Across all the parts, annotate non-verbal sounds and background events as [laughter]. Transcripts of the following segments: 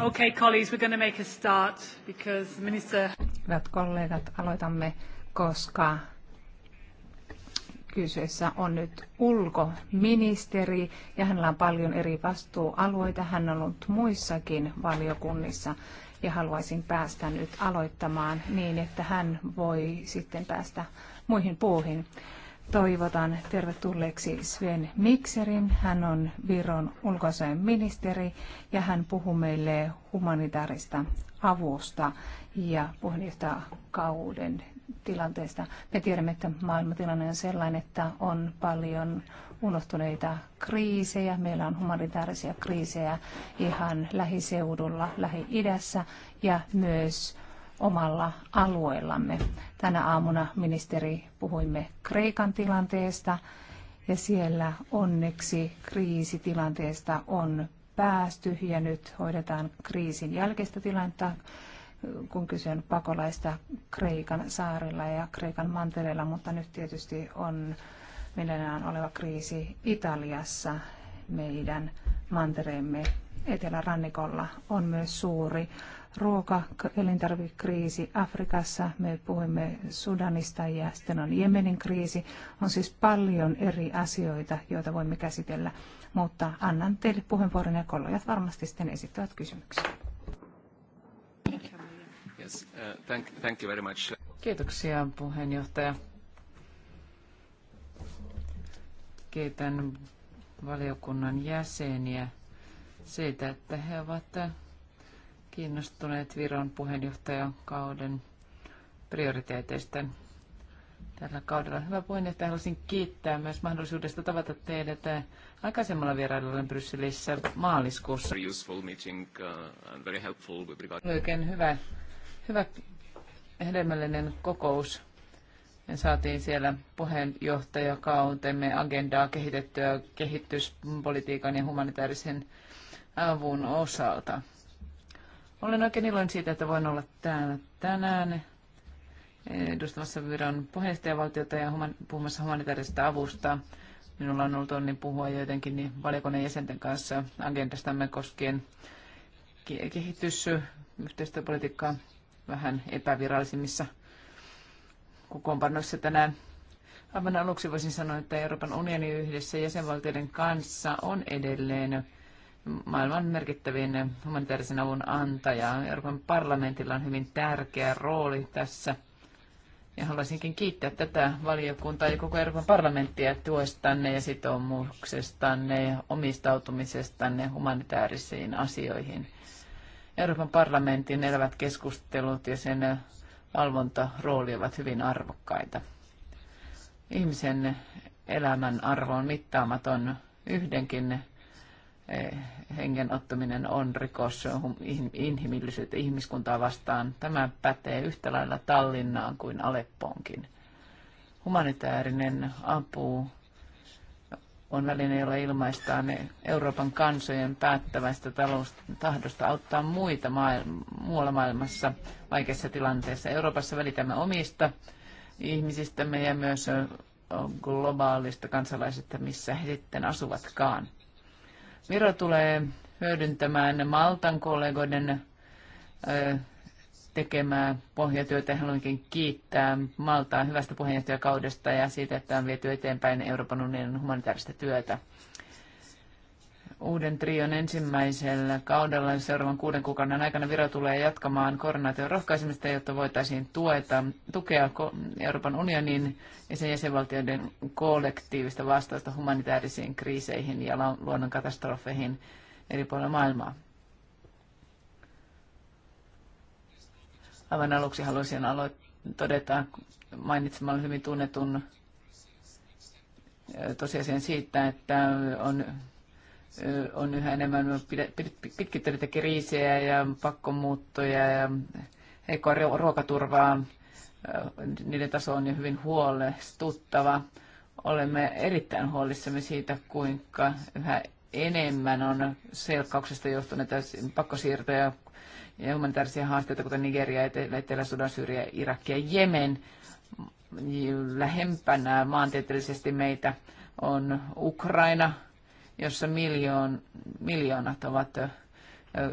Okay, colleagues, we're going to make a start because minister... Hyvät kollegat, aloitamme, koska kyseessä on nyt ulkoministeri ja hänellä on paljon eri vastuualueita. Hän on ollut muissakin valiokunnissa ja haluaisin päästä nyt aloittamaan niin, että hän voi sitten päästä muihin puuhin toivotan tervetulleeksi Sven Mikserin. Hän on Viron ulkoisen ministeri ja hän puhuu meille humanitaarista avusta ja kauden tilanteesta. Me tiedämme, että maailmantilanne on sellainen, että on paljon unohtuneita kriisejä. Meillä on humanitaarisia kriisejä ihan lähiseudulla, lähi-idässä ja myös omalla alueellamme. Tänä aamuna ministeri puhuimme Kreikan tilanteesta ja siellä onneksi kriisitilanteesta on päästy ja nyt hoidetaan kriisin jälkeistä tilannetta, kun kyse on pakolaista Kreikan saarilla ja Kreikan mantereella, mutta nyt tietysti on meneillään oleva kriisi Italiassa meidän mantereemme etelärannikolla on myös suuri ruoka- elintarvikekriisi Afrikassa, me puhumme Sudanista ja sitten on Jemenin kriisi. On siis paljon eri asioita, joita voimme käsitellä, mutta annan teille puheenvuoron ja kollegat varmasti sitten esittävät kysymyksiä. Yes, uh, thank, thank you very much. Kiitoksia puheenjohtaja. Kiitän valiokunnan jäseniä siitä, että he ovat kiinnostuneet Viron puheenjohtajakauden prioriteeteista tällä kaudella. Hyvä puheenjohtaja, haluaisin kiittää myös mahdollisuudesta tavata teidät aikaisemmalla vierailulla Brysselissä maaliskuussa. Uh, Oikein hyvä, hyvä hedelmällinen kokous. Me saatiin siellä puheenjohtajakautemme agendaa kehitettyä kehityspolitiikan ja humanitaarisen avun osalta. Olen oikein iloinen siitä, että voin olla täällä tänään edustamassa viron puheenjohtajavaltiota ja human, puhumassa humanitaarista avusta. Minulla on ollut onni puhua joidenkin niin valiokunnan jäsenten kanssa agendastamme koskien yhteistyöpolitiikkaa vähän epävirallisimmissa kokoonpanoissa tänään. Aivan aluksi voisin sanoa, että Euroopan unioni yhdessä jäsenvaltioiden kanssa on edelleen maailman merkittävin humanitaarisen avun antaja. Euroopan parlamentilla on hyvin tärkeä rooli tässä. Ja haluaisinkin kiittää tätä valiokuntaa ja koko Euroopan parlamenttia tuestanne ja sitoumuksestanne ja omistautumisestanne humanitaarisiin asioihin. Euroopan parlamentin elävät keskustelut ja sen valvontarooli ovat hyvin arvokkaita. Ihmisen elämän arvo on mittaamaton yhdenkin hengen ottaminen on rikos inhimillisyyttä ihmiskuntaa vastaan. Tämä pätee yhtä lailla Tallinnaan kuin Aleppoonkin. Humanitaarinen apu on väline, jolla ilmaistaan Euroopan kansojen päättävästä taloustahdosta auttaa muita maailma, muualla maailmassa vaikeassa tilanteessa. Euroopassa välitämme omista ihmisistämme ja myös globaalista kansalaisista, missä he sitten asuvatkaan. Viro tulee hyödyntämään Maltan kollegoiden tekemää pohjatyötä. Haluankin kiittää Maltaa hyvästä puheenjohtajakaudesta ja siitä, että on viety eteenpäin Euroopan unionin humanitaarista työtä uuden trion ensimmäisellä kaudella seuraavan kuuden kuukauden aikana Viro tulee jatkamaan koordinaation rohkaisemista, jotta voitaisiin tueta, tukea Euroopan unionin ja sen jäsenvaltioiden kollektiivista vastausta humanitaarisiin kriiseihin ja luonnonkatastrofeihin eri puolilla maailmaa. Aivan aluksi haluaisin todeta mainitsemalla hyvin tunnetun tosiasian siitä, että on on yhä enemmän pitkittyneitä kriisejä ja pakkomuuttoja ja heikkoa ruokaturvaa. Niiden taso on jo hyvin huolestuttava. Olemme erittäin huolissamme siitä, kuinka yhä enemmän on selkkauksesta johtuneita pakkosiirtoja ja humanitaarisia haasteita, kuten Nigeria, Etelä-Sudan, Syyriä, Irak ja Jemen. Lähempänä maantieteellisesti meitä on Ukraina – jossa miljoon, miljoonat ovat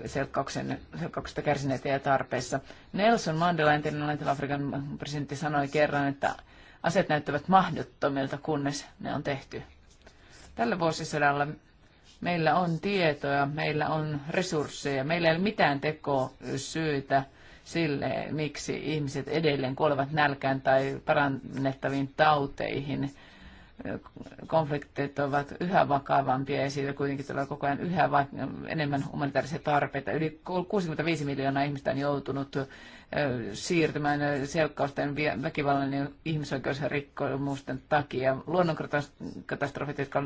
selkkauksesta kärsineitä ja tarpeessa. Nelson Mandela, entinen latin afrikan presidentti, sanoi kerran, että aset näyttävät mahdottomilta, kunnes ne on tehty. Tällä vuosisadalla meillä on tietoja, meillä on resursseja, meillä ei ole mitään tekosyytä sille, miksi ihmiset edelleen kuolevat nälkään tai parannettaviin tauteihin konfliktit ovat yhä vakavampia ja siitä kuitenkin tulee koko ajan yhä enemmän humanitaarisia tarpeita. Yli 65 miljoonaa ihmistä on joutunut siirtymään selkkausten väkivallan ja ihmisoikeusrikkomusten takia. Luonnonkatastrofit, jotka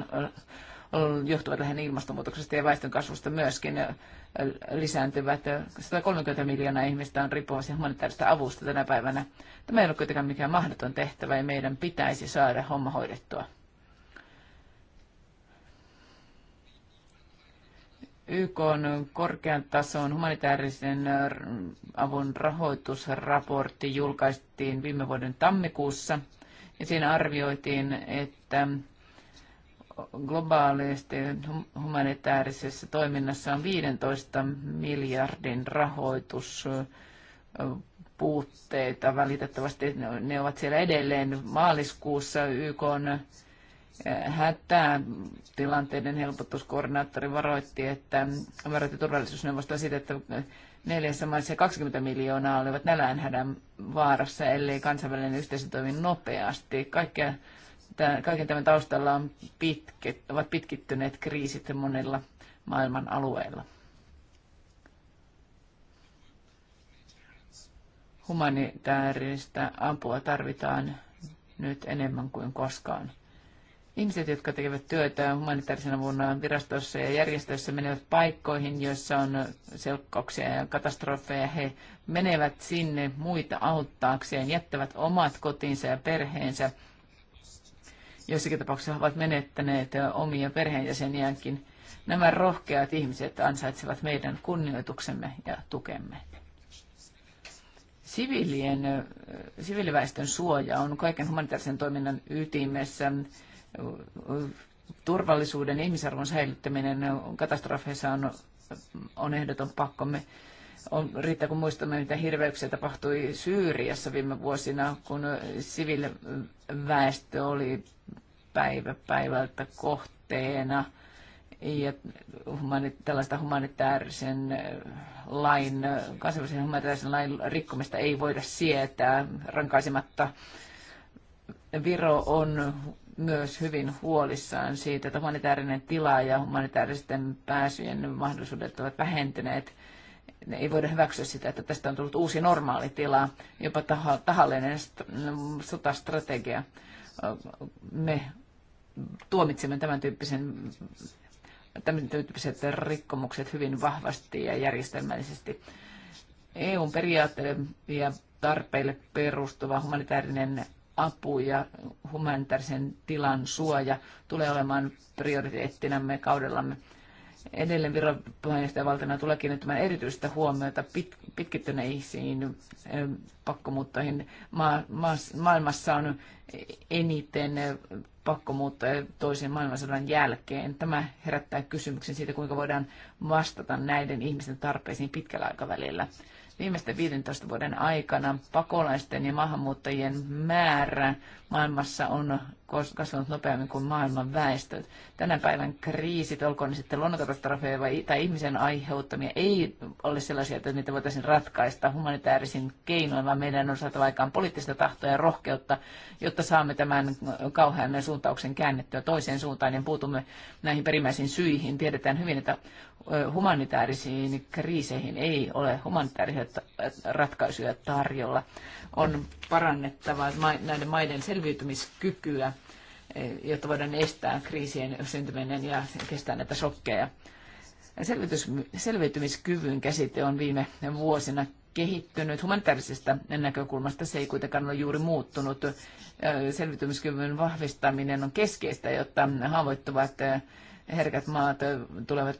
johtuvat lähinnä ilmastonmuutoksesta ja väestönkasvusta myöskin, lisääntyvät. 130 miljoonaa ihmistä on riippuvaisia humanitaarista avusta tänä päivänä. Tämä ei ole kuitenkaan mikään mahdoton tehtävä ja meidän pitäisi saada homma hoidettua. YK on korkean tason humanitaarisen avun rahoitusraportti julkaistiin viime vuoden tammikuussa. Ja siinä arvioitiin, että globaalisti humanitaarisessa toiminnassa on 15 miljardin rahoitus puutteita. Valitettavasti ne ovat siellä edelleen maaliskuussa YK on eh, Tilanteiden helpotuskoordinaattori varoitti, että varoitti turvallisuusneuvostoa siitä, että neljässä maissa 20 miljoonaa olivat nälänhädän vaarassa, ellei kansainvälinen yhteisö toimi nopeasti. Kaikkea kaiken tämän taustalla on pitket, ovat pitkittyneet kriisit monilla maailman alueilla. Humanitaarista apua tarvitaan nyt enemmän kuin koskaan. Ihmiset, jotka tekevät työtä humanitaarisen avun virastossa ja järjestöissä, menevät paikkoihin, joissa on selkkauksia ja katastrofeja. He menevät sinne muita auttaakseen, jättävät omat kotinsa ja perheensä joissakin tapauksissa ovat menettäneet omia perheenjäseniäänkin. Nämä rohkeat ihmiset ansaitsevat meidän kunnioituksemme ja tukemme. Siviilien, siviiliväestön suoja on kaiken humanitaarisen toiminnan ytimessä. Turvallisuuden ja ihmisarvon säilyttäminen katastrofeissa on, on ehdoton pakkomme on, riittää kun muistamme, mitä hirveyksiä tapahtui Syyriassa viime vuosina, kun siviiliväestö oli päivä päivältä kohteena ja humanit, tällaista humanitaarisen lain, kansainvälisen humanitaarisen lain rikkomista ei voida sietää rankaisematta. Viro on myös hyvin huolissaan siitä, että humanitaarinen tila ja humanitaaristen pääsyjen mahdollisuudet ovat vähentyneet ei voida hyväksyä sitä, että tästä on tullut uusi normaalitila, jopa tahallinen sotastrategia. Me tuomitsemme tämän tyyppisen tämän tyyppiset rikkomukset hyvin vahvasti ja järjestelmällisesti. EUn periaatteille ja tarpeille perustuva humanitaarinen apu ja humanitaarisen tilan suoja tulee olemaan prioriteettinamme kaudellamme Edelleen Viron puheenjohtajavaltiona tulee kiinnittämään erityistä huomiota pit, pitkittyneisiin pakkomuuttoihin. Ma, ma, maailmassa on eniten pakkomuuttoja toisen maailmansodan jälkeen. Tämä herättää kysymyksen siitä, kuinka voidaan vastata näiden ihmisten tarpeisiin pitkällä aikavälillä. Viimeisten 15 vuoden aikana pakolaisten ja maahanmuuttajien määrä maailmassa on kasvanut nopeammin kuin maailman väestö. Tänä päivän kriisit, olkoon ne sitten luonnonkatastrofeja vai, tai ihmisen aiheuttamia, ei ole sellaisia, että niitä voitaisiin ratkaista humanitaarisin keinoin, vaan meidän on saatava aikaan poliittista tahtoa ja rohkeutta, jotta saamme tämän kauhean suuntauksen käännettyä toiseen suuntaan ja puutumme näihin perimmäisiin syihin. Tiedetään hyvin, että humanitaarisiin kriiseihin ei ole humanitaarisia ratkaisuja tarjolla. On parannettava näiden maiden selviytymiskykyä jotta voidaan estää kriisien syntyminen ja kestää näitä shokkeja. Selvitys, selviytymiskyvyn käsite on viime vuosina kehittynyt. Humanitaarisesta näkökulmasta se ei kuitenkaan ole juuri muuttunut. Selviytymiskyvyn vahvistaminen on keskeistä, jotta haavoittuvat herkät maat tulevat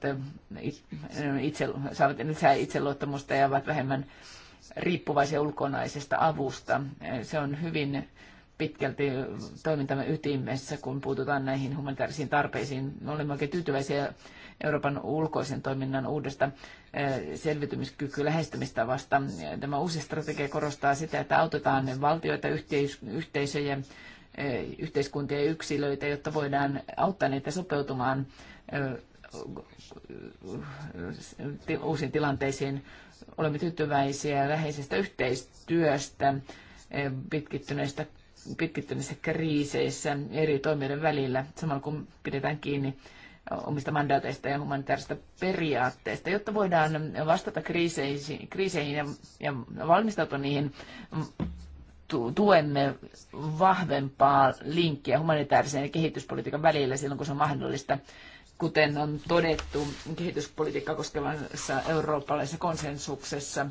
itse, saavat lisää itseluottamusta ja ovat vähemmän riippuvaisia ulkonaisesta avusta. Se on hyvin pitkälti toimintamme ytimessä, kun puututaan näihin humanitaarisiin tarpeisiin. Me olemme oikein tyytyväisiä Euroopan ulkoisen toiminnan uudesta eh, selviytymiskyky lähestymistavasta. Tämä uusi strategia korostaa sitä, että autetaan valtioita, yhteisöjä, eh, yhteiskuntia ja yksilöitä, jotta voidaan auttaa niitä sopeutumaan eh, uusiin tilanteisiin. Olemme tyytyväisiä läheisestä yhteistyöstä, pitkittyneistä pitkittyneissä kriiseissä eri toimijoiden välillä, samalla kun pidetään kiinni omista mandaateista ja humanitaarista periaatteista, jotta voidaan vastata kriiseihin, kriiseihin ja, ja valmistautua niihin mm, tuemme vahvempaa linkkiä humanitaarisen ja kehityspolitiikan välillä silloin, kun se on mahdollista, kuten on todettu kehityspolitiikkaa koskevassa eurooppalaisessa konsensuksessa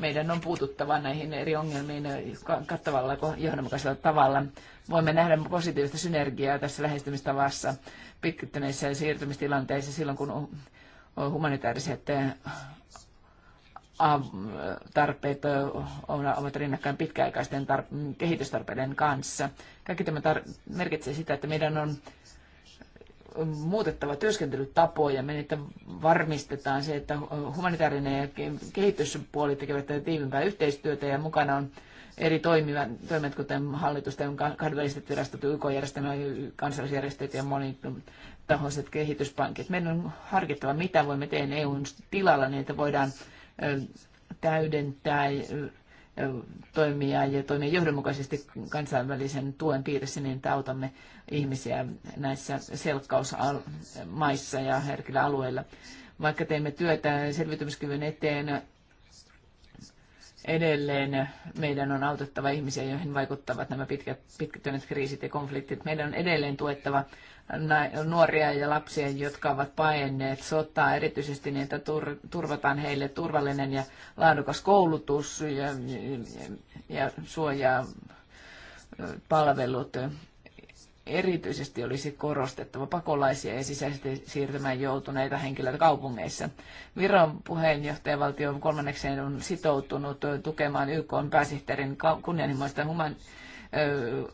meidän on puututtava näihin eri ongelmiin eh, kattavalla johdonmukaisella tavalla. Voimme nähdä positiivista synergiaa tässä lähestymistavassa pitkittyneissä siirtymistilanteissa silloin, kun humanitaariset eh, tarpeet eh, ovat rinnakkain pitkäaikaisten tar- kehitystarpeiden kanssa. Kaikki tämä tar- merkitsee sitä, että meidän on muutettava työskentelytapoja, me niitä varmistetaan se, että humanitaarinen ja kehityspuoli tekevät tiivimpää yhteistyötä ja mukana on eri toimivat, toimet, kuten hallitusten kahdenväliset virastot, YK-järjestelmä, kansallisjärjestöt ja monitahoiset kehityspankit. Meidän on harkittava, mitä voimme tehdä EUn tilalla, niin että voidaan täydentää toimia ja toimia johdonmukaisesti kansainvälisen tuen piirissä, niin että autamme ihmisiä näissä selkkausmaissa ja herkillä alueilla. Vaikka teemme työtä selviytymiskyvyn eteen, edelleen meidän on autettava ihmisiä, joihin vaikuttavat nämä pitkät, pitkittyneet kriisit ja konfliktit. Meidän on edelleen tuettava nuoria ja lapsia, jotka ovat paineet sotaa, erityisesti niin, että turvataan heille turvallinen ja laadukas koulutus ja, ja, ja suojaa palvelut erityisesti olisi korostettava pakolaisia ja sisäisesti siirtymään joutuneita henkilöitä kaupungeissa. Viron puheenjohtajavaltion kolmanneksi on sitoutunut tukemaan YK pääsihteerin kunnianhimoista human,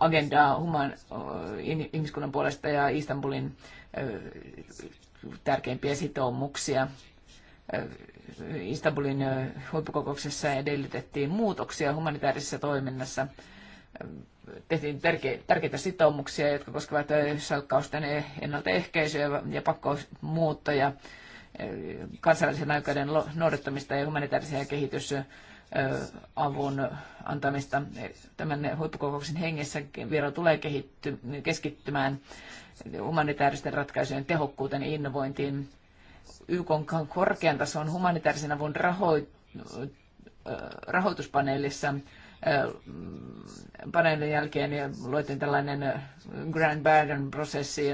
agendaa human, ihmiskunnan puolesta ja Istanbulin tärkeimpiä sitoumuksia. Istanbulin huippukokouksessa edellytettiin muutoksia humanitaarisessa toiminnassa tehtiin tärkeitä sitoumuksia, jotka koskevat salkkausten ennaltaehkäisyä ja pakkomuuttoja, kansainvälisen oikeuden noudattamista ja humanitaarisia kehitysavun antamista. Tämän huippukokouksen hengessä Viro tulee kehitty, keskittymään humanitaaristen ratkaisujen tehokkuuteen ja innovointiin. YK on korkean tason humanitaarisen avun rahoit, rahoituspaneelissa paneelin jälkeen ja luettiin tällainen Grand Bargain-prosessi,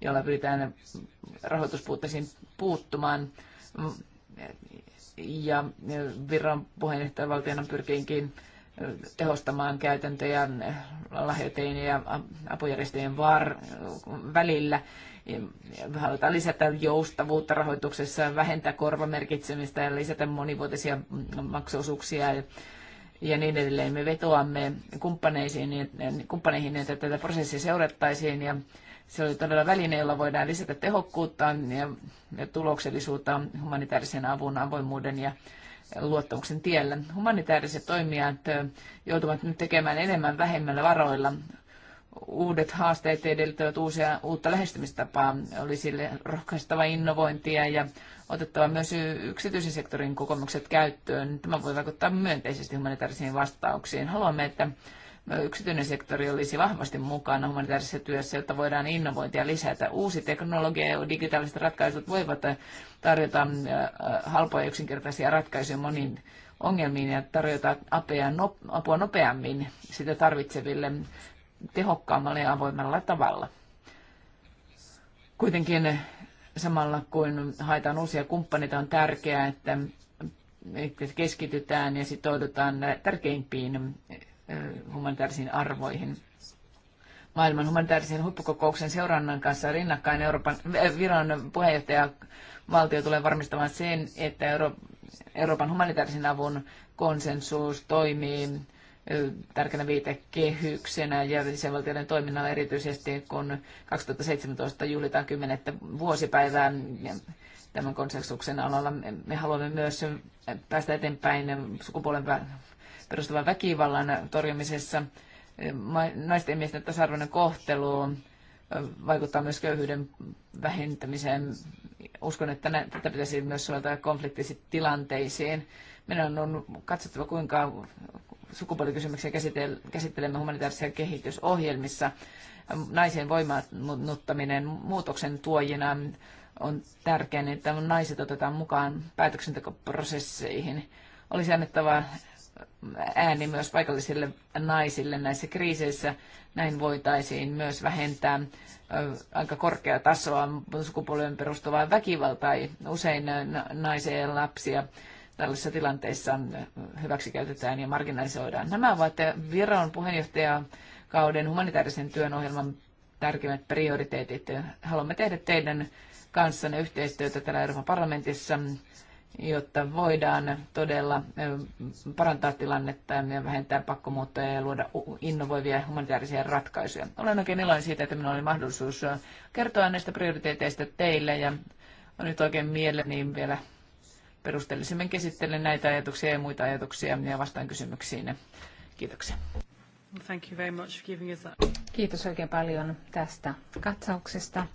jolla pyritään rahoituspuutteisiin puuttumaan. Ja Viron puheenjohtajavaltiona pyrkiinkin tehostamaan käytäntöjä lahjoitajien ja apujärjestöjen var- välillä. Halutaan lisätä joustavuutta rahoituksessa, vähentää korvamerkitsemistä ja lisätä monivuotisia maksuosuuksia ja niin edelleen. Me vetoamme kumppaneisiin, niin kumppaneihin, että tätä prosessia seurattaisiin ja se oli todella väline, jolla voidaan lisätä tehokkuutta ja tuloksellisuutta humanitaarisen avun, avoimuuden ja luottamuksen tiellä. Humanitaariset toimijat joutuvat nyt tekemään enemmän vähemmällä varoilla. Uudet haasteet edellyttävät uusia, uutta lähestymistapaa. Oli sille rohkaistava innovointia ja otettava myös yksityisen sektorin kokemukset käyttöön. Tämä voi vaikuttaa myönteisesti humanitaarisiin vastauksiin. Haluamme, että yksityinen sektori olisi vahvasti mukana humanitaarisessa työssä, jotta voidaan innovointia lisätä. Uusi teknologia ja digitaaliset ratkaisut voivat tarjota äh, halpoja yksinkertaisia ratkaisuja moniin ongelmiin ja tarjota apua nopeammin sitä tarvitseville tehokkaammalla ja avoimella tavalla. Kuitenkin samalla kun haetaan uusia kumppaneita, on tärkeää, että keskitytään ja sitoudutaan tärkeimpiin eh, humanitaarisiin arvoihin. Maailman humanitaarisen huippukokouksen seurannan kanssa rinnakkain Euroopan, eh, Viron puheenjohtajavaltio tulee varmistamaan sen, että Euroopan humanitaarisen avun konsensus toimii tärkeänä viitekehyksenä ja jäsenvaltioiden toiminnalla erityisesti, kun 2017 juhlitaan 10. vuosipäivää tämän konsensuksen alalla. Me haluamme myös päästä eteenpäin sukupuolen perustuvan väkivallan torjumisessa. Naisten ja miesten tasa-arvoinen kohtelu vaikuttaa myös köyhyyden vähentämiseen. Uskon, että nä- tätä pitäisi myös soveltaa konfliktisiin tilanteisiin. Meidän on katsottava, kuinka sukupuolikysymyksiä käsittelemme humanitaarisissa kehitysohjelmissa. Naisen voimaannuttaminen muutoksen tuojina on tärkeää, että naiset otetaan mukaan päätöksentekoprosesseihin. Olisi annettava ääni myös paikallisille naisille näissä kriiseissä. Näin voitaisiin myös vähentää aika korkeaa tasoa sukupuolen perustuvaa väkivaltaa. Usein naisia ja lapsia tällaisissa tilanteissa hyväksikäytetään ja marginalisoidaan. Nämä ovat Viron puheenjohtajakauden humanitaarisen työn ohjelman tärkeimmät prioriteetit. Haluamme tehdä teidän kanssanne yhteistyötä täällä Euroopan parlamentissa, jotta voidaan todella parantaa tilannetta ja vähentää pakkomuuttoja ja luoda innovoivia humanitaarisia ratkaisuja. Olen oikein iloinen siitä, että minulla oli mahdollisuus kertoa näistä prioriteeteista teille ja on nyt oikein mieleni vielä perusteellisemmin käsittelen näitä ajatuksia ja muita ajatuksia ja vastaan kysymyksiin. Kiitoksia. Thank you very much for giving us that. Kiitos oikein paljon tästä katsauksesta.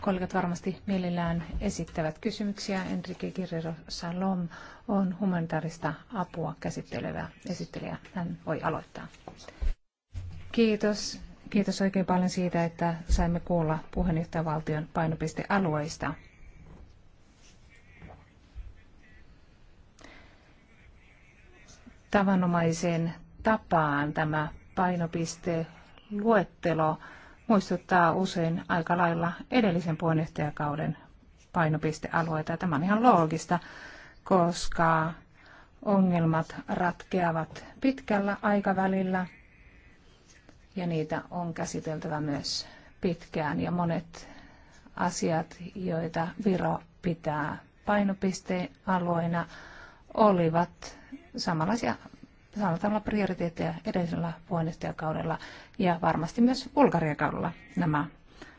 Kollegat varmasti mielellään esittävät kysymyksiä. Enrique Guerrero Salom on humanitaarista apua käsittelevä esittelijä. Hän voi aloittaa. Kiitos. Kiitos oikein paljon siitä, että saimme kuulla puheenjohtajavaltion painopistealueista. tavanomaiseen tapaan tämä painopisteluettelo muistuttaa usein aika lailla edellisen puheenjohtajakauden painopistealueita. Tämä on ihan loogista, koska ongelmat ratkeavat pitkällä aikavälillä ja niitä on käsiteltävä myös pitkään ja monet asiat, joita Viro pitää painopistealueina, olivat samanlaisia saattaa olla prioriteetteja edellisellä puheenjohtajakaudella ja varmasti myös Bulgarian kaudella nämä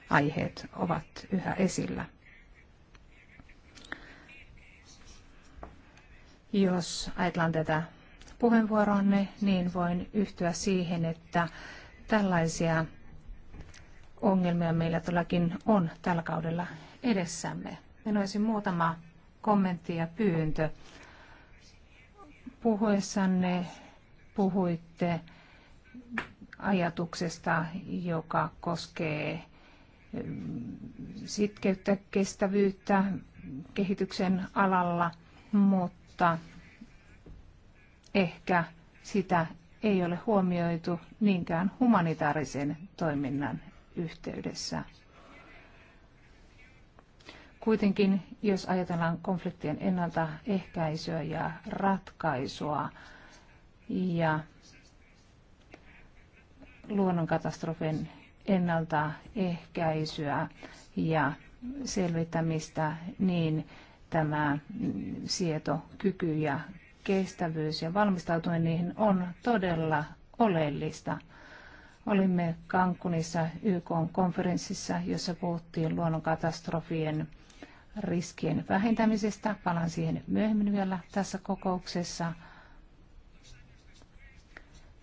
aiheet ovat yhä esillä. Jos ajatellaan tätä puheenvuoroanne, niin voin yhtyä siihen, että tällaisia ongelmia meillä todellakin on tällä kaudella edessämme. Minä olisin muutama kommentti ja pyyntö. Puhuessanne puhuitte ajatuksesta, joka koskee mm, sitkeyttä, kestävyyttä kehityksen alalla, mutta ehkä sitä ei ole huomioitu niinkään humanitaarisen toiminnan yhteydessä. Kuitenkin, jos ajatellaan konfliktien ennaltaehkäisyä ja ratkaisua, ja luonnonkatastrofien ennaltaehkäisyä ja selvittämistä, niin tämä sietokyky ja kestävyys ja valmistautuminen niihin on todella oleellista. Olimme Kankunissa YK-konferenssissa, jossa puhuttiin luonnonkatastrofien riskien vähentämisestä. Palaan siihen myöhemmin vielä tässä kokouksessa.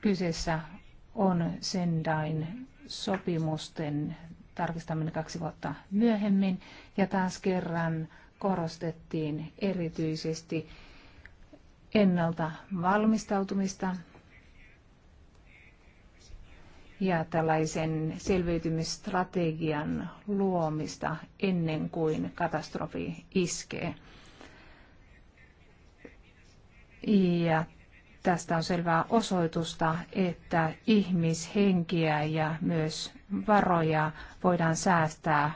Kyseessä on Sendain sopimusten tarkistaminen kaksi vuotta myöhemmin ja taas kerran korostettiin erityisesti ennalta valmistautumista ja tällaisen selviytymisstrategian luomista ennen kuin katastrofi iskee. Ja Tästä on selvää osoitusta, että ihmishenkiä ja myös varoja voidaan säästää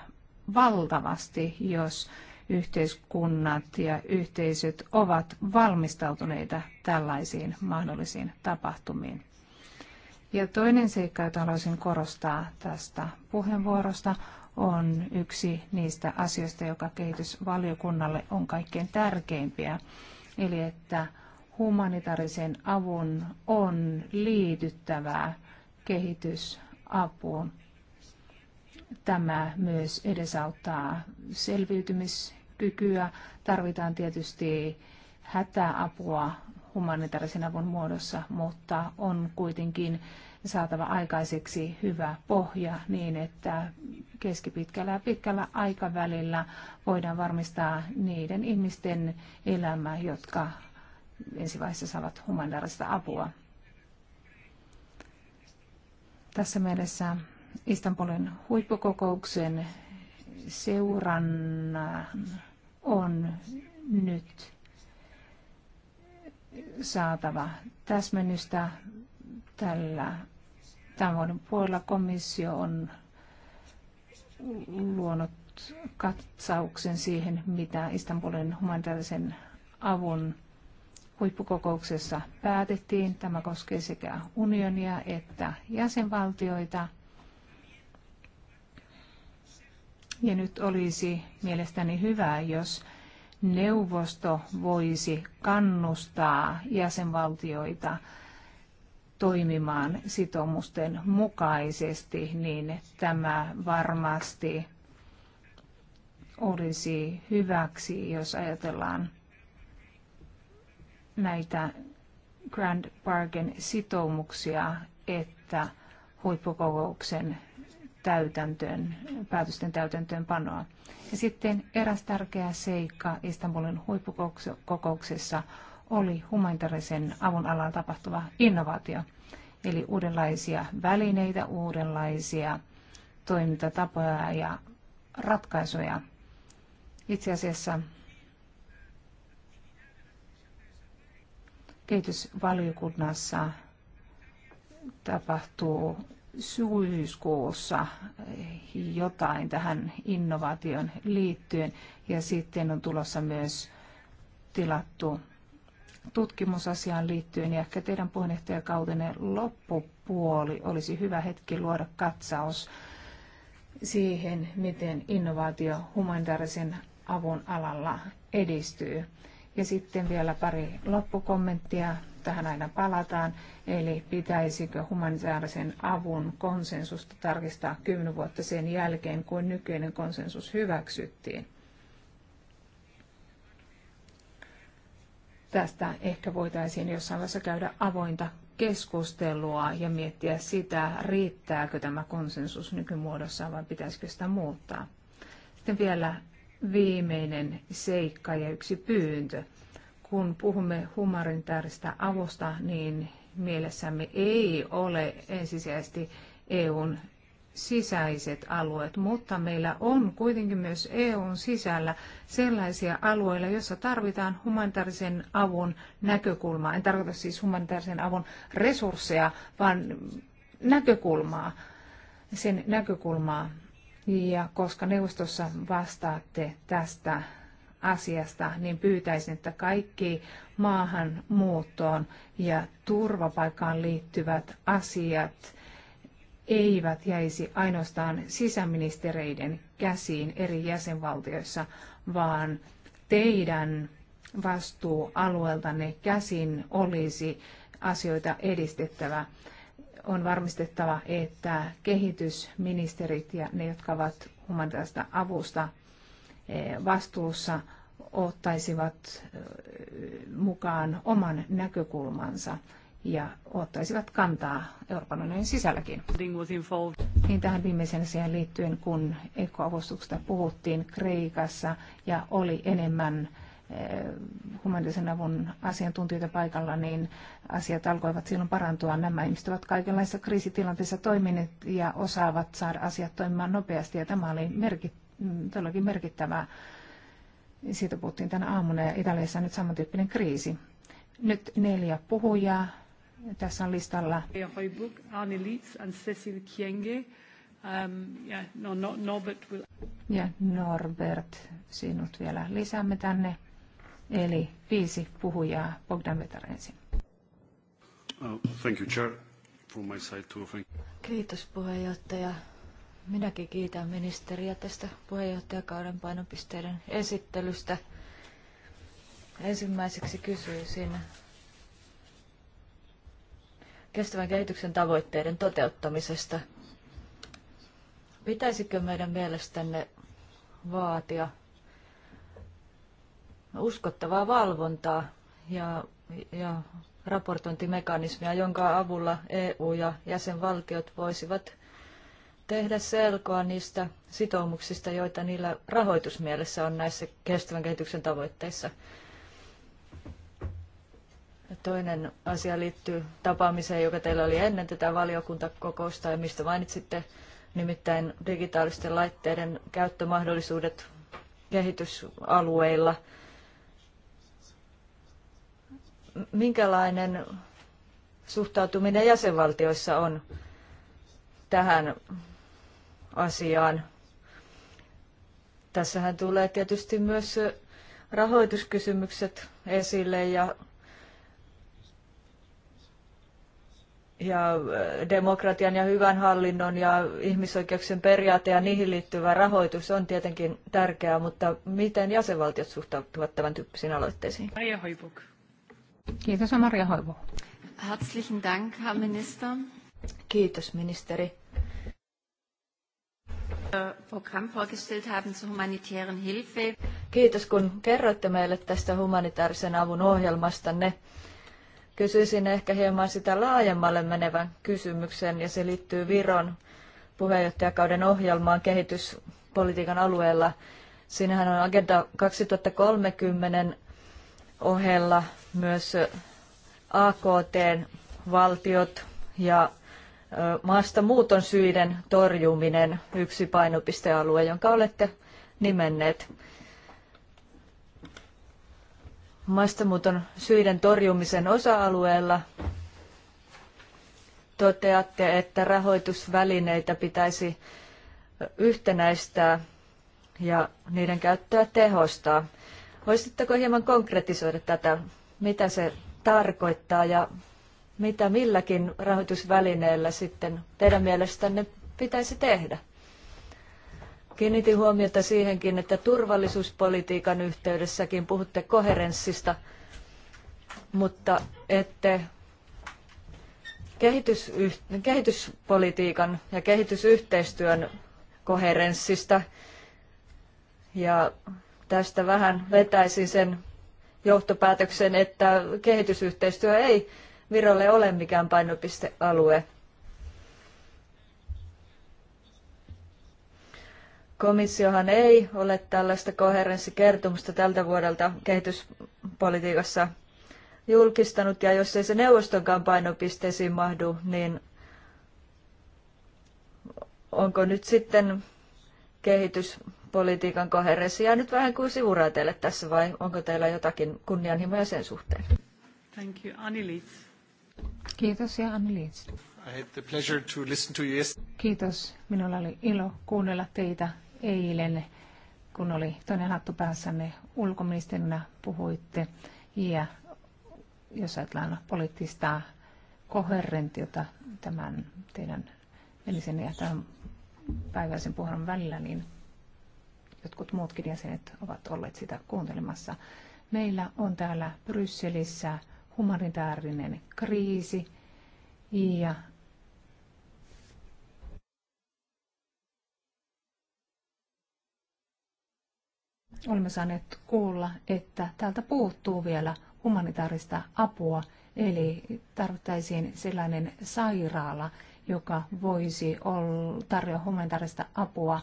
valtavasti, jos yhteiskunnat ja yhteisöt ovat valmistautuneita tällaisiin mahdollisiin tapahtumiin. Ja toinen seikka, jota haluaisin korostaa tästä puheenvuorosta, on yksi niistä asioista, joka kehitysvaliokunnalle on kaikkein tärkeimpiä. Eli että humanitaarisen avun on liityttävää kehitysapuun. Tämä myös edesauttaa selviytymiskykyä. Tarvitaan tietysti hätäapua humanitaarisen avun muodossa, mutta on kuitenkin saatava aikaiseksi hyvä pohja niin, että keskipitkällä ja pitkällä aikavälillä voidaan varmistaa niiden ihmisten elämä, jotka ensi vaiheessa saavat humanitaarista apua. Tässä mielessä Istanbulin huippukokouksen seuran on nyt saatava täsmennystä tällä tämän vuoden puolella komissio on luonut katsauksen siihen, mitä Istanbulin humanitaarisen avun huippukokouksessa päätettiin. Tämä koskee sekä unionia että jäsenvaltioita. Ja nyt olisi mielestäni hyvä, jos neuvosto voisi kannustaa jäsenvaltioita toimimaan sitoumusten mukaisesti, niin tämä varmasti olisi hyväksi, jos ajatellaan näitä Grand Bargain sitoumuksia että huippukokouksen täytäntöön, päätösten panoa. Ja sitten eräs tärkeä seikka Istanbulin huippukokouksessa oli humanitaarisen avun alalla tapahtuva innovaatio, eli uudenlaisia välineitä, uudenlaisia toimintatapoja ja ratkaisuja. Itse asiassa kehitysvaliokunnassa tapahtuu syyskuussa jotain tähän innovaation liittyen ja sitten on tulossa myös tilattu tutkimusasiaan liittyen ja ehkä teidän puheenjohtajakautenne loppupuoli olisi hyvä hetki luoda katsaus siihen, miten innovaatio humanitaarisen avun alalla edistyy. Ja sitten vielä pari loppukommenttia. Tähän aina palataan. Eli pitäisikö humanitaarisen avun konsensusta tarkistaa kymmenen vuotta sen jälkeen, kun nykyinen konsensus hyväksyttiin? Tästä ehkä voitaisiin jossain vaiheessa käydä avointa keskustelua ja miettiä sitä, riittääkö tämä konsensus nykymuodossaan vai pitäisikö sitä muuttaa. Sitten vielä viimeinen seikka ja yksi pyyntö. Kun puhumme humanitaarista avusta, niin mielessämme ei ole ensisijaisesti EUn sisäiset alueet, mutta meillä on kuitenkin myös EUn sisällä sellaisia alueilla, joissa tarvitaan humanitaarisen avun näkökulmaa. En tarkoita siis humanitaarisen avun resursseja, vaan näkökulmaa, sen näkökulmaa. Ja koska neuvostossa vastaatte tästä asiasta, niin pyytäisin, että kaikki maahanmuuttoon ja turvapaikkaan liittyvät asiat eivät jäisi ainoastaan sisäministereiden käsiin eri jäsenvaltioissa, vaan teidän vastuualueeltanne käsin olisi asioita edistettävä on varmistettava, että kehitysministerit ja ne, jotka ovat humanitaarista avusta eh, vastuussa, ottaisivat eh, mukaan oman näkökulmansa ja ottaisivat kantaa Euroopan unionin sisälläkin. Niin tähän viimeisen asiaan liittyen, kun ekoavustuksesta puhuttiin Kreikassa ja oli enemmän Eh, humanitaisen avun asiantuntijoita paikalla, niin asiat alkoivat silloin parantua. Nämä ihmiset ovat kaikenlaisissa kriisitilanteissa toimineet ja osaavat saada asiat toimimaan nopeasti, ja tämä oli merkit, todellakin merkittävää. Siitä puhuttiin tänä aamuna, ja Italiassa on nyt samantyyppinen kriisi. Nyt neljä puhujaa. Tässä on listalla. Um, no, no, ja Norbert, sinut vielä lisäämme tänne. Eli viisi puhujaa. Bogdan Vetar ensin. Uh, thank you, Chair. From my side too, thank you. Kiitos puheenjohtaja. Minäkin kiitän ministeriä tästä puheenjohtajakauden painopisteiden esittelystä. Ensimmäiseksi kysyisin kestävän kehityksen tavoitteiden toteuttamisesta. Pitäisikö meidän mielestänne vaatia uskottavaa valvontaa ja, ja raportointimekanismia, jonka avulla EU ja jäsenvaltiot voisivat tehdä selkoa niistä sitoumuksista, joita niillä rahoitusmielessä on näissä kestävän kehityksen tavoitteissa. Toinen asia liittyy tapaamiseen, joka teillä oli ennen tätä valiokuntakokousta ja mistä mainitsitte, nimittäin digitaalisten laitteiden käyttömahdollisuudet kehitysalueilla – minkälainen suhtautuminen jäsenvaltioissa on tähän asiaan. Tässähän tulee tietysti myös rahoituskysymykset esille ja, ja demokratian ja hyvän hallinnon ja ihmisoikeuksien periaate ja niihin liittyvä rahoitus on tietenkin tärkeää, mutta miten jäsenvaltiot suhtautuvat tämän tyyppisiin aloitteisiin? Maria Hoibuk. Kiitos Maria Hoivu. Herzlichen Dank, Herr Minister. Kiitos ministeri. Äh, Programm vorgestellt haben zur humanitären Hilfe. Kiitos kun kerroitte meille tästä humanitaarisen avun ohjelmastanne. Kysyisin ehkä hieman sitä laajemmalle menevän kysymyksen ja se liittyy Viron puheenjohtajakauden ohjelmaan kehityspolitiikan alueella. Siinähän on Agenda 2030 ohella myös AKT-valtiot ja maasta muuton syiden torjuminen yksi painopistealue, jonka olette nimenneet. Maastamuuton syiden torjumisen osa-alueella toteatte, että rahoitusvälineitä pitäisi yhtenäistää ja niiden käyttöä tehostaa. Voisitteko hieman konkretisoida tätä, mitä se tarkoittaa ja mitä milläkin rahoitusvälineellä sitten teidän mielestänne pitäisi tehdä? Kiinnitin huomiota siihenkin, että turvallisuuspolitiikan yhteydessäkin puhutte koherenssista, mutta ette kehityspolitiikan ja kehitysyhteistyön koherenssista ja Tästä vähän vetäisin sen johtopäätöksen, että kehitysyhteistyö ei Virolle ole mikään painopistealue. Komissiohan ei ole tällaista koherenssikertomusta tältä vuodelta kehityspolitiikassa julkistanut, ja jos ei se neuvostonkaan painopisteisiin mahdu, niin onko nyt sitten kehitys politiikan koherenssi jää nyt vähän kuin sivuraiteille tässä vai onko teillä jotakin kunnianhimoja sen suhteen? Thank you, Anni Kiitos ja Anni I had the pleasure to listen to you Kiitos. Minulla oli ilo kuunnella teitä eilen, kun oli toinen hattu päässänne ulkoministerinä puhuitte. Ja jos ajatellaan poliittista koherentiota tämän teidän edellisen ja tämän päiväisen puheen välillä, niin jotkut muutkin jäsenet ovat olleet sitä kuuntelemassa. Meillä on täällä Brysselissä humanitaarinen kriisi ja olemme saaneet kuulla, että täältä puuttuu vielä humanitaarista apua, eli tarvittaisiin sellainen sairaala, joka voisi tarjota humanitaarista apua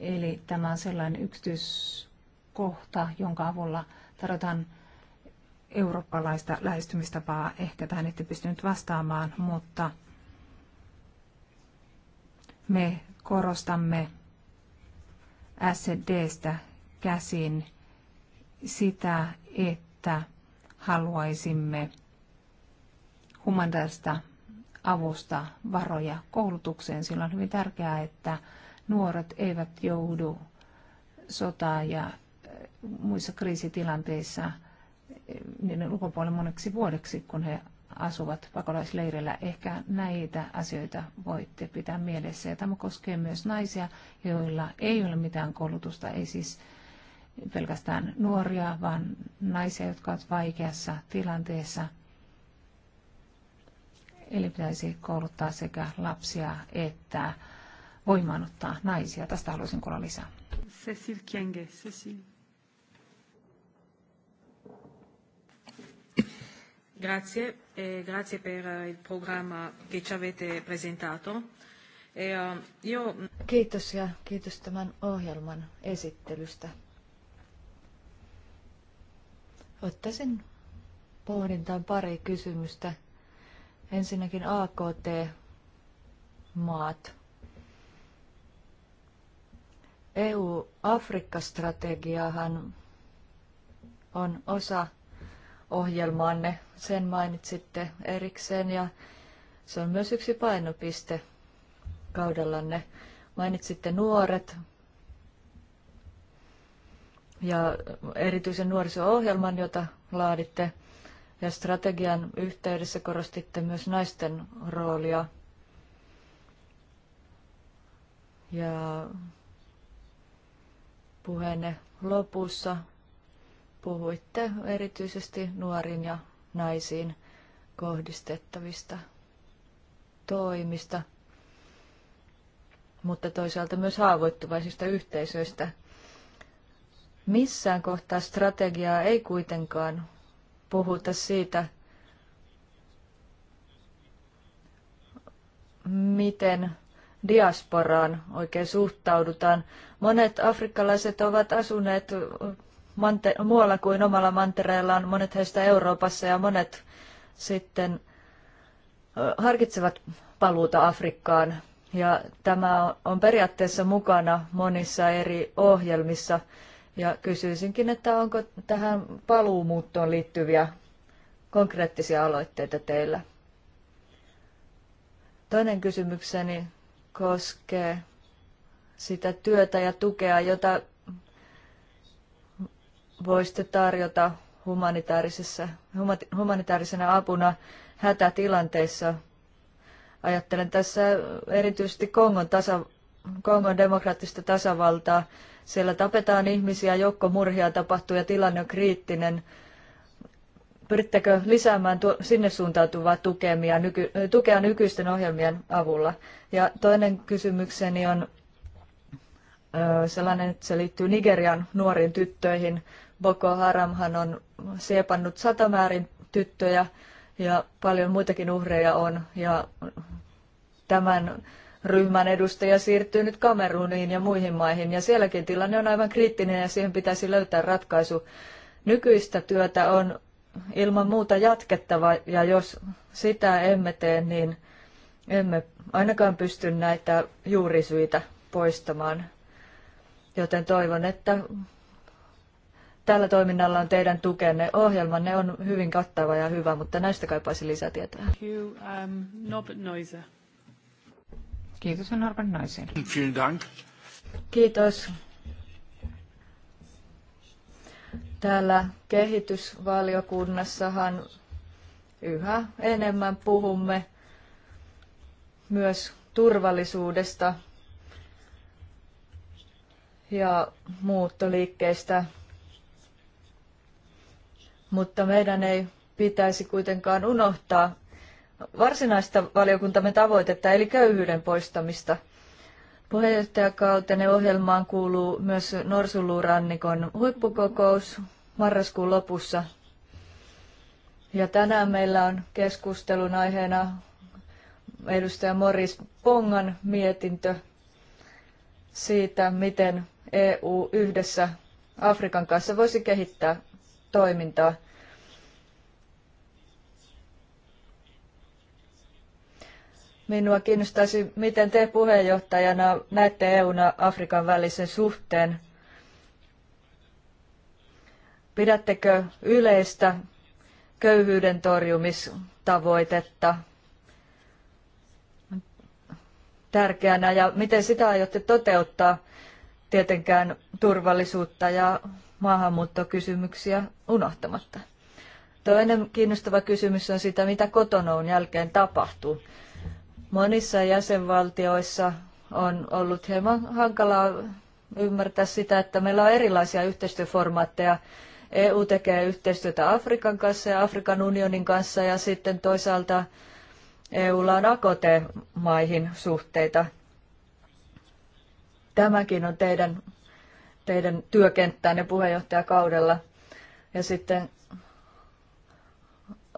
Eli tämä on sellainen yksityiskohta, jonka avulla tarjotaan eurooppalaista lähestymistapaa. Ehkä tähän ette pystynyt vastaamaan, mutta me korostamme SDstä käsin sitä, että haluaisimme humanitaarista avusta varoja koulutukseen. Silloin on hyvin tärkeää, että nuoret eivät joudu sotaan ja äh, muissa kriisitilanteissa äh, niiden ulkopuolelle moneksi vuodeksi, kun he asuvat pakolaisleirillä. Ehkä näitä asioita voitte pitää mielessä. Ja tämä koskee myös naisia, joilla ei ole mitään koulutusta, ei siis pelkästään nuoria, vaan naisia, jotka ovat vaikeassa tilanteessa. Eli pitäisi kouluttaa sekä lapsia että voimaannuttaa naisia. Tästä haluaisin kuulla lisää. Cecil Kienge, Cecil. Grazie, e grazie per il programma che ci avete presentato. E, uh, io... Kiitos ja kiitos tämän ohjelman esittelystä. Ottaisin pohdintaan pari kysymystä. Ensinnäkin AKT-maat. EU-Afrikka-strategiahan on osa ohjelmaanne, sen mainitsitte erikseen ja se on myös yksi painopiste kaudellanne. Mainitsitte nuoret ja erityisen nuoriso-ohjelman, jota laaditte, ja strategian yhteydessä korostitte myös naisten roolia. Ja puheenne lopussa puhuitte erityisesti nuoriin ja naisiin kohdistettavista toimista, mutta toisaalta myös haavoittuvaisista yhteisöistä. Missään kohtaa strategiaa ei kuitenkaan puhuta siitä, miten diasporaan oikein suhtaudutaan. Monet afrikkalaiset ovat asuneet mante- muualla kuin omalla mantereellaan, monet heistä Euroopassa ja monet sitten harkitsevat paluuta Afrikkaan. Ja tämä on periaatteessa mukana monissa eri ohjelmissa. Ja kysyisinkin, että onko tähän paluumuuttoon liittyviä konkreettisia aloitteita teillä? Toinen kysymykseni koskee sitä työtä ja tukea, jota voisitte tarjota humanitaarisessa, humanitaarisena apuna hätätilanteissa. Ajattelen tässä erityisesti Kongon, tasa, Kongon demokraattista tasavaltaa. Siellä tapetaan ihmisiä, joukkomurhia tapahtuu ja tilanne on kriittinen pyrittekö lisäämään sinne suuntautuvaa tukemia, nyky, tukea nykyisten ohjelmien avulla? Ja toinen kysymykseni on sellainen, että se liittyy Nigerian nuoriin tyttöihin. Boko Haramhan on siepannut satamäärin tyttöjä ja paljon muitakin uhreja on. Ja tämän ryhmän edustajia siirtyy nyt Kameruniin ja muihin maihin ja sielläkin tilanne on aivan kriittinen ja siihen pitäisi löytää ratkaisu. Nykyistä työtä on ilman muuta jatkettava ja jos sitä emme tee, niin emme ainakaan pysty näitä juurisyitä poistamaan. Joten toivon, että tällä toiminnalla on teidän tukenne. Ohjelmanne on hyvin kattava ja hyvä, mutta näistä kaipaisi lisätietoa. Um, Kiitos, Norbert Neuser. Kiitos. Täällä kehitysvaliokunnassahan yhä enemmän puhumme myös turvallisuudesta ja muuttoliikkeistä, mutta meidän ei pitäisi kuitenkaan unohtaa varsinaista valiokuntamme tavoitetta, eli köyhyyden poistamista. Puheenjohtajakautenne ohjelmaan kuuluu myös Norsulurannikon huippukokous marraskuun lopussa. Ja tänään meillä on keskustelun aiheena edustaja Morris Pongan mietintö siitä, miten EU yhdessä Afrikan kanssa voisi kehittää toimintaa. Minua kiinnostaisi, miten te puheenjohtajana näette EUna Afrikan välisen suhteen Pidättekö yleistä köyhyyden torjumistavoitetta tärkeänä ja miten sitä aiotte toteuttaa tietenkään turvallisuutta ja maahanmuuttokysymyksiä unohtamatta? Toinen kiinnostava kysymys on sitä, mitä kotonoun jälkeen tapahtuu. Monissa jäsenvaltioissa on ollut hieman hankalaa ymmärtää sitä, että meillä on erilaisia yhteistyöformaatteja EU tekee yhteistyötä Afrikan kanssa ja Afrikan unionin kanssa ja sitten toisaalta EUlla on AKT-maihin suhteita. Tämäkin on teidän, teidän työkenttänne puheenjohtajakaudella. Ja sitten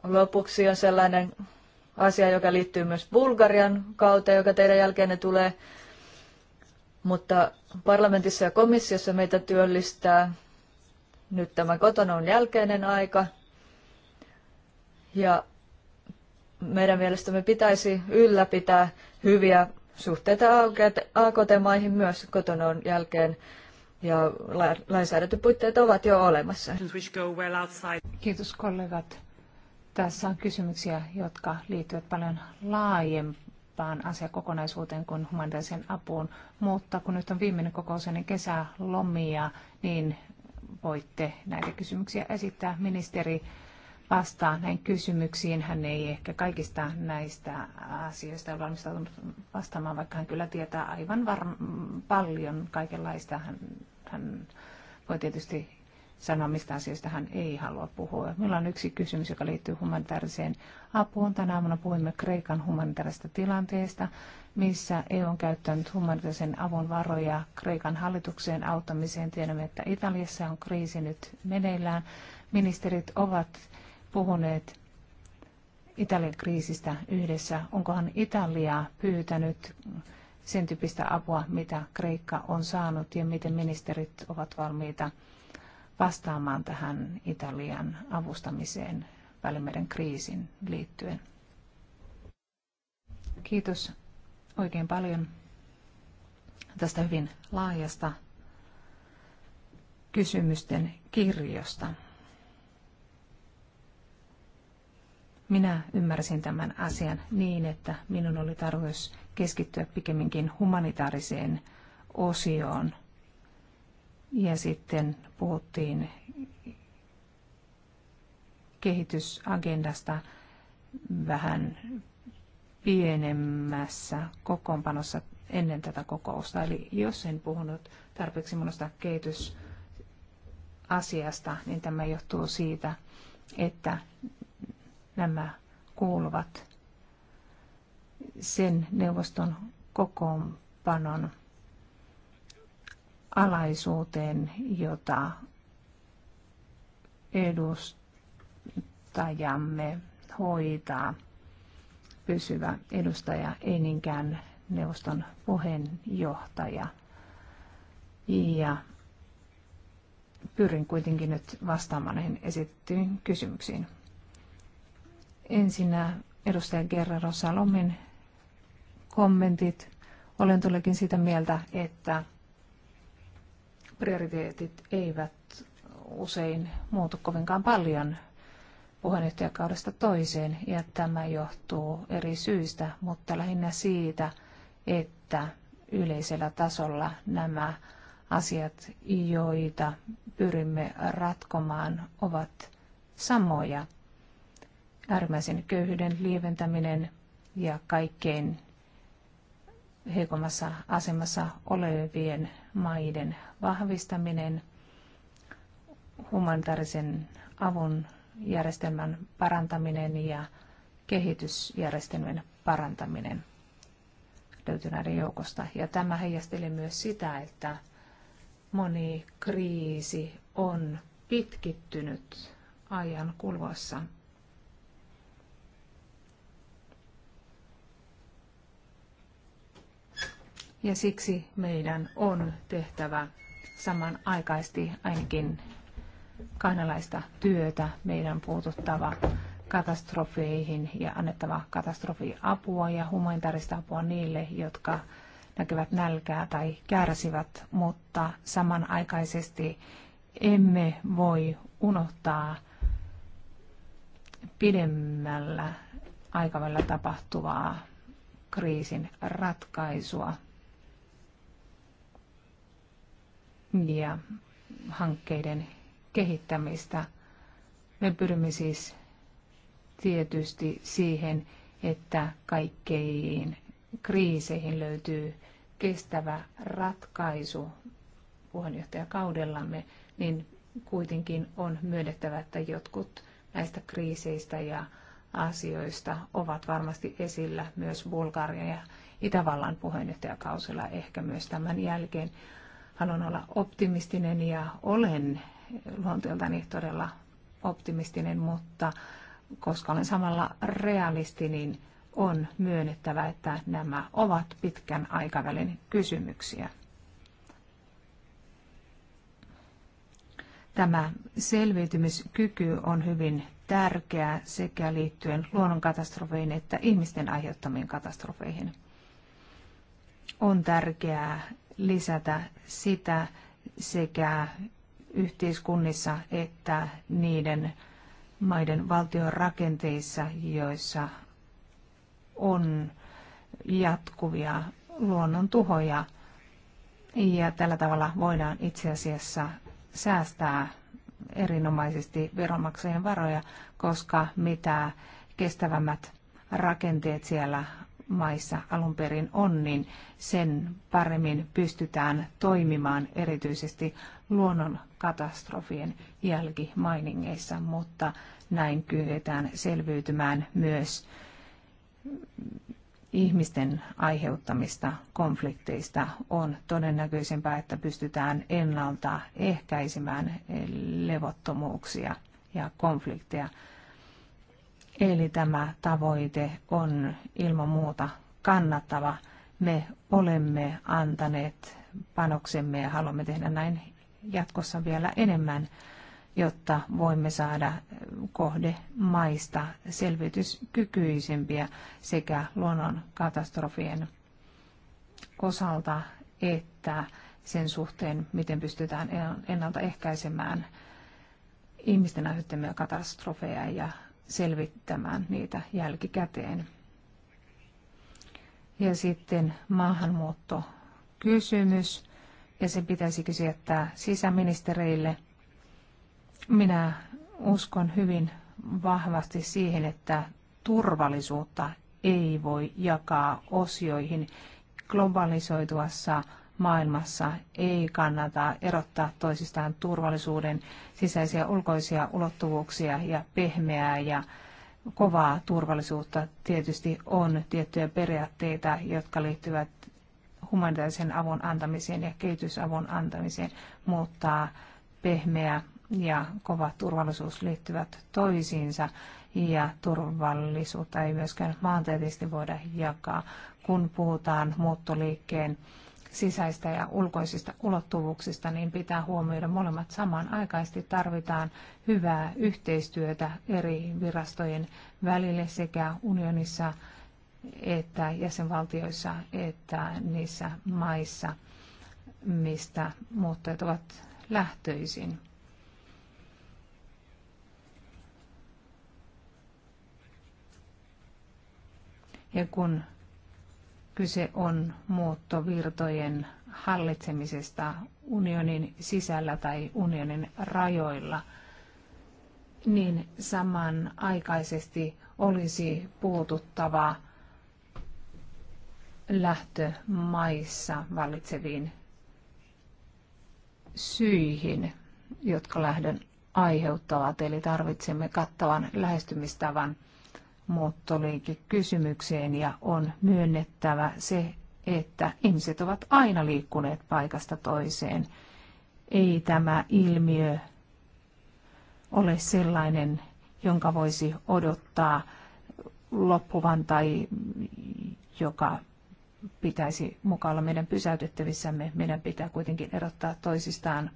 lopuksi on sellainen asia, joka liittyy myös Bulgarian kautta, joka teidän jälkeenne tulee. Mutta parlamentissa ja komissiossa meitä työllistää nyt tämä kotona on jälkeinen aika. Ja meidän mielestämme pitäisi ylläpitää hyviä suhteita AKT-maihin myös kotona on jälkeen ja lainsäädäntöpuitteet ovat jo olemassa. Kiitos kollegat. Tässä on kysymyksiä, jotka liittyvät paljon laajempaan asiakokonaisuuteen kuin humanitaariseen apuun, mutta kun nyt on viimeinen kokous ennen kesälomia, niin voitte näitä kysymyksiä esittää. Ministeri vastaa näin kysymyksiin. Hän ei ehkä kaikista näistä asioista ole valmistautunut vastaamaan, vaikka hän kyllä tietää aivan paljon kaikenlaista. Hän, hän voi tietysti sanoa, mistä asioista hän ei halua puhua. Meillä on yksi kysymys, joka liittyy humanitaariseen apuun. Tänä aamuna puhuimme Kreikan humanitaarista tilanteesta missä EU on käyttänyt humanitaarisen avun varoja Kreikan hallitukseen auttamiseen. Tiedämme, että Italiassa on kriisi nyt meneillään. Ministerit ovat puhuneet Italian kriisistä yhdessä. Onkohan Italia pyytänyt sen tyyppistä apua, mitä Kreikka on saanut ja miten ministerit ovat valmiita vastaamaan tähän Italian avustamiseen Välimeren kriisin liittyen? Kiitos oikein paljon tästä hyvin laajasta kysymysten kirjosta. Minä ymmärsin tämän asian niin, että minun oli tarkoitus keskittyä pikemminkin humanitaariseen osioon. Ja sitten puhuttiin kehitysagendasta vähän pienemmässä kokoonpanossa ennen tätä kokousta. Eli jos en puhunut tarpeeksi monesta kehitysasiasta, niin tämä johtuu siitä, että nämä kuuluvat sen neuvoston kokoonpanon alaisuuteen, jota edustajamme hoitaa pysyvä edustaja, ei niinkään neuvoston puheenjohtaja. Ja pyrin kuitenkin nyt vastaamaan näihin esitettyihin kysymyksiin. Ensinnä edustaja Gerrero Salomin kommentit. Olen tullekin sitä mieltä, että prioriteetit eivät usein muutu kovinkaan paljon puheenjohtajakaudesta toiseen ja tämä johtuu eri syistä, mutta lähinnä siitä, että yleisellä tasolla nämä asiat, joita pyrimme ratkomaan, ovat samoja. Äärimmäisen köyhyyden lieventäminen ja kaikkein heikommassa asemassa olevien maiden vahvistaminen, humanitaarisen avun järjestelmän parantaminen ja kehitysjärjestelmän parantaminen löytyi näiden joukosta. Ja tämä heijasteli myös sitä, että moni kriisi on pitkittynyt ajan kuluessa. Ja siksi meidän on tehtävä samanaikaisesti ainakin kahdenlaista työtä. Meidän on puututtava katastrofeihin ja annettava katastrofiapua ja humanitaarista apua niille, jotka näkevät nälkää tai kärsivät, mutta samanaikaisesti emme voi unohtaa pidemmällä aikavälillä tapahtuvaa kriisin ratkaisua ja hankkeiden kehittämistä. Me pyrimme siis tietysti siihen, että kaikkein kriiseihin löytyy kestävä ratkaisu puheenjohtajakaudellamme, niin kuitenkin on myönnettävä, että jotkut näistä kriiseistä ja asioista ovat varmasti esillä myös Bulgaria ja Itävallan puheenjohtajakausilla ehkä myös tämän jälkeen. Haluan olla optimistinen ja olen luonteeltani niin todella optimistinen, mutta koska olen samalla realisti, niin on myönnettävä, että nämä ovat pitkän aikavälin kysymyksiä. Tämä selviytymiskyky on hyvin tärkeää sekä liittyen luonnonkatastrofeihin että ihmisten aiheuttamiin katastrofeihin. On tärkeää lisätä sitä sekä yhteiskunnissa että niiden maiden valtion rakenteissa, joissa on jatkuvia luonnontuhoja. Ja tällä tavalla voidaan itse asiassa säästää erinomaisesti veronmaksajien varoja, koska mitä kestävämmät rakenteet siellä maissa alun perin on, niin sen paremmin pystytään toimimaan erityisesti luonnon katastrofien jälkimainingeissa, mutta näin kyetään selviytymään myös ihmisten aiheuttamista konflikteista on todennäköisempää, että pystytään ennalta ehkäisemään levottomuuksia ja konflikteja. Eli tämä tavoite on ilman muuta kannattava. Me olemme antaneet panoksemme ja haluamme tehdä näin jatkossa vielä enemmän, jotta voimme saada kohdemaista selvityskykyisempiä sekä luonnon katastrofien osalta että sen suhteen, miten pystytään ennaltaehkäisemään ihmisten aiheuttamia katastrofeja ja selvittämään niitä jälkikäteen. Ja sitten maahanmuuttokysymys, ja se pitäisikö kysyä, sisäministereille. Minä uskon hyvin vahvasti siihen, että turvallisuutta ei voi jakaa osioihin globalisoituvassa maailmassa ei kannata erottaa toisistaan turvallisuuden sisäisiä ulkoisia ulottuvuuksia ja pehmeää ja kovaa turvallisuutta. Tietysti on tiettyjä periaatteita, jotka liittyvät humanitaarisen avun antamiseen ja kehitysavun antamiseen, mutta pehmeä ja kova turvallisuus liittyvät toisiinsa ja turvallisuutta ei myöskään maantieteellisesti voida jakaa. Kun puhutaan muuttoliikkeen sisäistä ja ulkoisista ulottuvuuksista, niin pitää huomioida molemmat samanaikaisesti. Tarvitaan hyvää yhteistyötä eri virastojen välille sekä unionissa että jäsenvaltioissa että niissä maissa, mistä muuttajat ovat lähtöisin. Ja kun Kyse on muuttovirtojen hallitsemisesta unionin sisällä tai unionin rajoilla, niin samanaikaisesti olisi puututtava lähtömaissa vallitseviin syihin, jotka lähdön aiheuttavat, eli tarvitsemme kattavan lähestymistavan – muuttoliikekysymykseen ja on myönnettävä se, että ihmiset ovat aina liikkuneet paikasta toiseen. Ei tämä ilmiö ole sellainen, jonka voisi odottaa loppuvan tai joka pitäisi mukaan olla meidän pysäytettävissämme. Meidän pitää kuitenkin erottaa toisistaan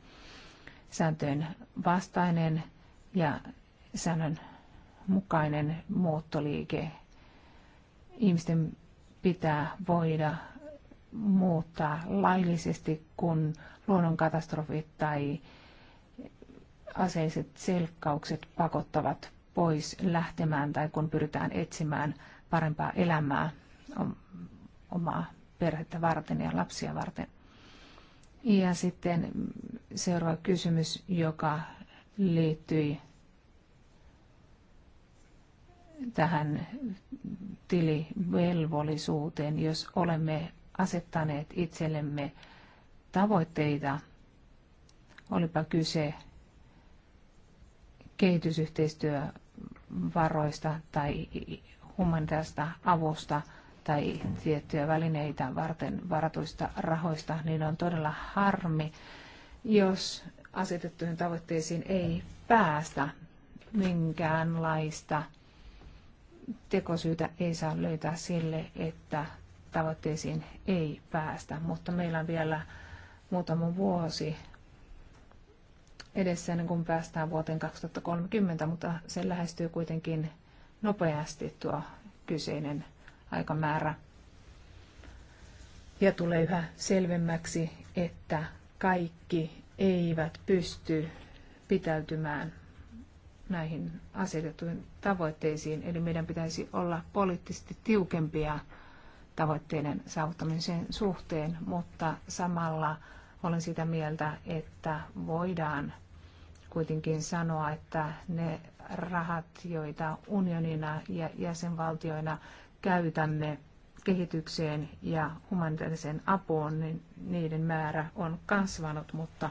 sääntöjen vastainen ja säännön mukainen muuttoliike. Ihmisten pitää voida muuttaa laillisesti, kun luonnonkatastrofit tai aseiset selkkaukset pakottavat pois lähtemään tai kun pyritään etsimään parempaa elämää omaa perhettä varten ja lapsia varten. Ja sitten seuraava kysymys, joka liittyi tähän tilivelvollisuuteen, jos olemme asettaneet itsellemme tavoitteita, olipa kyse kehitysyhteistyövaroista tai humanitaarista avusta tai tiettyjä välineitä varten varatuista rahoista, niin on todella harmi, jos asetettuihin tavoitteisiin ei päästä minkäänlaista tekosyytä ei saa löytää sille, että tavoitteisiin ei päästä, mutta meillä on vielä muutama vuosi edessä ennen kuin päästään vuoteen 2030, mutta se lähestyy kuitenkin nopeasti tuo kyseinen aikamäärä. Ja tulee yhä selvemmäksi, että kaikki eivät pysty pitäytymään näihin asetettuihin tavoitteisiin. Eli meidän pitäisi olla poliittisesti tiukempia tavoitteiden saavuttamisen suhteen, mutta samalla olen sitä mieltä, että voidaan kuitenkin sanoa, että ne rahat, joita unionina ja jäsenvaltioina käytämme kehitykseen ja humanitaariseen apuun, niin niiden määrä on kasvanut, mutta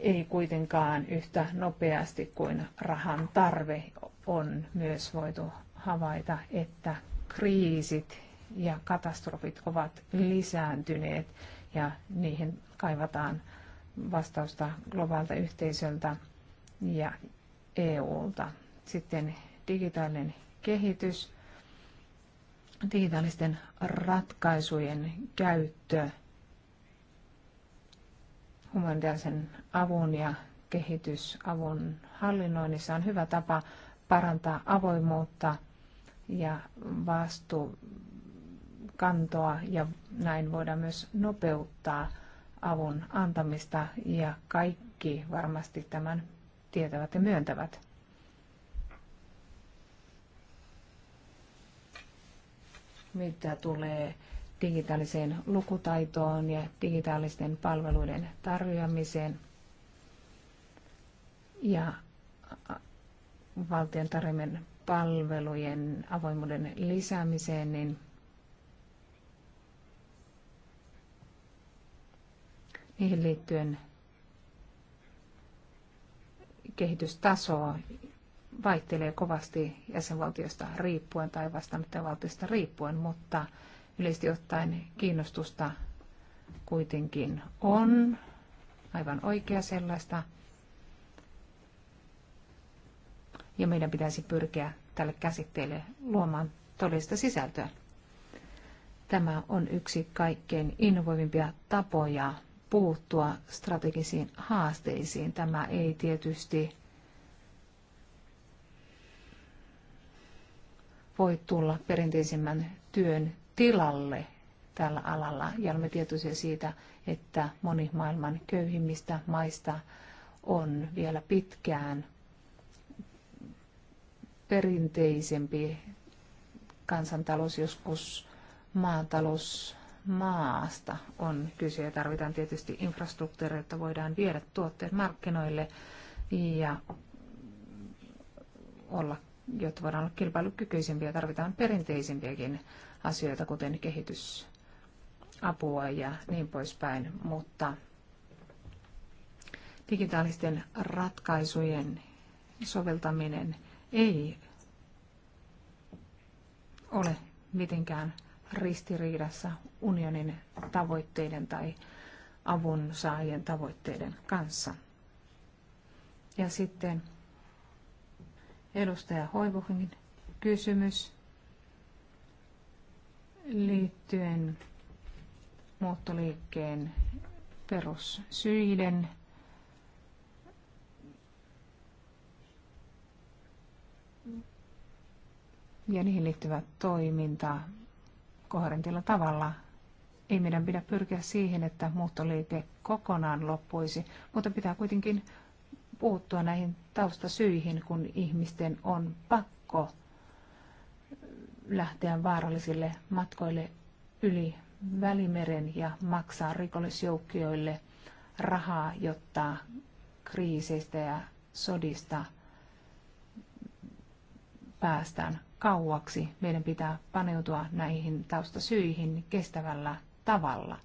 ei kuitenkaan yhtä nopeasti kuin rahan tarve on myös voitu havaita, että kriisit ja katastrofit ovat lisääntyneet ja niihin kaivataan vastausta globaalta yhteisöltä ja EUlta. Sitten digitaalinen kehitys, digitaalisten ratkaisujen käyttö humanitaarisen avun ja kehitysavun hallinnoinnissa on hyvä tapa parantaa avoimuutta ja vastuukantoa ja näin voidaan myös nopeuttaa avun antamista ja kaikki varmasti tämän tietävät ja myöntävät. Mitä tulee digitaaliseen lukutaitoon ja digitaalisten palveluiden tarjoamiseen ja valtion tarjoamien palvelujen avoimuuden lisäämiseen, niin, niihin liittyen kehitystaso vaihtelee kovasti jäsenvaltiosta riippuen tai vastaanottajavaltiosta riippuen, mutta Yleisesti ottaen kiinnostusta kuitenkin on, aivan oikea sellaista. Ja meidän pitäisi pyrkiä tälle käsitteelle luomaan todellista sisältöä. Tämä on yksi kaikkein innovoivimpia tapoja puuttua strategisiin haasteisiin. Tämä ei tietysti voi tulla perinteisemmän työn tilalle tällä alalla. Ja olemme tietoisia siitä, että moni maailman köyhimmistä maista on vielä pitkään perinteisempi kansantalous, joskus maatalous maasta on kyse ja tarvitaan tietysti infrastruktuuria, että voidaan viedä tuotteet markkinoille ja olla, jotta voidaan olla kilpailukykyisempiä, tarvitaan perinteisempiäkin asioita, kuten kehitysapua ja niin poispäin, mutta digitaalisten ratkaisujen soveltaminen ei ole mitenkään ristiriidassa unionin tavoitteiden tai avun saajien tavoitteiden kanssa. Ja sitten edustaja Hoivuhin kysymys liittyen muuttoliikkeen perussyiden ja niihin liittyvä toiminta kohdentilla tavalla. Ei meidän pidä pyrkiä siihen, että muuttoliike kokonaan loppuisi, mutta pitää kuitenkin puuttua näihin taustasyihin, kun ihmisten on pakko lähteä vaarallisille matkoille yli Välimeren ja maksaa rikollisjoukkioille rahaa, jotta kriiseistä ja sodista päästään kauaksi. Meidän pitää paneutua näihin taustasyihin kestävällä tavalla.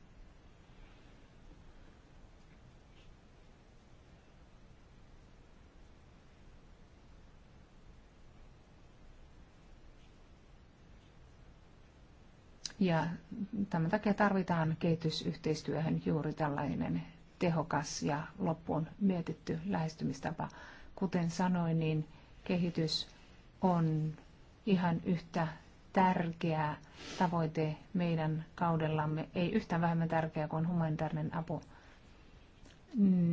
Ja tämän takia tarvitaan kehitysyhteistyöhön juuri tällainen tehokas ja loppuun mietitty lähestymistapa. Kuten sanoin, niin kehitys on ihan yhtä tärkeä tavoite meidän kaudellamme, ei yhtään vähemmän tärkeä kuin humanitaarinen apu.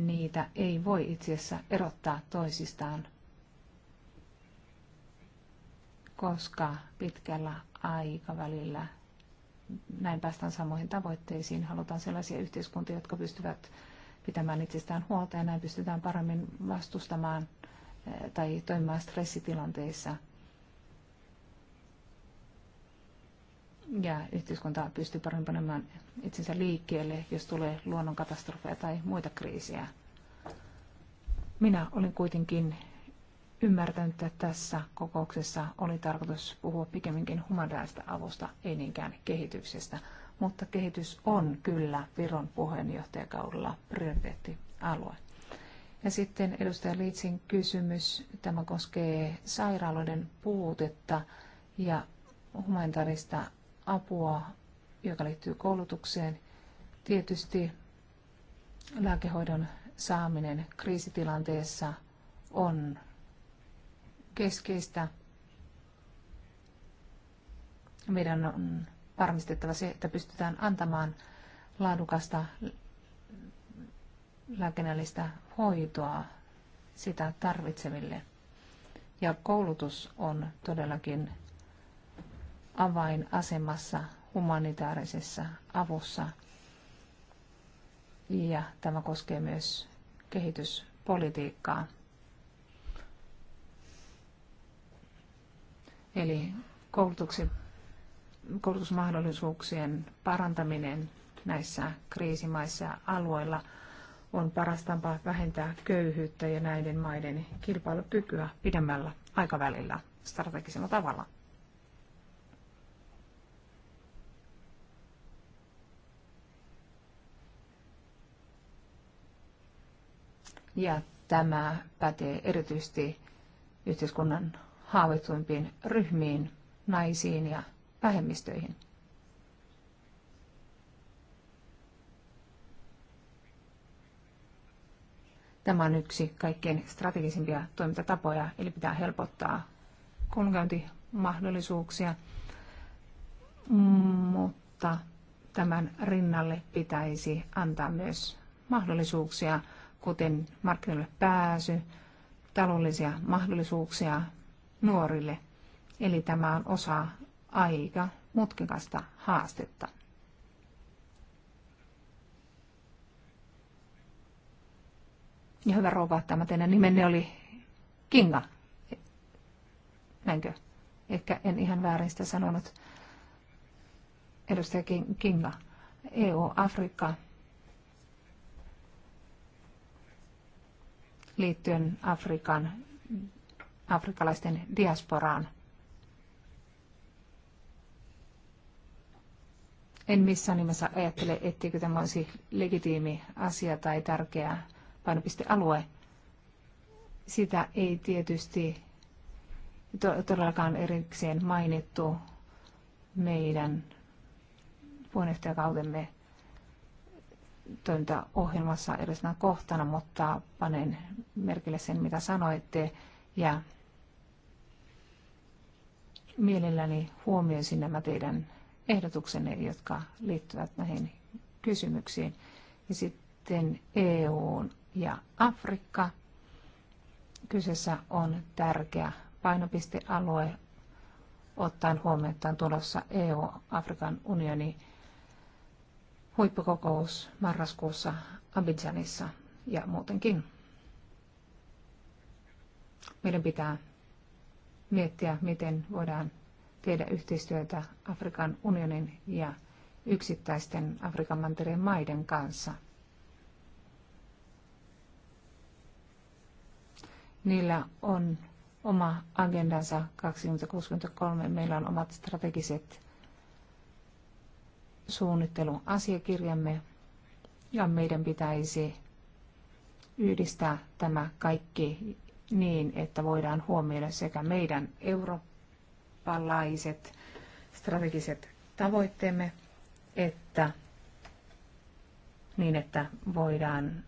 Niitä ei voi itse asiassa erottaa toisistaan, koska pitkällä aikavälillä – näin päästään samoihin tavoitteisiin. Halutaan sellaisia yhteiskuntia, jotka pystyvät pitämään itsestään huolta ja näin pystytään paremmin vastustamaan eh, tai toimimaan stressitilanteissa. Ja yhteiskunta pystyy paremmin panemaan itsensä liikkeelle, jos tulee luonnonkatastrofeja tai muita kriisejä. Minä olin kuitenkin ymmärtänyt, että tässä kokouksessa oli tarkoitus puhua pikemminkin humanitaarista avusta, ei niinkään kehityksestä. Mutta kehitys on kyllä Viron puheenjohtajakaudella prioriteettialue. Ja sitten edustaja Liitsin kysymys, tämä koskee sairaaloiden puutetta ja humanitaarista apua, joka liittyy koulutukseen. Tietysti lääkehoidon saaminen kriisitilanteessa on keskeistä. Meidän on varmistettava se, että pystytään antamaan laadukasta lääkinnällistä hoitoa sitä tarvitseville. Ja koulutus on todellakin avainasemassa humanitaarisessa avussa. Ja tämä koskee myös kehityspolitiikkaa. Eli koulutuksen, koulutusmahdollisuuksien parantaminen näissä kriisimaissa ja alueilla on paras tapa vähentää köyhyyttä ja näiden maiden kilpailukykyä pidemmällä aikavälillä strategisella tavalla. Ja tämä pätee erityisesti yhteiskunnan haavoittuimpiin ryhmiin, naisiin ja vähemmistöihin. Tämä on yksi kaikkein strategisimpia toimintatapoja, eli pitää helpottaa koulunkäyntimahdollisuuksia, mutta tämän rinnalle pitäisi antaa myös mahdollisuuksia, kuten markkinoille pääsy, taloudellisia mahdollisuuksia nuorille. Eli tämä on osa aika mutkikasta haastetta. Ja hyvä rouva, tämä teidän nimenne oli Kinga. Näinkö? Ehkä en ihan väärin sitä sanonut. Edustaja Kinga. EU, Afrikka. Liittyen Afrikan afrikkalaisten diasporaan. En missään nimessä ajattele, etteikö tämä olisi legitiimi asia tai tärkeä painopistealue. Sitä ei tietysti todellakaan erikseen mainittu meidän puheenjohtajakautemme toimintaohjelmassa edellisenä kohtana, mutta panen merkille sen, mitä sanoitte, ja mielelläni huomioisin nämä teidän ehdotuksenne, jotka liittyvät näihin kysymyksiin. Ja sitten EU ja Afrikka. Kyseessä on tärkeä painopistealue, ottaen huomioon, että on tulossa EU-Afrikan unioni huippukokous marraskuussa Abidjanissa ja muutenkin. Meidän pitää miettiä, miten voidaan tehdä yhteistyötä Afrikan unionin ja yksittäisten Afrikan mantereen maiden kanssa. Niillä on oma agendansa 2063. Meillä on omat strategiset suunnitteluasiakirjamme ja meidän pitäisi yhdistää tämä kaikki niin, että voidaan huomioida sekä meidän eurooppalaiset strategiset tavoitteemme, että niin, että voidaan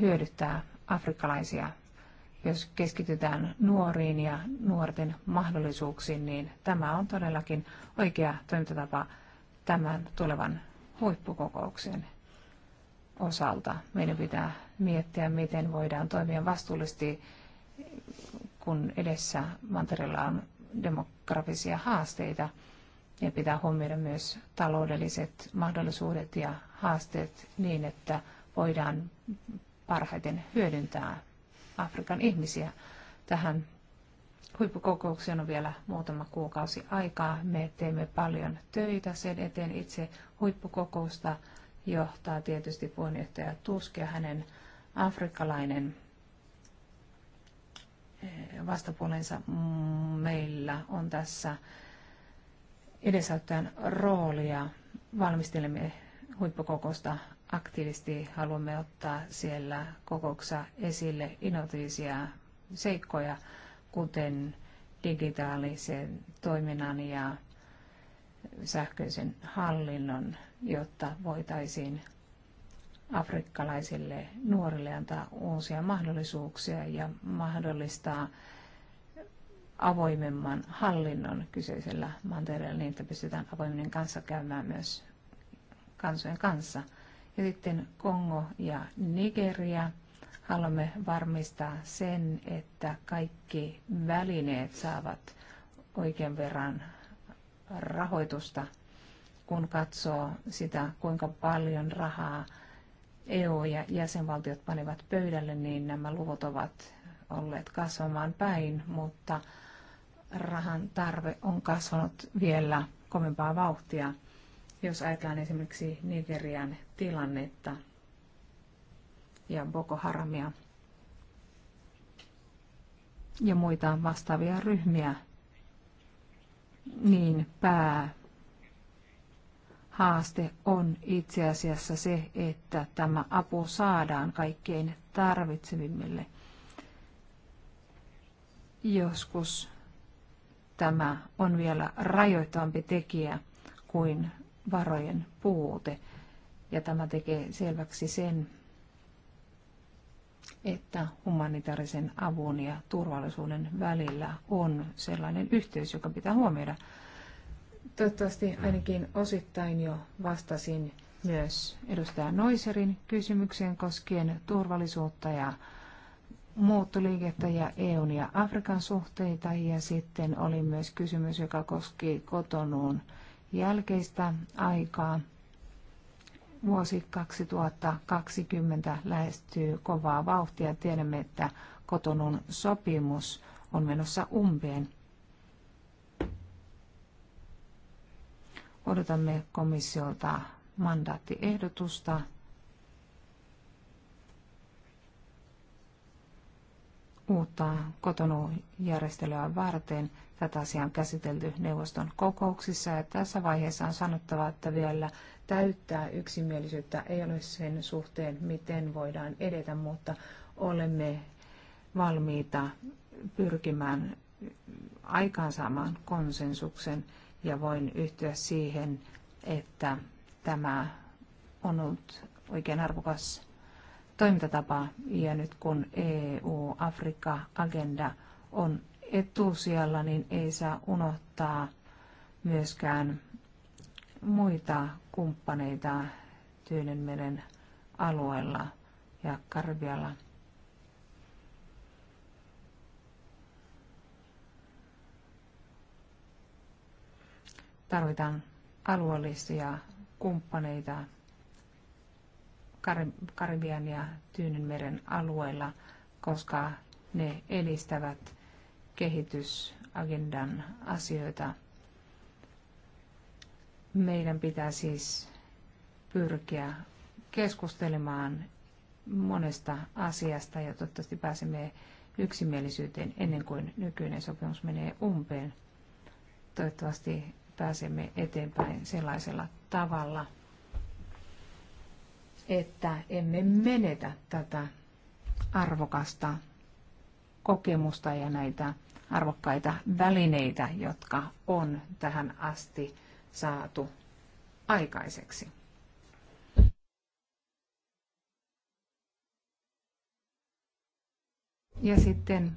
hyödyttää afrikkalaisia. Jos keskitytään nuoriin ja nuorten mahdollisuuksiin, niin tämä on todellakin oikea toimintatapa tämän tulevan huippukokouksen osalta. Meidän pitää miettiä, miten voidaan toimia vastuullisesti, kun edessä mantereella on demografisia haasteita ja pitää huomioida myös taloudelliset mahdollisuudet ja haasteet niin, että voidaan parhaiten hyödyntää Afrikan ihmisiä. Tähän huippukokoukseen on vielä muutama kuukausi aikaa. Me teemme paljon töitä sen eteen. Itse huippukokousta johtaa tietysti puheenjohtaja Tuski ja hänen afrikkalainen eh, vastapuolensa. Meillä on tässä edesauttajan roolia. Valmistelemme huippukokousta aktiivisesti. Haluamme ottaa siellä kokouksessa esille innovatiivisia seikkoja, kuten digitaalisen toiminnan ja sähköisen hallinnon, jotta voitaisiin afrikkalaisille nuorille antaa uusia mahdollisuuksia ja mahdollistaa avoimemman hallinnon kyseisellä mantereella niin, että pystytään avoimen kanssa käymään myös kansojen kanssa. Ja sitten Kongo ja Nigeria. Haluamme varmistaa sen, että kaikki välineet saavat oikean verran rahoitusta, kun katsoo sitä, kuinka paljon rahaa EU ja jäsenvaltiot panivat pöydälle, niin nämä luvut ovat olleet kasvamaan päin, mutta rahan tarve on kasvanut vielä kovempaa vauhtia. Jos ajatellaan esimerkiksi Nigerian tilannetta ja Boko Haramia ja muita vastaavia ryhmiä, niin pää haaste on itse asiassa se, että tämä apu saadaan kaikkein tarvitsevimmille. Joskus tämä on vielä rajoittavampi tekijä kuin varojen puute. Ja tämä tekee selväksi sen, että humanitaarisen avun ja turvallisuuden välillä on sellainen yhteys, joka pitää huomioida – Toivottavasti mm. ainakin osittain jo vastasin myös edustaja Noiserin kysymykseen koskien turvallisuutta ja muuttoliikettä ja EUn ja Afrikan suhteita. Ja sitten oli myös kysymys, joka koski kotonuun jälkeistä aikaa. Vuosi 2020 lähestyy kovaa vauhtia. Tiedämme, että kotonun sopimus on menossa umpeen. Odotamme komissiolta mandaattiehdotusta. uutta kotonujärjestelyä varten. Tätä asiaa on käsitelty neuvoston kokouksissa ja tässä vaiheessa on sanottava, että vielä täyttää yksimielisyyttä ei ole sen suhteen, miten voidaan edetä, mutta olemme valmiita pyrkimään aikaansaamaan konsensuksen ja voin yhtyä siihen, että tämä on ollut oikein arvokas toimintatapa. Ja nyt kun EU-Afrikka-agenda on etusijalla, niin ei saa unohtaa myöskään muita kumppaneita Tyynenmeren alueella ja Karvialla. Tarvitaan alueellisia kumppaneita Karibian ja Tyynenmeren alueella, koska ne edistävät kehitysagendan asioita. Meidän pitää siis pyrkiä keskustelemaan monesta asiasta ja toivottavasti pääsemme yksimielisyyteen ennen kuin nykyinen sopimus menee umpeen. Toivottavasti pääsemme eteenpäin sellaisella tavalla, että emme menetä tätä arvokasta kokemusta ja näitä arvokkaita välineitä, jotka on tähän asti saatu aikaiseksi. Ja sitten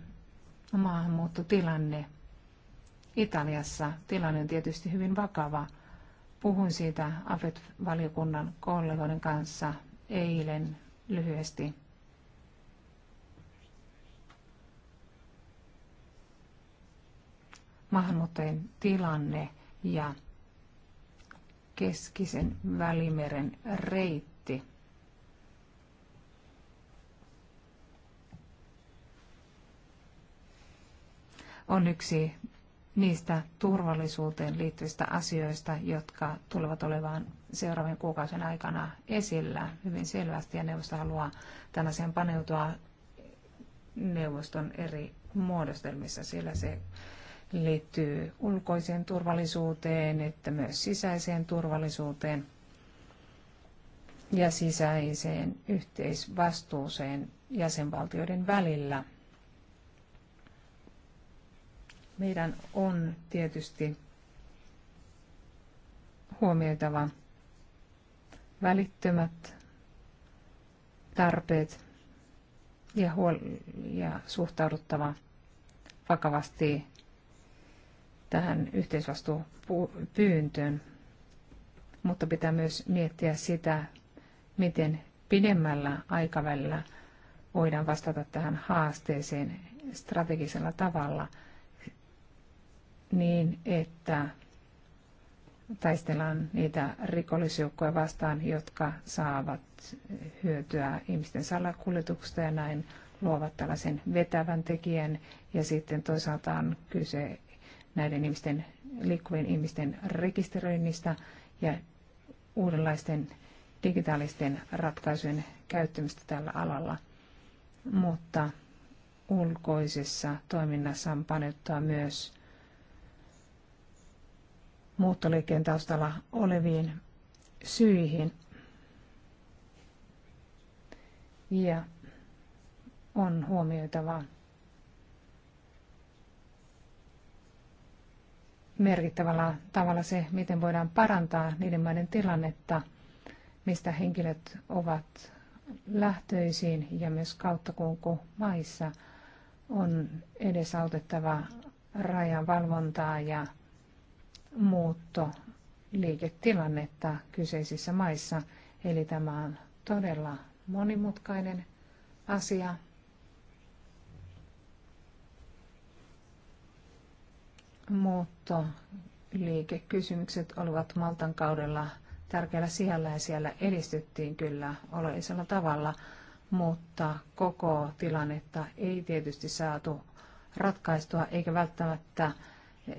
maahanmuuttotilanne Italiassa tilanne on tietysti hyvin vakava. Puhuin siitä AFET-valiokunnan kollegoiden kanssa eilen lyhyesti. Maahanmuuttajien tilanne ja keskisen välimeren reitti. On yksi niistä turvallisuuteen liittyvistä asioista, jotka tulevat olemaan seuraavien kuukausien aikana esillä hyvin selvästi, ja neuvosto haluaa tällaiseen paneutua neuvoston eri muodostelmissa, sillä se liittyy ulkoiseen turvallisuuteen, että myös sisäiseen turvallisuuteen ja sisäiseen yhteisvastuuseen jäsenvaltioiden välillä – meidän on tietysti huomioitava välittömät tarpeet ja, huol- ja suhtauduttava vakavasti tähän yhteisvastuupyyntöön, mutta pitää myös miettiä sitä, miten pidemmällä aikavälillä voidaan vastata tähän haasteeseen strategisella tavalla – niin, että taistellaan niitä rikollisjoukkoja vastaan, jotka saavat hyötyä ihmisten salakuljetuksesta ja näin luovat tällaisen vetävän tekijän. Ja sitten toisaalta on kyse näiden ihmisten, liikkuvien ihmisten rekisteröinnistä ja uudenlaisten digitaalisten ratkaisujen käyttämistä tällä alalla. Mutta ulkoisessa toiminnassa on paneutua myös muuttoliikkeen taustalla oleviin syihin. Ja on huomioitava merkittävällä tavalla se, miten voidaan parantaa niiden maiden tilannetta, mistä henkilöt ovat lähtöisiin, ja myös kauttakulku maissa on edesautettava rajan valvontaa ja Muutto, liiketilannetta kyseisissä maissa. Eli tämä on todella monimutkainen asia. Muutto, liikekysymykset olivat Maltan kaudella tärkeällä sijalla ja siellä edistyttiin kyllä oleisella tavalla, mutta koko tilannetta ei tietysti saatu ratkaistua eikä välttämättä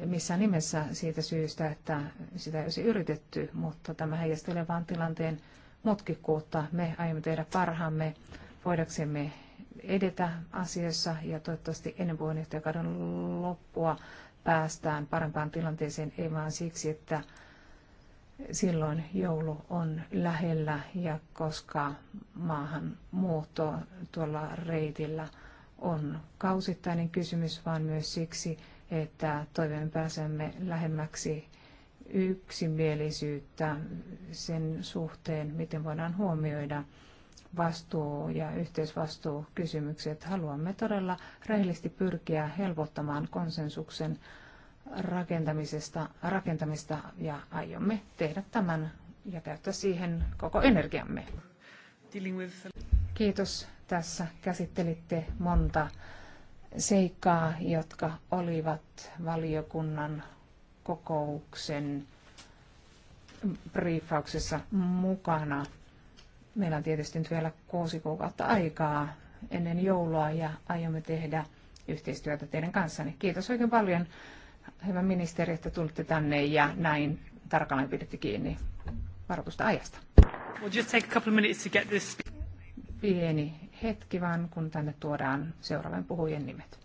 missään nimessä siitä syystä, että sitä ei olisi yritetty, mutta tämä heijastelee vain tilanteen mutkikkuutta. Me aiomme tehdä parhaamme, voidaksemme edetä asiassa ja toivottavasti ennen puheenjohtajakauden loppua päästään parempaan tilanteeseen, ei vaan siksi, että silloin joulu on lähellä ja koska maahan muutto tuolla reitillä on kausittainen kysymys, vaan myös siksi, että toiveen pääsemme lähemmäksi yksimielisyyttä sen suhteen, miten voidaan huomioida vastuu- ja yhteisvastuukysymykset. Haluamme todella rehellisesti pyrkiä helpottamaan konsensuksen rakentamisesta, rakentamista ja aiomme tehdä tämän ja käyttää siihen koko energiamme. Kiitos. Tässä käsittelitte monta seikkaa, jotka olivat valiokunnan kokouksen briefauksessa mukana. Meillä on tietysti nyt vielä kuusi kuukautta aikaa ennen joulua ja aiomme tehdä yhteistyötä teidän kanssanne. Kiitos oikein paljon, hyvä ministeri, että tulitte tänne ja näin tarkalleen pidetty kiinni varoitusta ajasta. We'll just take a couple of minutes to get this pieni hetki, vaan kun tänne tuodaan seuraavien puhujien nimet.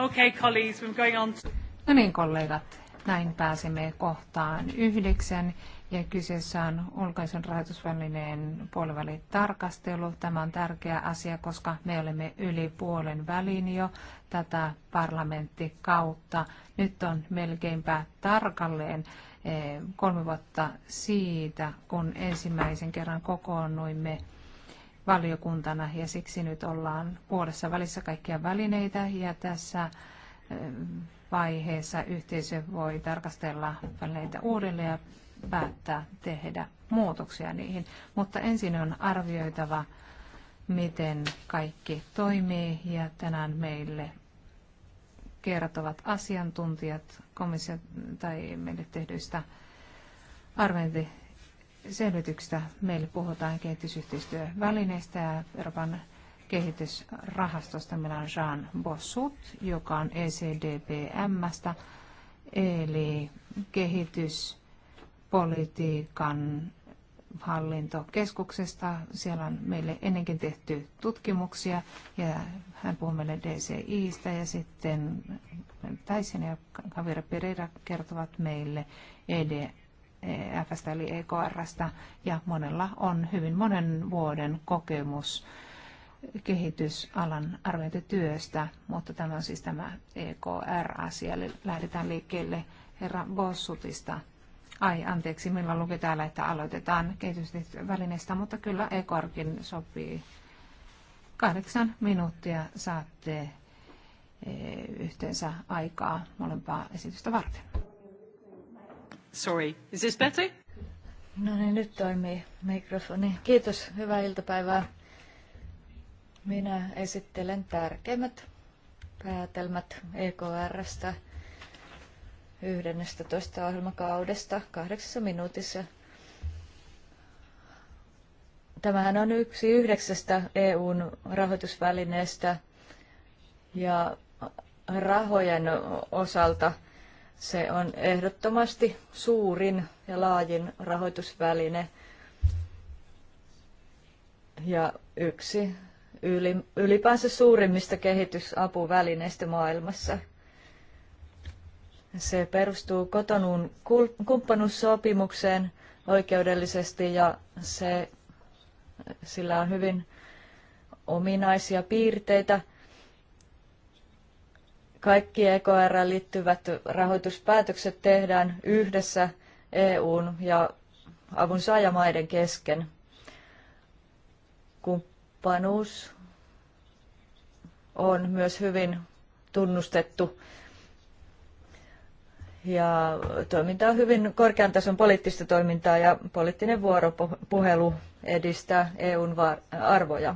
Okay, colleagues, we're going on to... No niin, kollegat, näin pääsemme kohtaan yhdeksän. Ja kyseessä on ulkoisen rahoitusvälineen puolivälitarkastelu. Tämä on tärkeä asia, koska me olemme yli puolen välin jo tätä parlamenttikautta. Nyt on melkeinpä tarkalleen eh, kolme vuotta siitä, kun ensimmäisen kerran kokoonnuimme valiokuntana ja siksi nyt ollaan puolessa välissä kaikkia välineitä ja tässä vaiheessa yhteisö voi tarkastella välineitä uudelleen ja päättää tehdä muutoksia niihin. Mutta ensin on arvioitava, miten kaikki toimii ja tänään meille kertovat asiantuntijat komissio tai meille tehdyistä arviointi selvityksestä. Meille puhutaan kehitysyhteistyövälineistä ja Euroopan kehitysrahastosta. Meillä on Jean Bossut, joka on ECDPMstä, eli kehityspolitiikan hallintokeskuksesta. Siellä on meille ennenkin tehty tutkimuksia ja hän puhuu meille DCIstä ja sitten Täisen ja Kavira Pereira kertovat meille ED, EFS eli EKRstä ja monella on hyvin monen vuoden kokemus kehitysalan arviointityöstä, mutta tämä on siis tämä EKR-asia, eli lähdetään liikkeelle herra Bossutista. Ai, anteeksi, milloin luki täällä, että aloitetaan kehitysyhteistyövälineestä, mutta kyllä EKRkin sopii. Kahdeksan minuuttia saatte e, yhteensä aikaa molempaa esitystä varten. Sorry, is this better? No niin, nyt toimii mikrofoni. Kiitos, hyvää iltapäivää. Minä esittelen tärkeimmät päätelmät EKRstä 11. ohjelmakaudesta kahdeksassa minuutissa. Tämähän on yksi yhdeksästä EUn rahoitusvälineestä ja rahojen osalta – se on ehdottomasti suurin ja laajin rahoitusväline ja yksi ylipäänsä suurimmista kehitysapuvälineistä maailmassa. Se perustuu kotonuun kumppanuussopimukseen oikeudellisesti ja se, sillä on hyvin ominaisia piirteitä – kaikki EKR liittyvät rahoituspäätökset tehdään yhdessä EUn ja avun saajamaiden kesken. Kumppanuus on myös hyvin tunnustettu ja toiminta on hyvin korkean tason poliittista toimintaa ja poliittinen vuoropuhelu edistää EUn arvoja.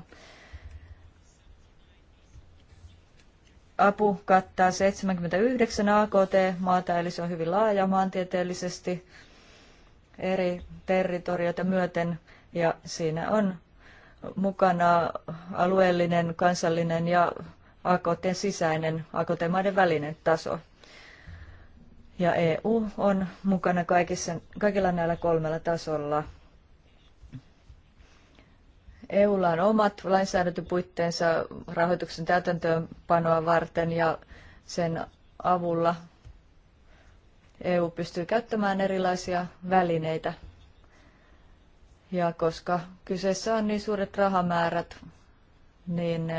apu kattaa 79 AKT-maata, eli se on hyvin laaja maantieteellisesti eri territorioita myöten, ja siinä on mukana alueellinen, kansallinen ja AKTn sisäinen, AKT-maiden välinen taso. Ja EU on mukana kaikissa, kaikilla näillä kolmella tasolla – EUlla on omat lainsäädäntöpuitteensa rahoituksen täytäntöönpanoa varten ja sen avulla EU pystyy käyttämään erilaisia välineitä. Ja koska kyseessä on niin suuret rahamäärät, niin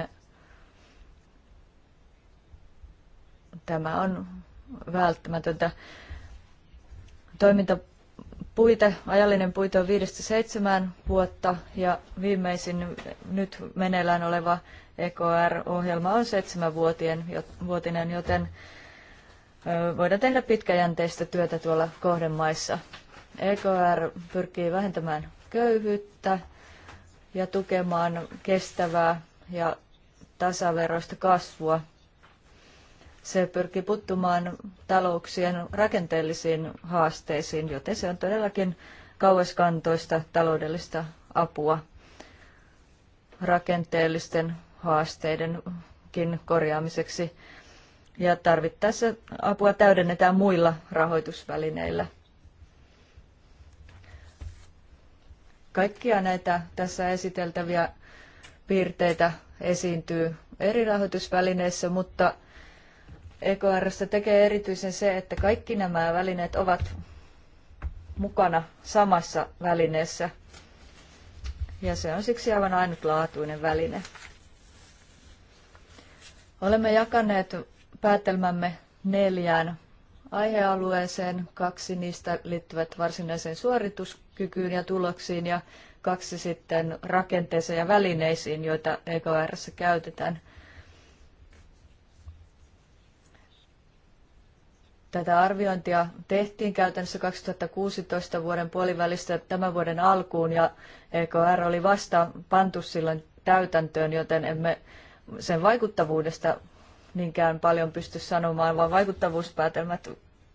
tämä on välttämätöntä. Toiminta puite, ajallinen puite on 5-7 vuotta ja viimeisin nyt meneillään oleva EKR-ohjelma on vuotinen, joten voidaan tehdä pitkäjänteistä työtä tuolla kohdemaissa. EKR pyrkii vähentämään köyhyyttä ja tukemaan kestävää ja tasaveroista kasvua se pyrkii puuttumaan talouksien rakenteellisiin haasteisiin, joten se on todellakin kauaskantoista taloudellista apua rakenteellisten haasteidenkin korjaamiseksi. Ja tarvittaessa apua täydennetään muilla rahoitusvälineillä. Kaikkia näitä tässä esiteltäviä piirteitä esiintyy eri rahoitusvälineissä, mutta EKRstä tekee erityisen se, että kaikki nämä välineet ovat mukana samassa välineessä. Ja se on siksi aivan ainutlaatuinen väline. Olemme jakaneet päätelmämme neljään aihealueeseen. Kaksi niistä liittyvät varsinaiseen suorituskykyyn ja tuloksiin ja kaksi sitten rakenteeseen ja välineisiin, joita EKRssä käytetään – Tätä arviointia tehtiin käytännössä 2016 vuoden puolivälistä tämän vuoden alkuun ja EKR oli vasta pantu silloin täytäntöön, joten emme sen vaikuttavuudesta niinkään paljon pysty sanomaan, vaan vaikuttavuuspäätelmät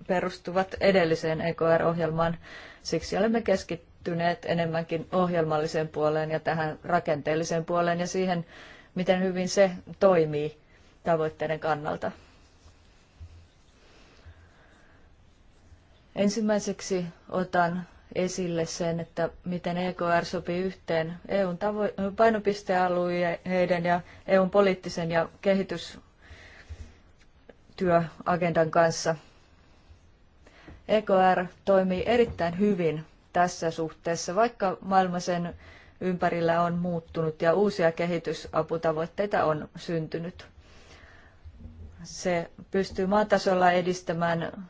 perustuvat edelliseen EKR-ohjelmaan. Siksi olemme keskittyneet enemmänkin ohjelmalliseen puoleen ja tähän rakenteelliseen puoleen ja siihen, miten hyvin se toimii tavoitteiden kannalta. Ensimmäiseksi otan esille sen, että miten EKR sopii yhteen EUn tavo- painopistealueiden ja EUn poliittisen ja kehitystyöagendan kanssa. EKR toimii erittäin hyvin tässä suhteessa, vaikka maailma sen ympärillä on muuttunut ja uusia kehitysaputavoitteita on syntynyt. Se pystyy maatasolla edistämään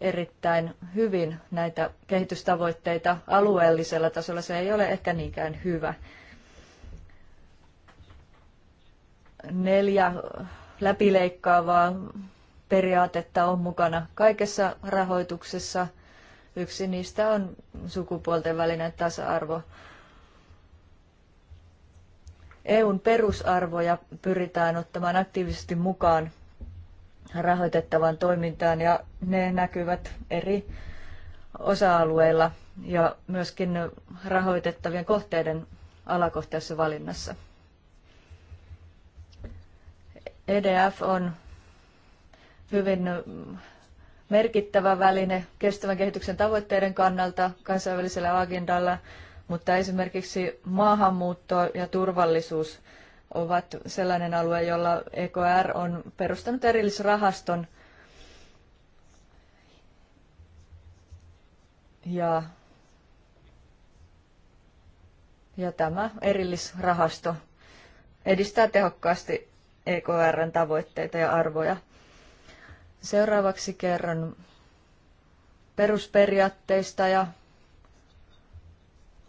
erittäin hyvin näitä kehitystavoitteita alueellisella tasolla. Se ei ole ehkä niinkään hyvä. Neljä läpileikkaavaa periaatetta on mukana kaikessa rahoituksessa. Yksi niistä on sukupuolten välinen tasa-arvo. EUn perusarvoja pyritään ottamaan aktiivisesti mukaan rahoitettavaan toimintaan ja ne näkyvät eri osa-alueilla ja myöskin rahoitettavien kohteiden alakohtaisessa valinnassa. EDF on hyvin merkittävä väline kestävän kehityksen tavoitteiden kannalta kansainvälisellä agendalla, mutta esimerkiksi maahanmuutto ja turvallisuus ovat sellainen alue, jolla EKR on perustanut erillisrahaston. Ja, ja tämä erillisrahasto edistää tehokkaasti EKRn tavoitteita ja arvoja. Seuraavaksi kerron perusperiaatteista ja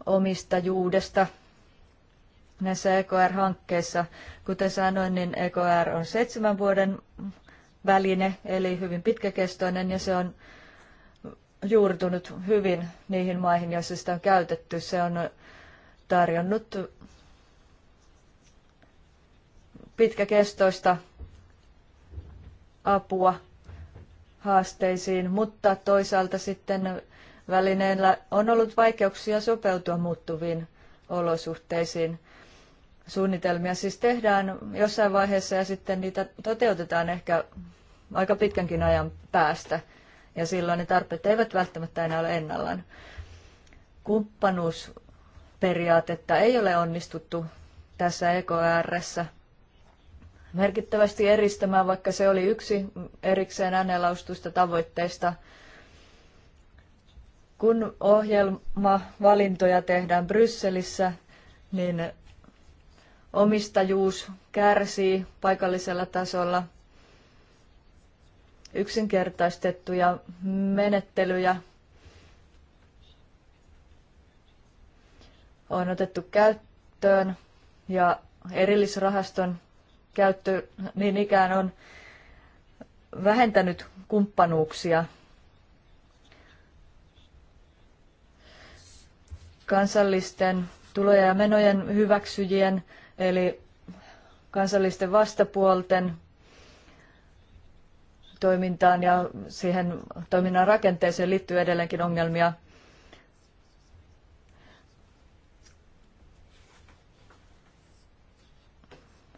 omistajuudesta – näissä EKR-hankkeissa. Kuten sanoin, niin EKR on seitsemän vuoden väline, eli hyvin pitkäkestoinen, ja se on juurtunut hyvin niihin maihin, joissa sitä on käytetty. Se on tarjonnut pitkäkestoista apua haasteisiin, mutta toisaalta sitten välineellä on ollut vaikeuksia sopeutua muuttuviin olosuhteisiin. Suunnitelmia siis tehdään jossain vaiheessa ja sitten niitä toteutetaan ehkä aika pitkänkin ajan päästä. Ja silloin ne tarpeet eivät välttämättä enää ole ennallaan. Kumppanuusperiaatetta ei ole onnistuttu tässä EKRssä merkittävästi eristämään, vaikka se oli yksi erikseen äänenlaustuista tavoitteista. Kun ohjelmavalintoja tehdään Brysselissä, niin omistajuus kärsii paikallisella tasolla. Yksinkertaistettuja menettelyjä on otettu käyttöön ja erillisrahaston käyttö niin ikään on vähentänyt kumppanuuksia kansallisten tuloja ja menojen hyväksyjien Eli kansallisten vastapuolten toimintaan ja siihen toiminnan rakenteeseen liittyy edelleenkin ongelmia.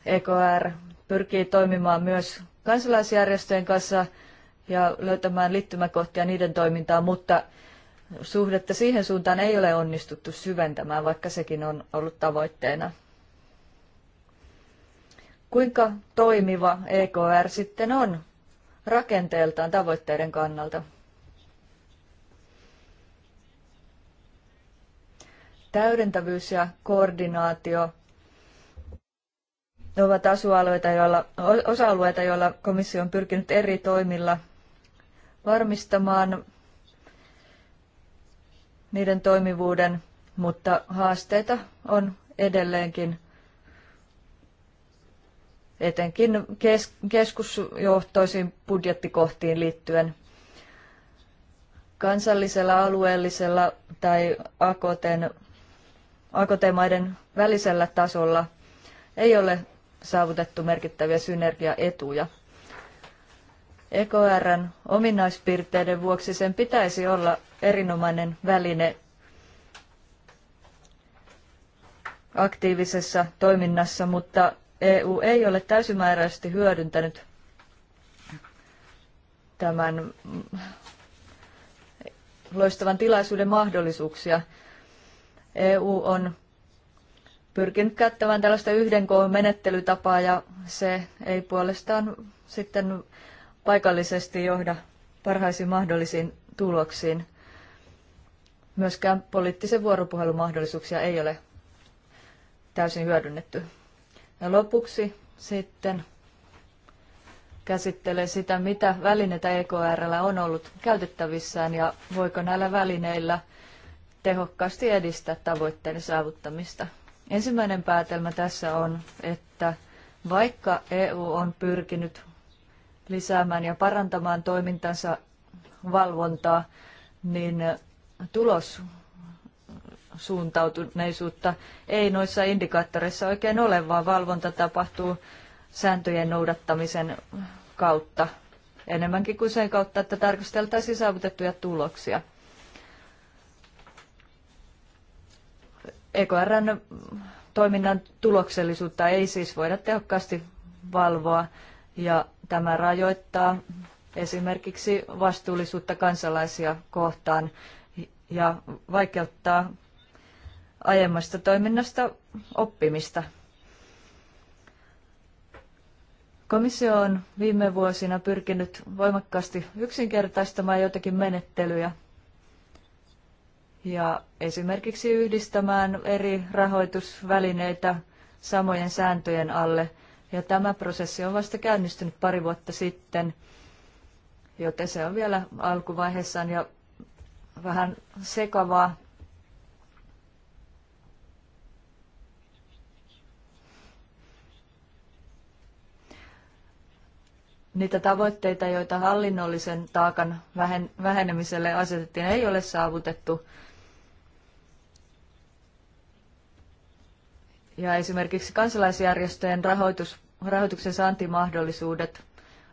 EKR pyrkii toimimaan myös kansalaisjärjestöjen kanssa ja löytämään liittymäkohtia niiden toimintaan, mutta suhdetta siihen suuntaan ei ole onnistuttu syventämään, vaikka sekin on ollut tavoitteena. Kuinka toimiva EKR sitten on rakenteeltaan tavoitteiden kannalta? Täydentävyys ja koordinaatio ovat asualueita, joilla, osa-alueita, joilla komissio on pyrkinyt eri toimilla varmistamaan niiden toimivuuden, mutta haasteita on edelleenkin etenkin kes- keskusjohtoisiin budjettikohtiin liittyen kansallisella, alueellisella tai AKTn, AKT-maiden välisellä tasolla ei ole saavutettu merkittäviä synergiaetuja. EKRn ominaispiirteiden vuoksi sen pitäisi olla erinomainen väline aktiivisessa toiminnassa, mutta EU ei ole täysimääräisesti hyödyntänyt tämän loistavan tilaisuuden mahdollisuuksia. EU on pyrkinyt käyttämään tällaista yhden koon menettelytapaa ja se ei puolestaan sitten paikallisesti johda parhaisiin mahdollisiin tuloksiin. Myöskään poliittisen vuoropuhelun mahdollisuuksia ei ole täysin hyödynnetty. Ja lopuksi sitten käsittelee sitä, mitä välineitä EKRllä on ollut käytettävissään ja voiko näillä välineillä tehokkaasti edistää tavoitteiden saavuttamista. Ensimmäinen päätelmä tässä on, että vaikka EU on pyrkinyt lisäämään ja parantamaan toimintansa valvontaa, niin tulos suuntautuneisuutta ei noissa indikaattoreissa oikein ole, vaan valvonta tapahtuu sääntöjen noudattamisen kautta enemmänkin kuin sen kautta, että tarkasteltaisiin saavutettuja tuloksia. EKRn toiminnan tuloksellisuutta ei siis voida tehokkaasti valvoa ja tämä rajoittaa esimerkiksi vastuullisuutta kansalaisia kohtaan ja vaikeuttaa aiemmasta toiminnasta oppimista. Komissio on viime vuosina pyrkinyt voimakkaasti yksinkertaistamaan jotakin menettelyjä ja esimerkiksi yhdistämään eri rahoitusvälineitä samojen sääntöjen alle. Ja tämä prosessi on vasta käynnistynyt pari vuotta sitten, joten se on vielä alkuvaiheessaan ja vähän sekavaa niitä tavoitteita, joita hallinnollisen taakan vähenemiselle asetettiin, ei ole saavutettu. Ja esimerkiksi kansalaisjärjestöjen rahoitus, rahoituksen saantimahdollisuudet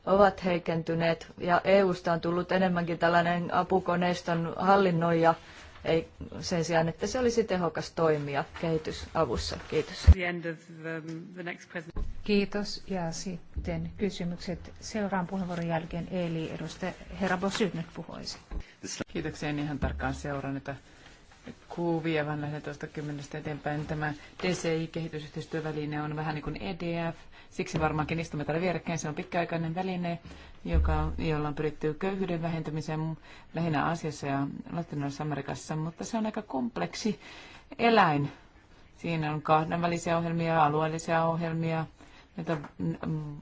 ovat heikentyneet ja EUsta on tullut enemmänkin tällainen apukoneiston hallinnoija – ei, sen sijaan, että se olisi tehokas toimija kehitysavussa. Kiitos. Um, Kiitos. Ja sitten kysymykset seuraan puheenvuoron jälkeen. Eli edustaja herra Bossy nyt puhuisi. Kiitoksia. En ihan tarkkaan seuraa näitä kuvia, vaan lähden tuosta kymmenestä eteenpäin. Tämä DCI-kehitysyhteistyöväline on vähän niin kuin EDF Siksi varmaankin istumme täällä vierekkäin. Se on pitkäaikainen väline, joka, jolla on pyritty köyhyyden vähentämiseen lähinnä Aasiassa ja Latinalaisessa Amerikassa, mutta se on aika kompleksi eläin. Siinä on kahdenvälisiä ohjelmia, alueellisia ohjelmia, näitä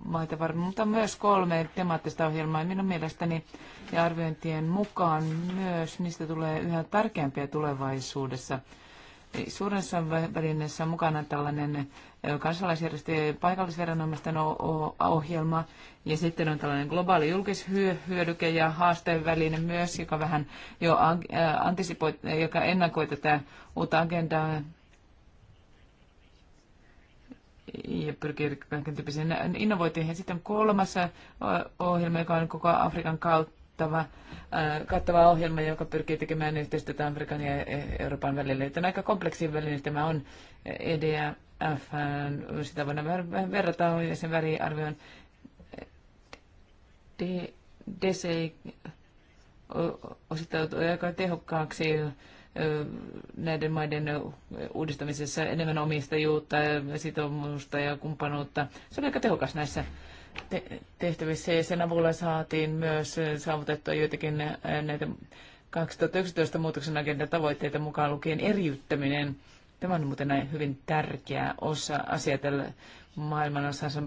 maita varmaan, mutta myös kolme temaattista ohjelmaa. Minun mielestäni ja arviointien mukaan myös niistä tulee yhä tärkeämpiä tulevaisuudessa – suuressa välineessä on mukana tällainen kansalaisjärjestöjen paikallisveranomaisten ohjelma ja sitten on tällainen globaali julkishyödyke ja haasteen väline myös, joka vähän jo antisipoi, joka ennakoi tätä uutta agendaa ja pyrkii kaiken tyyppisiin innovointiin. Ja sitten kolmas ohjelma, joka on koko Afrikan kautta kattava, kattava ohjelma, joka pyrkii tekemään yhteistyötä Amerikan ja e- e- Euroopan välillä. Tämä aika kompleksin välinen tämä on EDF, sitä voidaan verrata ja sen väriarvioon DCI osittautuu aika tehokkaaksi näiden maiden uudistamisessa enemmän omistajuutta, sitoumusta ja kumppanuutta. Se on aika tehokas näissä tehtävissä ja sen avulla saatiin myös saavutettua joitakin äh, näitä 2011 muutoksen agenda tavoitteita mukaan lukien eriyttäminen. Tämä on muuten näin hyvin tärkeä osa asia tällä maailman osassa.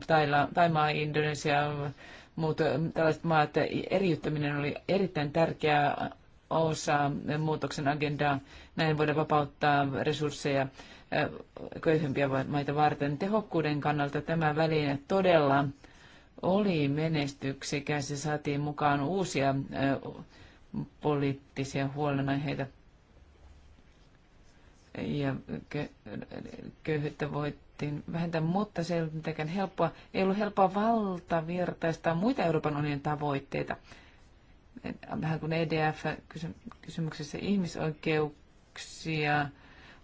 Taimaa, Indonesia, muut äh, tällaiset maat, eriyttäminen oli erittäin tärkeä osa muutoksen agendaa. Näin voidaan vapauttaa resursseja äh, köyhempiä maita varten. Tehokkuuden kannalta tämä väline todella oli menestyksekäs ja saatiin mukaan uusia poliittisia huolenaiheita ja köyhyyttä voittiin vähentää, mutta se ei ollut mitenkään helppoa. Ei ollut helppoa valtavirtaistaa muita Euroopan unionin tavoitteita. Vähän kuin EDF kysymyksessä ihmisoikeuksia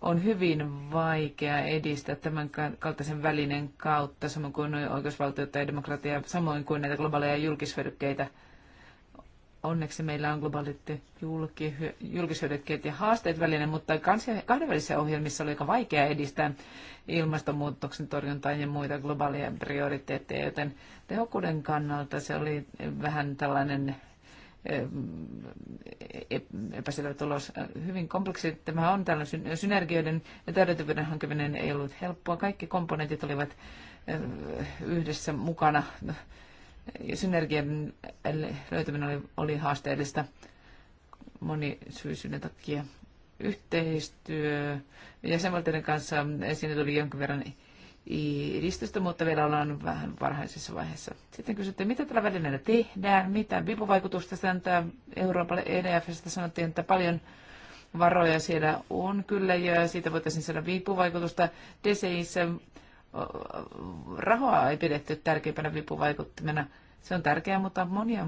on hyvin vaikea edistää tämän kaltaisen välinen kautta, samoin kuin oikeusvaltiota ja demokratiaa, samoin kuin näitä globaaleja julkisverkkeitä. Onneksi meillä on globaalit julki, ja haasteet välinen, mutta kahdenvälisissä ohjelmissa oli aika vaikea edistää ilmastonmuutoksen torjuntaa ja muita globaaleja prioriteetteja, joten tehokkuuden kannalta se oli vähän tällainen epäselvä tulos. Hyvin kompleksi tämä on. Tällainen synergioiden ja täydentävyyden hankeminen ei ollut helppoa. Kaikki komponentit olivat yhdessä mukana. Synergian löytäminen oli, oli haasteellista monisyisyyden takia. Yhteistyö jäsenvaltioiden kanssa, siinä tuli jonkin verran edistystä, mutta vielä ollaan vähän varhaisessa vaiheessa. Sitten kysyttiin, mitä tällä välineellä tehdään, mitä vipuvaikutusta se antaa Euroopalle EDFstä. Sanottiin, että paljon varoja siellä on kyllä ja siitä voitaisiin saada vipuvaikutusta. DCIssä rahaa ei pidetty tärkeimpänä vipuvaikuttimena. Se on tärkeää, mutta monia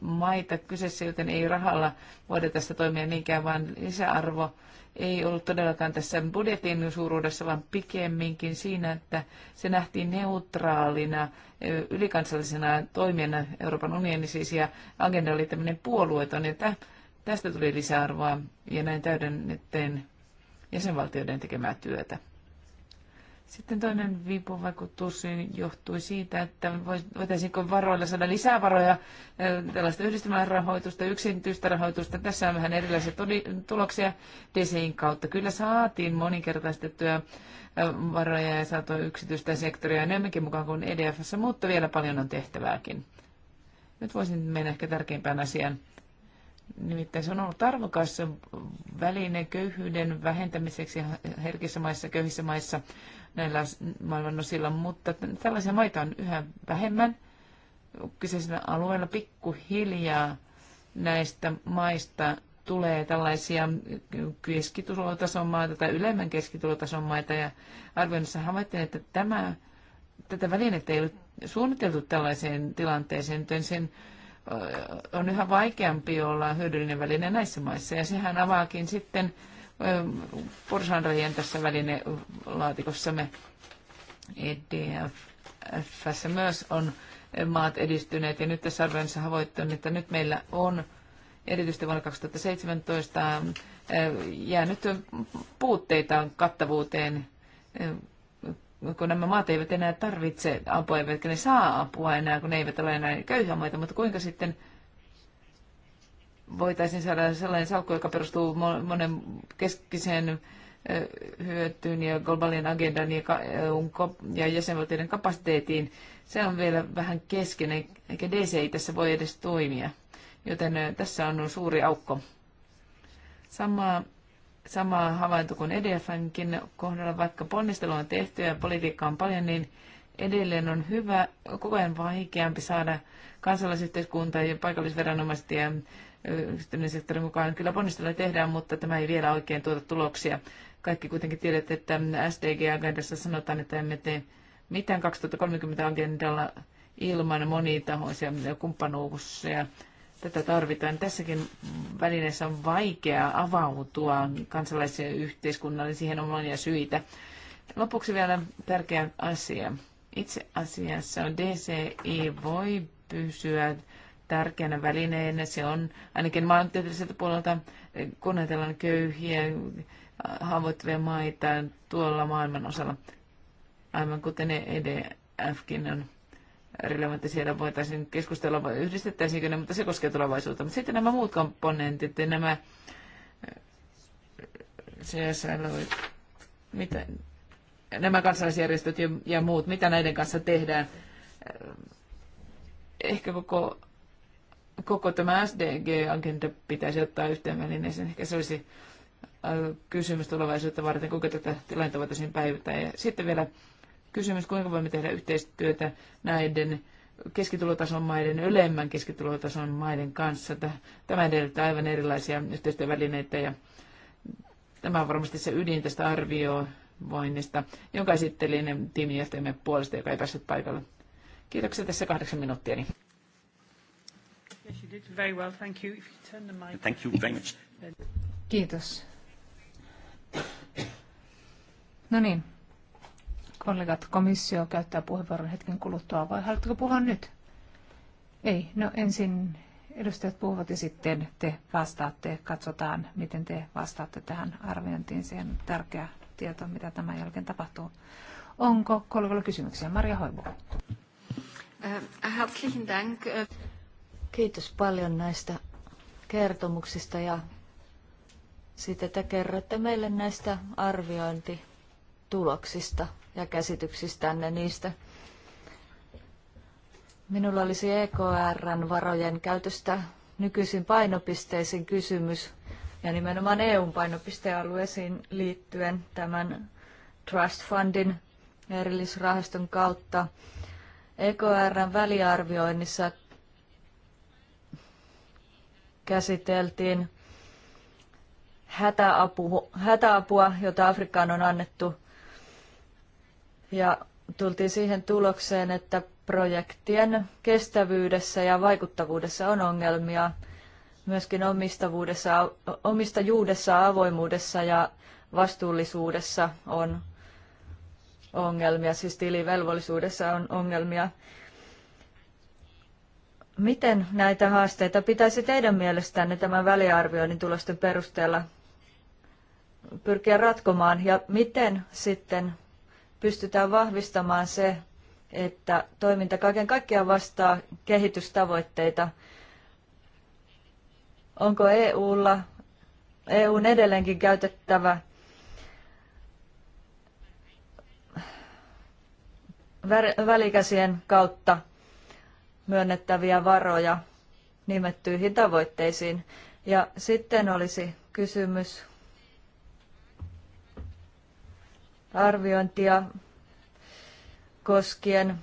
maita kyseessä, joten ei rahalla voida tästä toimia niinkään, vaan lisäarvo ei ollut todellakaan tässä budjetin suuruudessa, vaan pikemminkin siinä, että se nähtiin neutraalina ylikansallisena toimijana Euroopan unionin siis, ja agenda oli tämmöinen puolueeton, että tästä tuli lisäarvoa, ja näin täydennettiin jäsenvaltioiden tekemää työtä. Sitten toinen viipuvaikutus johtui siitä, että voitaisiinko varoilla saada lisää varoja, tällaista yhdistelmärahoitusta, yksityistä rahoitusta. Tässä on vähän erilaisia tuloksia DCIin kautta. Kyllä saatiin moninkertaistettuja varoja ja saatu yksityistä sektoria enemmänkin mukaan kuin EDFssä, mutta vielä paljon on tehtävääkin. Nyt voisin mennä ehkä tärkeimpään asiaan. Nimittäin se on ollut arvokas väline köyhyyden vähentämiseksi herkissä maissa, köyhissä maissa näillä maailmanosilla, mutta tällaisia maita on yhä vähemmän kyseisellä alueella pikkuhiljaa näistä maista tulee tällaisia keskitulotason maita tai ylemmän keskitulotason maita ja arvioinnissa havaittiin, että tämä, tätä välinettä ei ole suunniteltu tällaiseen tilanteeseen, joten sen on yhä vaikeampi olla hyödyllinen väline näissä maissa. Ja sehän avaakin sitten porsanrajien tässä välinelaatikossamme. EDF. myös on maat edistyneet. Ja nyt tässä arvioinnissa havoittu, että nyt meillä on erityisesti vuonna 2017 jäänyt puutteita kattavuuteen kun nämä maat eivät enää tarvitse apua, eivätkä ne saa apua enää, kun ne eivät ole enää köyhiä maita, mutta kuinka sitten voitaisiin saada sellainen salkku, joka perustuu monen keskiseen hyötyyn ja globaalin agendan ja, ja jäsenvaltioiden kapasiteettiin, se on vielä vähän kesken, eikä ei tässä voi edes toimia. Joten tässä on suuri aukko. Samaa sama havainto kuin EDFnkin kohdalla, vaikka ponnistelu on tehty ja politiikkaa on paljon, niin edelleen on hyvä, koko ajan vaikeampi saada kansalaisyhteiskunta ja paikallisviranomaiset ja yksityinen sektori mukaan. Kyllä ponnisteluja tehdään, mutta tämä ei vielä oikein tuota tuloksia. Kaikki kuitenkin tiedätte, että SDG-agendassa sanotaan, että emme tee mitään 2030-agendalla ilman monitahoisia kumppanuuksia Tätä tarvitaan. Tässäkin välineessä on vaikea avautua kansalaisen yhteiskunnalle. Siihen on monia syitä. Lopuksi vielä tärkeä asia. Itse asiassa DCI voi pysyä tärkeänä välineenä. Se on ainakin maantieteelliseltä puolelta, kun ajatellaan köyhiä, haavoittuvia maita tuolla maailman osalla, aivan kuten EDFkin on relevantti siellä voitaisiin keskustella, yhdistettäisiinkö ne, mutta se koskee tulevaisuutta. Mutta sitten nämä muut komponentit, nämä CSL, äh, mitä, nämä kansalaisjärjestöt ja, ja muut, mitä näiden kanssa tehdään. Äh, ehkä koko, koko tämä SDG-agenda pitäisi ottaa yhteen välineeseen. Ehkä se olisi äh, kysymys tulevaisuutta varten, kuinka tätä tilannetta voitaisiin päivittää. Ja sitten vielä kysymys, kuinka voimme tehdä yhteistyötä näiden keskitulotason maiden, ylemmän keskitulotason maiden kanssa. Tämä edellyttää aivan erilaisia yhteistyövälineitä ja tämä on varmasti se ydin tästä arvioinnista, jonka esittelin tiimin puolesta, joka ei päässyt paikalle. Kiitoksia tässä kahdeksan minuuttia. Kiitos. No niin, Kollegat, komissio käyttää puheenvuoron hetken kuluttua, vai haluatteko puhua nyt? Ei, no ensin edustajat puhuvat ja sitten te vastaatte. Katsotaan, miten te vastaatte tähän arviointiin. Se on tärkeä tieto, mitä tämän jälkeen tapahtuu. Onko kollegalla kysymyksiä? Maria Hoivu. Äh, herzlichen Dank. Kiitos paljon näistä kertomuksista ja siitä, että kerrotte meille näistä arviointituloksista ja käsityksistänne niistä. Minulla olisi EKRn varojen käytöstä nykyisin painopisteisiin kysymys ja nimenomaan EUn painopistealueisiin liittyen tämän Trust Fundin erillisrahaston kautta. EKRn väliarvioinnissa käsiteltiin hätäapu, hätäapua, jota Afrikkaan on annettu ja tultiin siihen tulokseen, että projektien kestävyydessä ja vaikuttavuudessa on ongelmia, myöskin omistavuudessa, omistajuudessa, avoimuudessa ja vastuullisuudessa on ongelmia, siis tilivelvollisuudessa on ongelmia. Miten näitä haasteita pitäisi teidän mielestänne tämän väliarvioinnin tulosten perusteella pyrkiä ratkomaan ja miten sitten pystytään vahvistamaan se, että toiminta kaiken kaikkiaan vastaa kehitystavoitteita. Onko EUlla, EUn edelleenkin käytettävä välikäsien kautta myönnettäviä varoja nimettyihin tavoitteisiin. Ja sitten olisi kysymys arviointia koskien.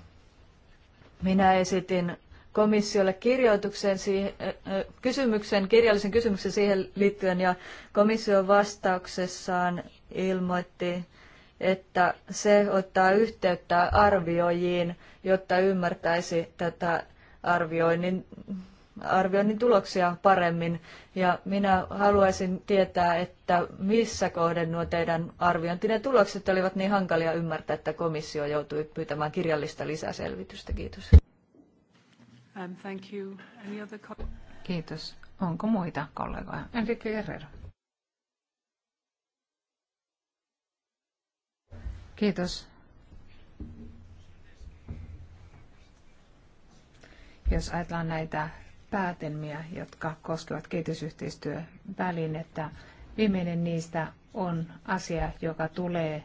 Minä esitin komissiolle kirjoituksen kysymyksen, kirjallisen kysymyksen siihen liittyen ja komission vastauksessaan ilmoitti, että se ottaa yhteyttä arvioijiin, jotta ymmärtäisi tätä arvioinnin arvioinnin tuloksia paremmin. Ja minä haluaisin tietää, että missä kohden nuo teidän arviointinne tulokset olivat niin hankalia ymmärtää, että komissio joutui pyytämään kirjallista lisäselvitystä. Kiitos. Um, thank you. Any other Kiitos. Onko muita kollegoja? Enrique Guerrero. Kiitos. Jos ajatellaan näitä päätelmiä, jotka koskevat kehitysyhteistyövälinettä. Viimeinen niistä on asia, joka tulee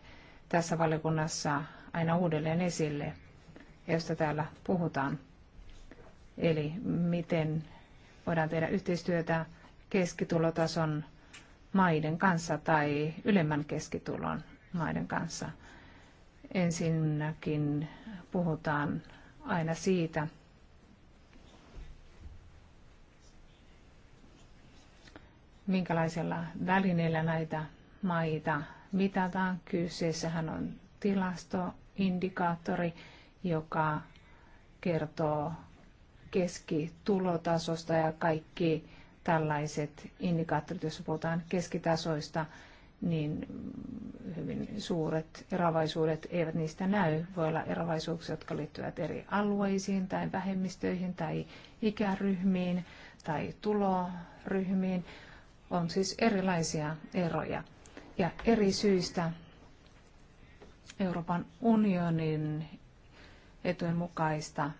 tässä valiokunnassa aina uudelleen esille, josta täällä puhutaan. Eli miten voidaan tehdä yhteistyötä keskitulotason maiden kanssa tai ylemmän keskitulon maiden kanssa. Ensinnäkin puhutaan aina siitä, minkälaisella välineellä näitä maita mitataan. Kyseessähän on tilastoindikaattori, joka kertoo keskitulotasosta ja kaikki tällaiset indikaattorit, jos puhutaan keskitasoista, niin hyvin suuret eroavaisuudet eivät niistä näy. Voi olla eroavaisuuksia, jotka liittyvät eri alueisiin tai vähemmistöihin tai ikäryhmiin tai tuloryhmiin on siis erilaisia eroja. Ja eri syistä Euroopan unionin etujen mukaista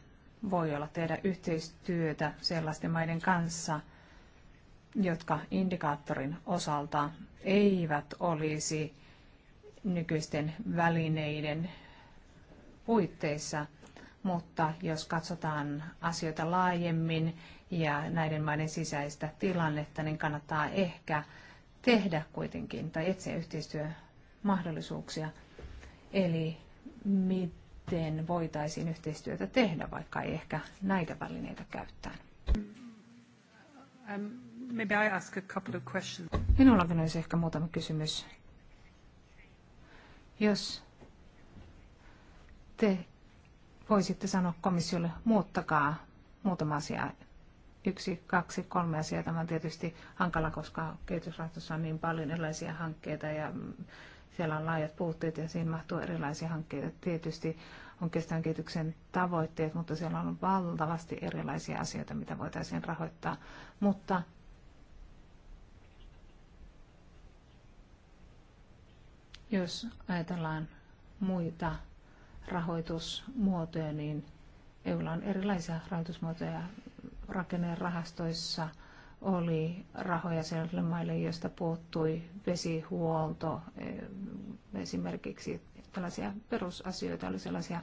voi olla tehdä yhteistyötä sellaisten maiden kanssa, jotka indikaattorin osalta eivät olisi nykyisten välineiden puitteissa, mutta jos katsotaan asioita laajemmin, ja näiden maiden sisäistä tilannetta, niin kannattaa ehkä tehdä kuitenkin tai etsiä yhteistyömahdollisuuksia. Eli miten voitaisiin yhteistyötä tehdä, vaikka ei ehkä näitä välineitä käyttää. Um, Minulla on ehkä muutama kysymys. Jos te voisitte sanoa komissiolle, muuttakaa muutama asia yksi, kaksi, kolme asiaa. Tämä on tietysti hankala, koska kehitysrahastossa on niin paljon erilaisia hankkeita ja siellä on laajat puutteet ja siinä mahtuu erilaisia hankkeita. Tietysti on kestävän kehityksen tavoitteet, mutta siellä on valtavasti erilaisia asioita, mitä voitaisiin rahoittaa. Mutta jos ajatellaan muita rahoitusmuotoja, niin EUlla on erilaisia rahoitusmuotoja rakennerahastoissa oli rahoja sellaisille maille, joista puuttui vesihuolto, e, esimerkiksi tällaisia perusasioita, oli sellaisia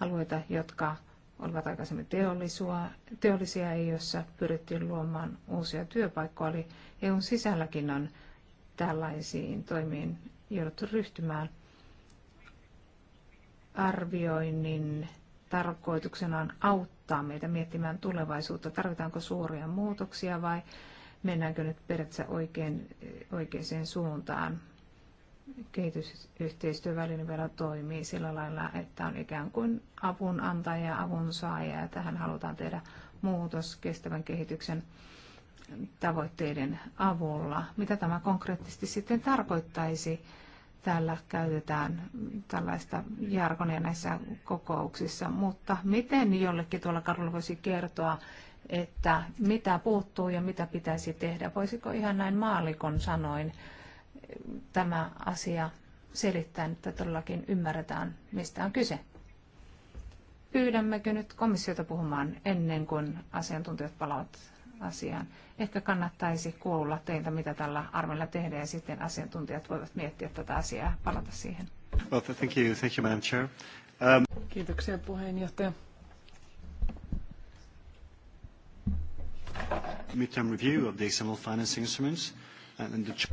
alueita, jotka olivat aikaisemmin teollisua, teollisia, joissa pyrittiin luomaan uusia työpaikkoja. Eli EUn sisälläkin on tällaisiin toimiin jouduttu ryhtymään. Arvioinnin tarkoituksena on auttaa auttaa meitä miettimään tulevaisuutta. Tarvitaanko suuria muutoksia vai mennäänkö nyt periaatteessa oikein, oikeaan suuntaan? Kehitysyhteistyöväline vielä toimii sillä lailla, että on ikään kuin avunantaja ja avunsaaja ja tähän halutaan tehdä muutos kestävän kehityksen tavoitteiden avulla. Mitä tämä konkreettisesti sitten tarkoittaisi? täällä käytetään tällaista jargonia näissä kokouksissa, mutta miten jollekin tuolla kadulla voisi kertoa, että mitä puuttuu ja mitä pitäisi tehdä? Voisiko ihan näin maalikon sanoin tämä asia selittää, että todellakin ymmärretään, mistä on kyse? Pyydämmekö nyt komissiota puhumaan ennen kuin asiantuntijat palaavat asiaan. Ehkä kannattaisi kuulla teiltä, mitä tällä armeilla tehdään, ja sitten asiantuntijat voivat miettiä tätä asiaa ja palata siihen. Well, thank you, thank you, Madam Chair. Um... Kiitoksia puheenjohtaja. Midterm review of the external finance instruments.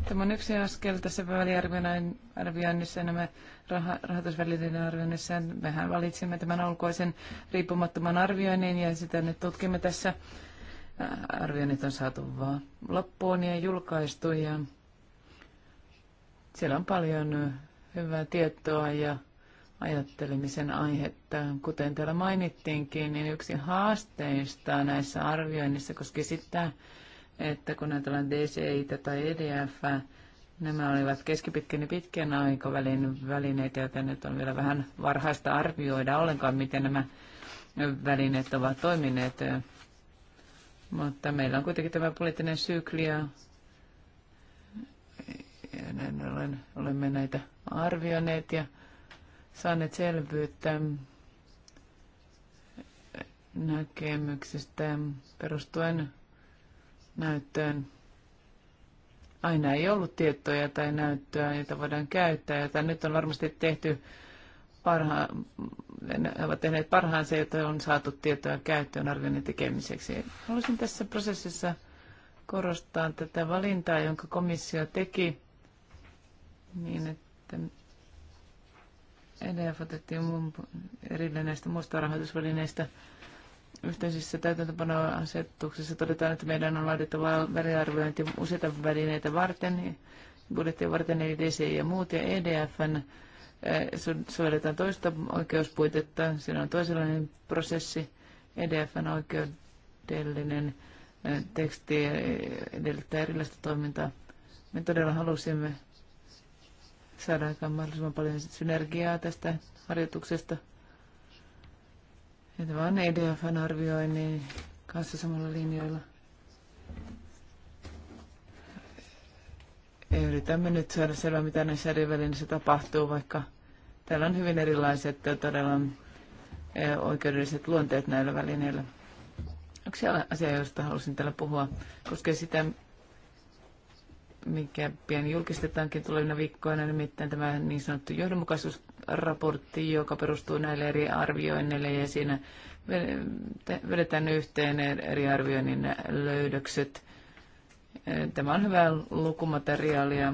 Tämä on yksi askel tässä väliarvioinnissa, nämä rah- rahoitusvälineiden arvioinnissa. Mehän valitsimme tämän ulkoisen riippumattoman arvioinnin ja sitä nyt tutkimme tässä arvioinnit on saatu vaan loppuun ja julkaistu ja siellä on paljon hyvää tietoa ja ajattelemisen aihetta. Kuten täällä mainittiinkin, niin yksi haasteista näissä arvioinnissa koski sitä, että kun ajatellaan DCI tai EDF, nämä olivat keskipitkän ja pitkän aikavälin välineitä, joten nyt on vielä vähän varhaista arvioida ollenkaan, miten nämä välineet ovat toimineet mutta meillä on kuitenkin tämä poliittinen sykli ja, ja näin olen, olemme näitä arvioineet ja saaneet selvyyttä näkemyksistä perustuen näyttöön. Aina ei ollut tietoja tai näyttöä, jota voidaan käyttää, jota nyt on varmasti tehty parhaan, ne ovat tehneet parhaansa, että on saatu tietoa käyttöön arvioinnin tekemiseksi. Haluaisin tässä prosessissa korostaa tätä valintaa, jonka komissio teki, niin että EDF otettiin erilleen näistä muista rahoitusvälineistä. Yhteisissä täytäntöpanoasetuksissa todetaan, että meidän on laadittava väliarviointi useita välineitä varten, budjettia varten eli DC ja muut, ja EDFn sovelletaan toista oikeuspuitetta, siinä on toisenlainen prosessi, EDFn oikeudellinen teksti edellyttää erilaista toimintaa. Me todella halusimme saada aikaan mahdollisimman paljon synergiaa tästä harjoituksesta. Ja tämä on EDFn arvioinnin kanssa samalla linjoilla. yritämme nyt saada selvää, mitä näissä eri välineissä tapahtuu, vaikka Täällä on hyvin erilaiset todella oikeudelliset luonteet näillä välineillä. Yksi asia, josta halusin täällä puhua, koskee sitä, mikä pian julkistetaankin tulevina viikkoina, nimittäin tämä niin sanottu johdonmukaisuusraportti, joka perustuu näille eri arvioinneille ja siinä vedetään yhteen eri arvioinnin löydökset. Tämä on hyvää lukumateriaalia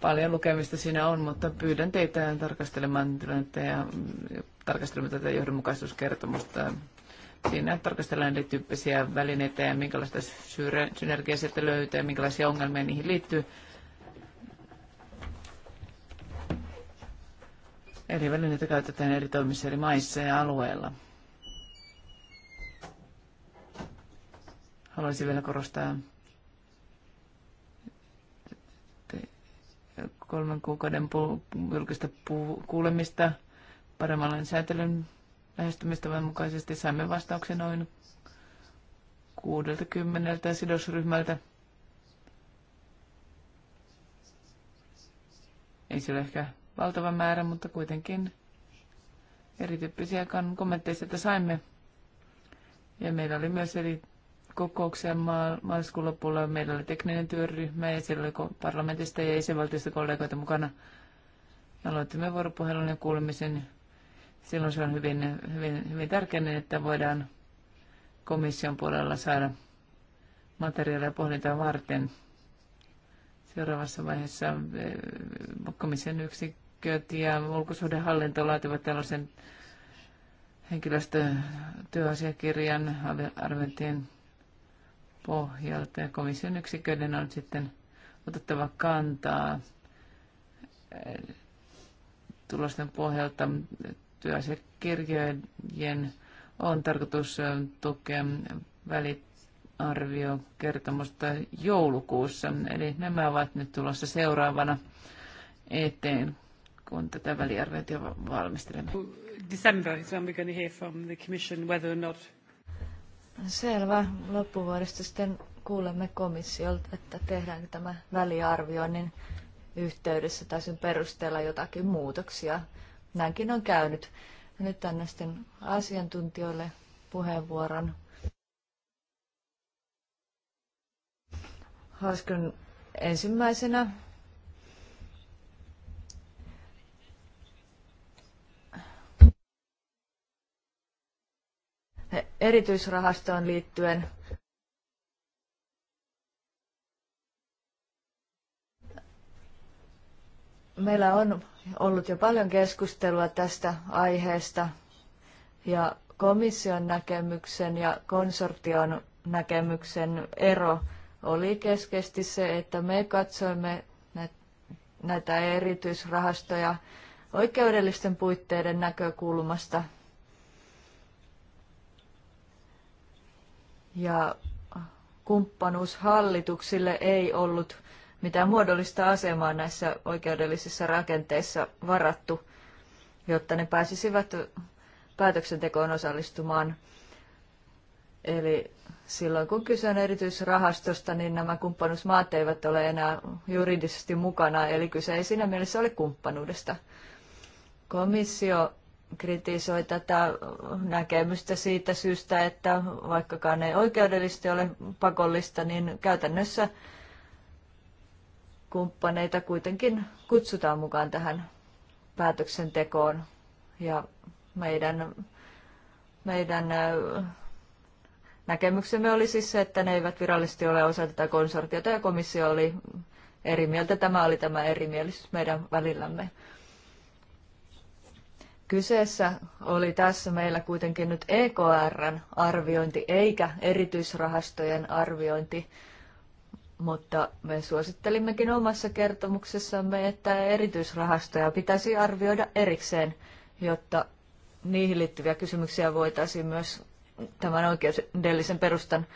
Paljon lukemista siinä on, mutta pyydän teitä tarkastelemaan tilannetta ja tarkastelemaan tätä johdonmukaisuuskertomusta. Siinä tarkastellaan tyyppisiä välineitä ja minkälaista synergiaa sieltä löytyy ja minkälaisia ongelmia niihin liittyy. Eri välineitä käytetään eri toimissa eri maissa ja alueilla. Haluaisin vielä korostaa kolmen kuukauden julkista kuulemista paremman säätelyn lähestymistavan mukaisesti saimme vastauksen noin 60 sidosryhmältä. Ei se ole ehkä valtava määrä, mutta kuitenkin erityyppisiä kommentteja, että saimme. Ja meillä oli myös eri kokouksia maaliskuun lopulla. Meillä oli tekninen työryhmä ja siellä oli parlamentista ja jäsenvaltioista kollegoita mukana. Aloitimme vuoropuhelun ja kuulemisen. Silloin se on hyvin, hyvin, hyvin tärkeää, että voidaan komission puolella saada materiaalia pohdintaa varten. Seuraavassa vaiheessa eh, komission yksiköt ja ulkosuhdehallinto laativat tällaisen henkilöstötyöasiakirjan arviointien pohjalta ja komission yksiköiden on sitten otettava kantaa eh, tulosten pohjalta työasiakirjojen on tarkoitus eh, tukea kertomusta joulukuussa. Eli nämä ovat nyt tulossa seuraavana eteen, kun tätä väliarviointia valmistelemme. December is when we're going to hear from the Commission whether or not Selvä. Loppuvuodesta sitten kuulemme komissiolta, että tehdään tämä väliarvioinnin yhteydessä tai sen perusteella jotakin muutoksia. Näinkin on käynyt. Nyt tänne sitten asiantuntijoille puheenvuoron. Hauskun ensimmäisenä erityisrahastoon liittyen. Meillä on ollut jo paljon keskustelua tästä aiheesta ja komission näkemyksen ja konsortion näkemyksen ero oli keskeisesti se, että me katsoimme näitä erityisrahastoja oikeudellisten puitteiden näkökulmasta – ja kumppanuus hallituksille ei ollut mitään muodollista asemaa näissä oikeudellisissa rakenteissa varattu, jotta ne pääsisivät päätöksentekoon osallistumaan. Eli silloin kun kyse on erityisrahastosta, niin nämä kumppanuusmaat eivät ole enää juridisesti mukana, eli kyse ei siinä mielessä ole kumppanuudesta. Komissio kritisoi tätä näkemystä siitä syystä, että vaikkakaan ei oikeudellisesti ole pakollista, niin käytännössä kumppaneita kuitenkin kutsutaan mukaan tähän päätöksentekoon. Ja meidän, meidän näkemyksemme oli siis se, että ne eivät virallisesti ole osa tätä konsortiota ja komissio oli eri mieltä. Tämä oli tämä erimielisyys meidän välillämme. Kyseessä oli tässä meillä kuitenkin nyt EKRn arviointi eikä erityisrahastojen arviointi, mutta me suosittelimmekin omassa kertomuksessamme, että erityisrahastoja pitäisi arvioida erikseen, jotta niihin liittyviä kysymyksiä voitaisiin myös tämän oikeudellisen perustan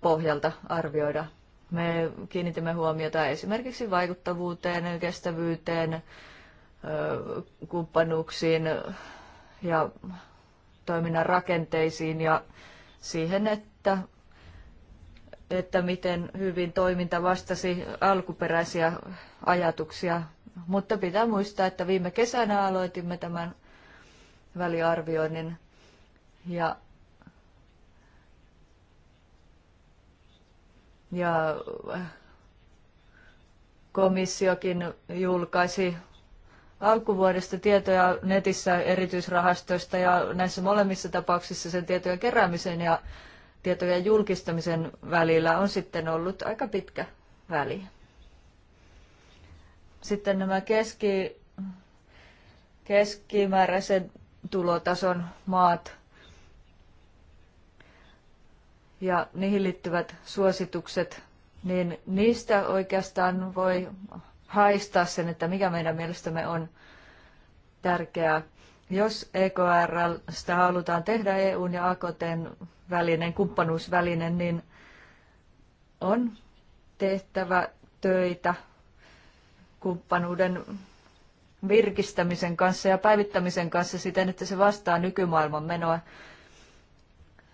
pohjalta arvioida. Me kiinnitimme huomiota esimerkiksi vaikuttavuuteen, kestävyyteen, kumppanuuksiin ja toiminnan rakenteisiin ja siihen, että, että miten hyvin toiminta vastasi alkuperäisiä ajatuksia. Mutta pitää muistaa, että viime kesänä aloitimme tämän väliarvioinnin ja, ja komissiokin julkaisi alkuvuodesta tietoja netissä erityisrahastoista ja näissä molemmissa tapauksissa sen tietojen keräämisen ja tietojen julkistamisen välillä on sitten ollut aika pitkä väli. Sitten nämä keski, keskimääräisen tulotason maat ja niihin liittyvät suositukset, niin niistä oikeastaan voi haistaa sen, että mikä meidän mielestämme on tärkeää. Jos e sitä halutaan tehdä EUn ja AKTn välinen kumppanuusvälinen, niin on tehtävä töitä kumppanuuden virkistämisen kanssa ja päivittämisen kanssa siten, että se vastaa nykymaailman menoa.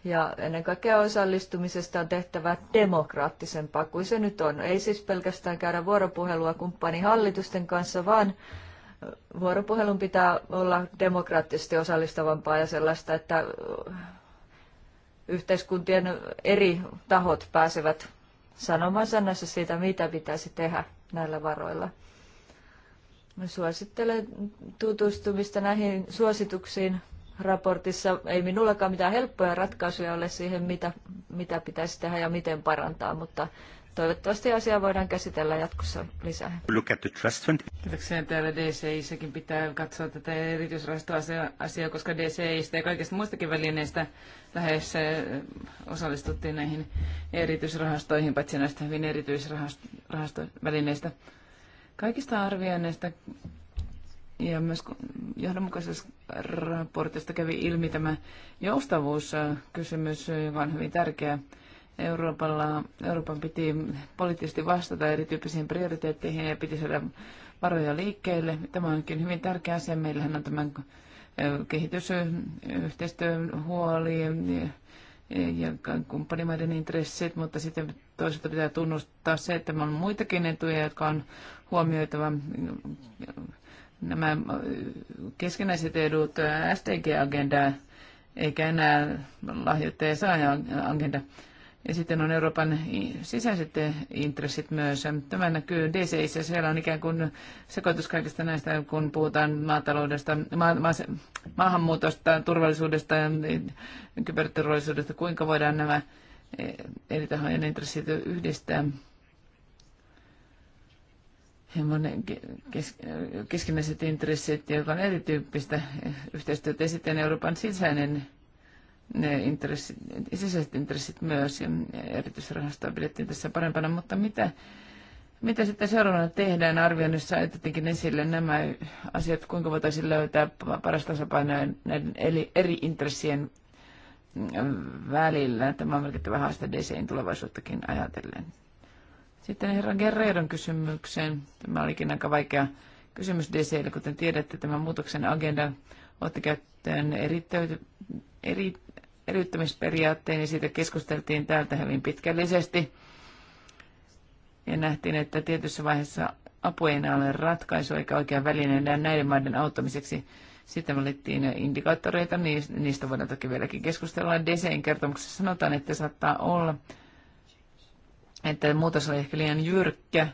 Ja ennen kaikkea osallistumisesta on tehtävä demokraattisempaa kuin se nyt on. Ei siis pelkästään käydä vuoropuhelua kumppanihallitusten kanssa, vaan vuoropuhelun pitää olla demokraattisesti osallistavampaa ja sellaista, että yhteiskuntien eri tahot pääsevät sanomaan sanassa siitä, mitä pitäisi tehdä näillä varoilla. Mä suosittelen tutustumista näihin suosituksiin raportissa. Ei minullakaan mitään helppoja ratkaisuja ole siihen, mitä, mitä pitäisi tehdä ja miten parantaa, mutta toivottavasti asiaa voidaan käsitellä jatkossa lisää. Look at the trust fund. Kiitoksia. Täällä DCI-säkin pitää katsoa tätä erityisrahastoasiaa, koska DCIstä ja kaikista muistakin välineistä lähes eh, osallistuttiin näihin erityisrahastoihin, paitsi näistä hyvin erityisrahastovälineistä. Kaikista arvioinneista ja myös raportista kävi ilmi tämä joustavuuskysymys, joka on hyvin tärkeä. Euroopalla, Euroopan piti poliittisesti vastata erityyppisiin prioriteetteihin ja piti saada varoja liikkeelle. Tämä onkin hyvin tärkeä asia. Meillähän on tämän kehitysyhteistyön huoli ja kumppanimaiden intressit, mutta sitten toisaalta pitää tunnustaa se, että on muitakin etuja, jotka on huomioitava nämä äh, keskinäiset edut, äh, STG-agenda, eikä enää lahjoittaja saaja agenda. Ja sitten on Euroopan sisäiset intressit myös. Tämä näkyy DCissä. Siellä on ikään kuin sekoitus kaikista näistä, kun puhutaan maataloudesta, ma- ma- maahanmuutosta, turvallisuudesta ja kyberturvallisuudesta. Kuinka voidaan nämä e, eri tahojen intressit yhdistää? kes, keskinäiset intressit, joka on erityyppistä yhteistyötä, ja sitten Euroopan sisäinen ne intressit, sisäiset intressit myös, ja erityisrahastoa pidettiin tässä parempana, mutta mitä, mitä sitten seuraavana tehdään arvioinnissa, otettiinkin esille nämä asiat, kuinka voitaisiin löytää paras tasapaino näiden eri intressien välillä. Tämä on merkittävä haaste DCin tulevaisuuttakin ajatellen. Sitten herran Guerreiron kysymykseen. Tämä olikin aika vaikea kysymys DClle, kuten tiedätte, tämän muutoksen agenda otti käyttöön erittäyty, eri, eriyttämisperiaatteen ja siitä keskusteltiin täältä hyvin pitkällisesti. Ja nähtiin, että tietyssä vaiheessa apu ei enää ole ratkaisu eikä oikea väline näiden maiden auttamiseksi. Sitten valittiin indikaattoreita, niistä voidaan toki vieläkin keskustella. DCn kertomuksessa sanotaan, että saattaa olla, että muutos oli ehkä liian jyrkkä.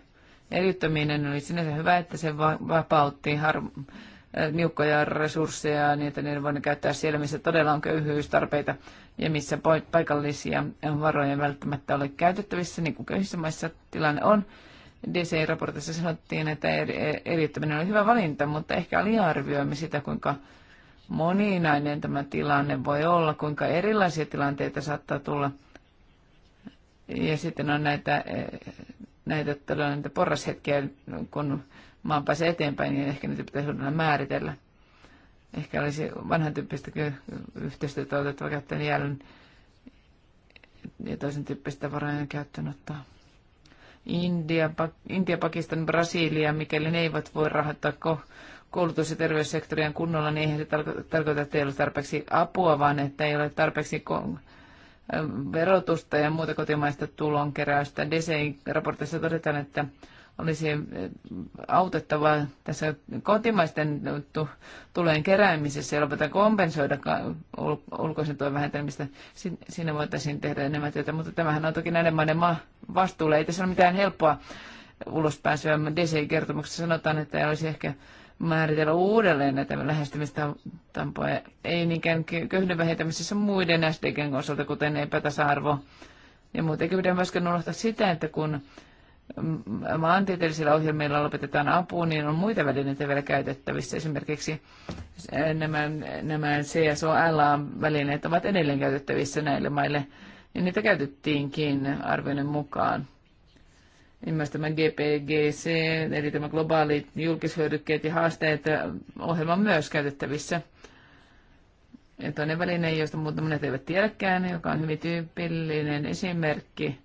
Eriyttäminen oli sinänsä hyvä, että se vapautti har- äh, niukkoja resursseja niin, että ne voivat käyttää siellä, missä todella on köyhyystarpeita ja missä paikallisia varoja välttämättä ole käytettävissä, niin kuin köyhissä maissa tilanne on. dc raportissa sanottiin, että e- eriyttäminen oli hyvä valinta, mutta ehkä aliarvioimme sitä, kuinka moninainen tämä tilanne voi olla, kuinka erilaisia tilanteita saattaa tulla – ja sitten on näitä, näitä, todella, näitä porrashetkiä, kun maan pääsee eteenpäin, niin ehkä niitä pitäisi uudella määritellä. Ehkä olisi vanhan tyyppistä yhteistyötä otettava käyttöön jäljellä ja toisen tyyppistä varojen ottaa. India, Intia, Pakistan, Brasilia, mikäli ne eivät voi rahoittaa koulutus- ja terveyssektoriaan kunnolla, niin eihän se tarko- tarkoita, että ei ole tarpeeksi apua, vaan että ei ole tarpeeksi ko- verotusta ja muuta kotimaista tulonkeräystä. DCI-raportissa todetaan, että olisi eh, autettava tässä kotimaisten tulojen keräämisessä, jolla pitää kompensoida ulkoisen tuen vähentämistä. Siinä voitaisiin tehdä enemmän työtä, mutta tämähän on toki näiden maiden vastuulla. Ei tässä ole mitään helppoa ulospääsyä. DCI-kertomuksessa sanotaan, että olisi ehkä määritellä uudelleen näitä lähestymistampoja, ei niinkään köyhden vähentämisessä muiden SDGn osalta, kuten epätasa-arvo. Ja muutenkin pitää myöskään unohtaa sitä, että kun mm, maantieteellisillä ohjelmilla lopetetaan apu, niin on muita välineitä vielä käytettävissä. Esimerkiksi eh, nämä, nämä CSOLA-välineet ovat edelleen käytettävissä näille maille, ja niitä käytettiinkin arvioinnin mukaan myös tämä GPGC, eli tämä globaalit julkishyödykkeet ja haasteet, ohjelma on myös käytettävissä. Ja toinen väline, josta muuta monet eivät tiedäkään, joka on hyvin tyypillinen esimerkki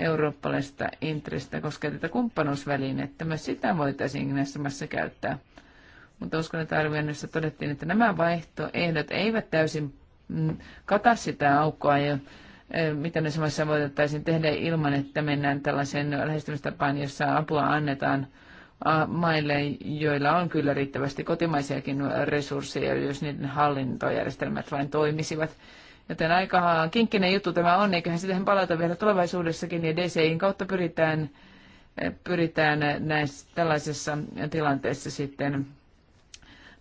eurooppalaisesta intristä koskee tätä kumppanuusvälinettä. Myös sitä voitaisiin näissä maissa käyttää. Mutta uskon, että arvioinnissa todettiin, että nämä vaihtoehdot eivät täysin mm, kata sitä aukkoa, mitä ne samassa voitaisiin tehdä ilman, että mennään tällaiseen lähestymistapaan, jossa apua annetaan maille, joilla on kyllä riittävästi kotimaisiakin resursseja, jos niiden hallintojärjestelmät vain toimisivat. Joten aika kinkkinen juttu tämä on, eiköhän siihen palata vielä tulevaisuudessakin, ja DCIin kautta pyritään, pyritään näissä, tällaisessa tilanteessa sitten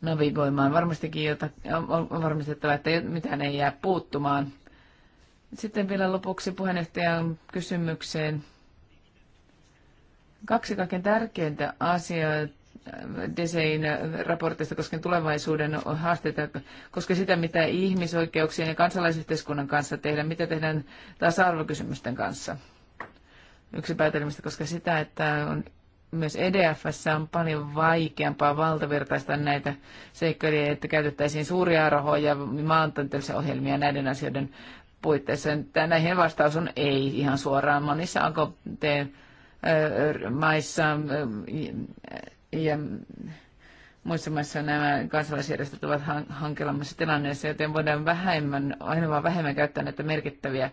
navigoimaan. Varmastikin jota, on varmistettava, että mitään ei jää puuttumaan sitten vielä lopuksi puheenjohtajan kysymykseen. Kaksi kaiken tärkeintä asiaa Desein raportista koskien tulevaisuuden haasteita, koskien sitä, mitä ihmisoikeuksien ja kansalaisyhteiskunnan kanssa tehdään, mitä tehdään tasa-arvokysymysten kanssa. Yksi päätelmistä koska sitä, että on myös EDFssä on paljon vaikeampaa valtavirtaista näitä seikkoja, että käytettäisiin suuria rahoja maantieteellisiä ohjelmia näiden asioiden puitteissa. Näihin vastaus on ei ihan suoraan. Monissa AKT-maissa ja muissa maissa nämä kansalaisjärjestöt ovat hankelammassa tilanneessa, joten voidaan vähemmän, aina vaan vähemmän käyttää näitä merkittäviä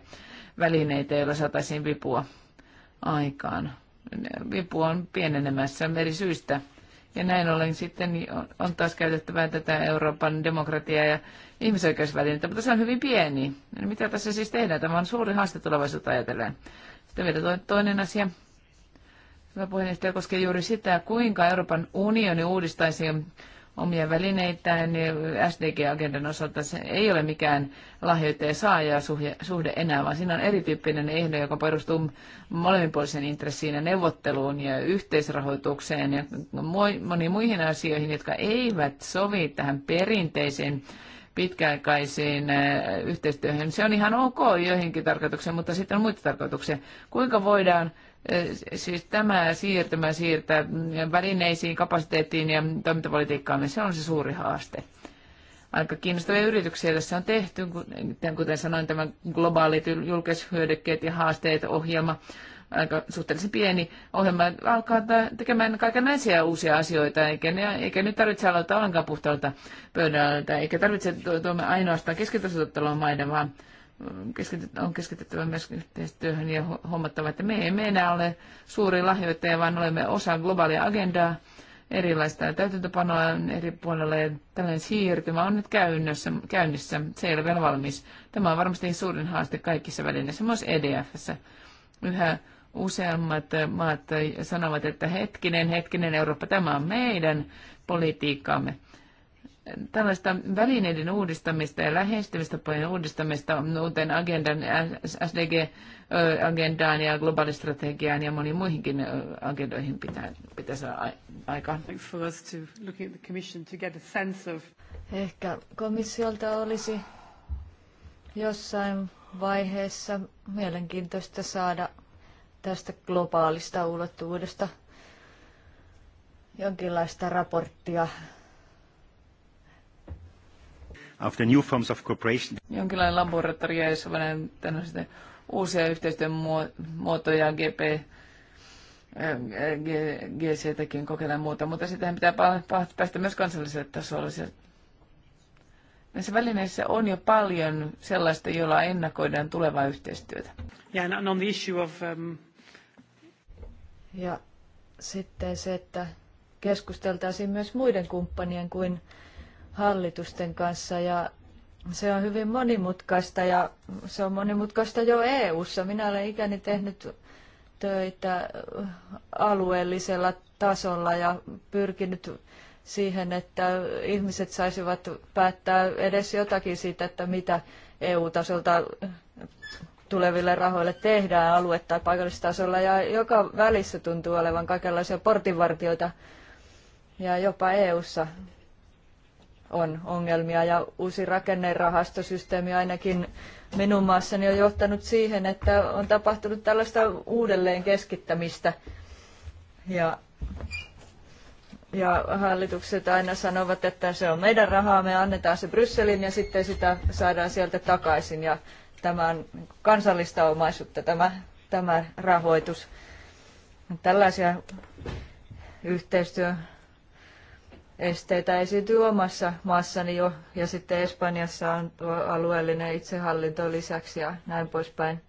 välineitä, joilla saataisiin vipua aikaan. Vipu on pienenemässä eri syistä ja näin ollen sitten on taas käytettävä tätä Euroopan demokratiaa ja ihmisoikeusvälinettä, mutta se on hyvin pieni. mitä tässä siis tehdään? Tämä on suuri haaste tulevaisuutta ajatellen. Sitten vielä toinen asia. Hyvä puheenjohtaja koskee juuri sitä, kuinka Euroopan unioni uudistaisi omia välineitään niin SDG-agendan osalta. Se ei ole mikään lahjoittaja saaja suhde enää, vaan siinä on erityyppinen ehdo, joka perustuu molemminpuoliseen intressiin ja neuvotteluun ja yhteisrahoitukseen ja moniin muihin asioihin, jotka eivät sovi tähän perinteiseen pitkäaikaisiin äh, yhteistyöhön. Se on ihan ok joihinkin tarkoituksiin, mutta sitten on muita tarkoituksia. Kuinka voidaan Siis tämä siirtymä siirtää välineisiin, kapasiteettiin ja toimintapolitiikkaan, se on se suuri haaste. Aika kiinnostavia yrityksiä tässä on tehty, kuten sanoin, tämä globaalit julkishyödykkeet ja haasteet ohjelma aika suhteellisen pieni ohjelma alkaa tekemään kaikenlaisia uusia asioita, eikä, ne, eikä nyt tarvitse aloittaa ollenkaan puhtaalta pöydältä, eikä tarvitse tuomme ainoastaan keskitysotettelua maiden, vaan on keskitettävä myös yhteistyöhön ja huomattava, että me emme enää ole suuri lahjoittaja, vaan olemme osa globaalia agendaa, erilaista täytäntöpanoa eri puolella ja tällainen siirtymä on nyt käynnissä, käynnissä. Se ei ole vielä valmis. Tämä on varmasti suurin haaste kaikissa välineissä, myös EDFssä. Yhä useammat maat sanovat, että hetkinen, hetkinen Eurooppa, tämä on meidän politiikkaamme tällaista välineiden uudistamista ja lähestymistapojen uudistamista uuteen agendan, SDG-agendaan ja globaalistrategiaan ja moniin muihinkin agendoihin pitää, pitää saada aikaan. Ehkä komissiolta olisi jossain vaiheessa mielenkiintoista saada tästä globaalista ulottuvuudesta jonkinlaista raporttia of the new forms of cooperation. Jonkinlainen laboratorio, jossa voidaan uusia yhteistyön muotoja, GP, ähm, GCtäkin kokeillaan muuta, mutta sitähän pitää päästä myös kansalliselle tasolle. Näissä välineissä on jo paljon sellaista, jolla ennakoidaan tulevaa yhteistyötä. Yeah, and on the issue of, um... Ja sitten se, että keskusteltaisiin myös muiden kumppanien kuin hallitusten kanssa ja se on hyvin monimutkaista ja se on monimutkaista jo EU-ssa. Minä olen ikäni tehnyt töitä alueellisella tasolla ja pyrkinyt siihen, että ihmiset saisivat päättää edes jotakin siitä, että mitä EU-tasolta tuleville rahoille tehdään alue- tai paikallistasolla. Ja joka välissä tuntuu olevan kaikenlaisia portinvartioita ja jopa EU-ssa on ongelmia ja uusi rakennerahastosysteemi ainakin minun maassani on johtanut siihen, että on tapahtunut tällaista uudelleen keskittämistä. Ja, ja hallitukset aina sanovat, että se on meidän rahaa, me annetaan se Brysselin ja sitten sitä saadaan sieltä takaisin. Ja tämä on kansallista omaisuutta, tämä, tämä rahoitus. Tällaisia yhteistyön esteitä esiintyy omassa maassani jo, ja sitten Espanjassa on tuo alueellinen itsehallinto lisäksi ja näin poispäin.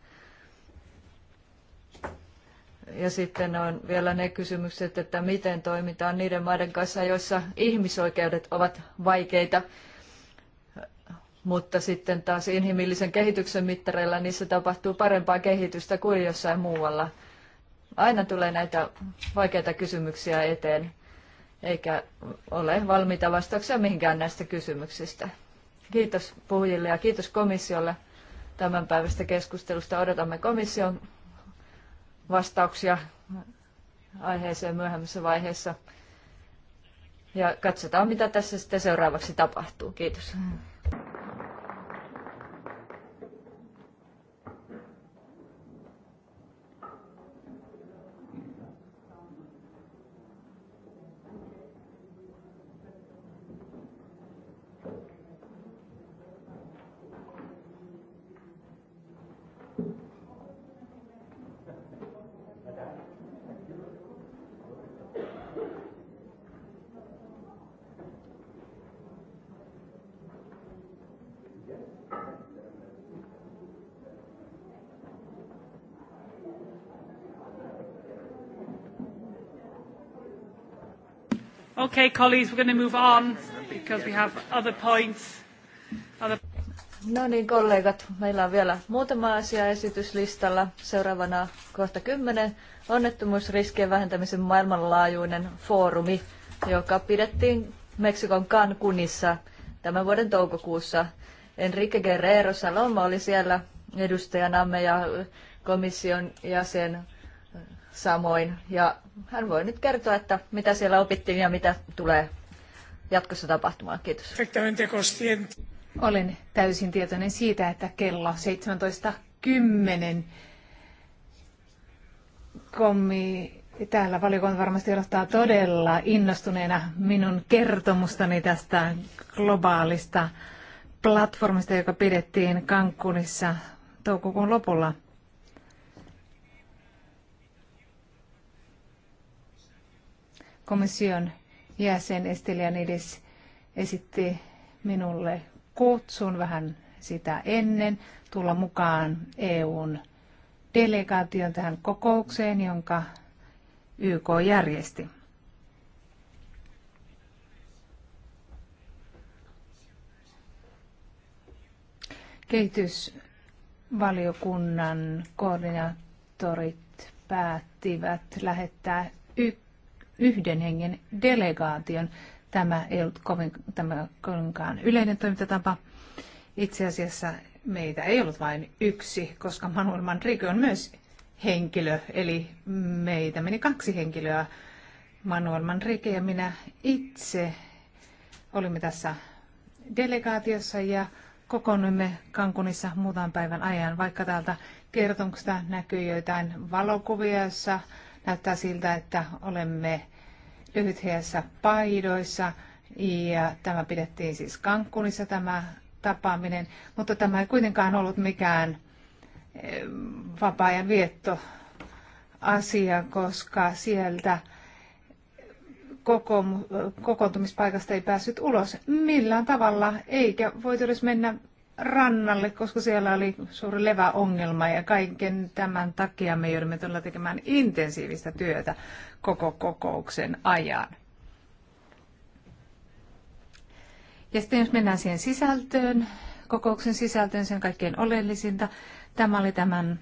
Ja sitten on vielä ne kysymykset, että miten toimitaan niiden maiden kanssa, joissa ihmisoikeudet ovat vaikeita, mutta sitten taas inhimillisen kehityksen mittareilla niissä tapahtuu parempaa kehitystä kuin jossain muualla. Aina tulee näitä vaikeita kysymyksiä eteen eikä ole valmiita vastauksia mihinkään näistä kysymyksistä. Kiitos puhujille ja kiitos komissiolle tämän päivästä keskustelusta. Odotamme komission vastauksia aiheeseen myöhemmässä vaiheessa. Ja katsotaan, mitä tässä sitten seuraavaksi tapahtuu. Kiitos. Okay, colleagues, we're going to move on because we have other points. Other... No niin, kollegat, meillä on vielä muutama asia esityslistalla. Seuraavana kohta 10. Onnettomuusriskien vähentämisen maailmanlaajuinen foorumi, joka pidettiin Meksikon Cancunissa tämän vuoden toukokuussa. Enrique Guerrero Saloma oli siellä edustajanamme ja komission jäsen samoin. Ja hän voi nyt kertoa, että mitä siellä opittiin ja mitä tulee jatkossa tapahtumaan. Kiitos. Olen täysin tietoinen siitä, että kello 17.10 kommi täällä valiokunta varmasti odottaa todella innostuneena minun kertomustani tästä globaalista platformista, joka pidettiin Cancunissa toukokuun lopulla – komission jäsen Estelianidis esitti minulle kutsun vähän sitä ennen tulla mukaan EUn delegaation tähän kokoukseen, jonka YK järjesti. Kehitysvaliokunnan koordinaattorit päättivät lähettää yksi yhden hengen delegaation. Tämä ei ollut kovin, tämä kovinkaan yleinen toimintatapa. Itse asiassa meitä ei ollut vain yksi, koska Manuel Manrique on myös henkilö, eli meitä meni kaksi henkilöä, Manuel Manrique ja minä itse olimme tässä delegaatiossa ja kokoonnuimme Kankunissa muutaman päivän ajan, vaikka täältä kertomuksesta näkyy joitain valokuvia, joissa näyttää siltä, että olemme lyhytheässä paidoissa ja tämä pidettiin siis kankkunissa tämä tapaaminen, mutta tämä ei kuitenkaan ollut mikään eh, vapaa-ajan vietto asia, koska sieltä kokoontumispaikasta ei päässyt ulos millään tavalla, eikä voitu edes mennä rannalle, koska siellä oli suuri leväongelma ja kaiken tämän takia me joudumme todella tekemään intensiivistä työtä koko kokouksen ajan. Ja sitten jos mennään siihen sisältöön, kokouksen sisältöön, sen kaikkein oleellisinta, tämä oli tämän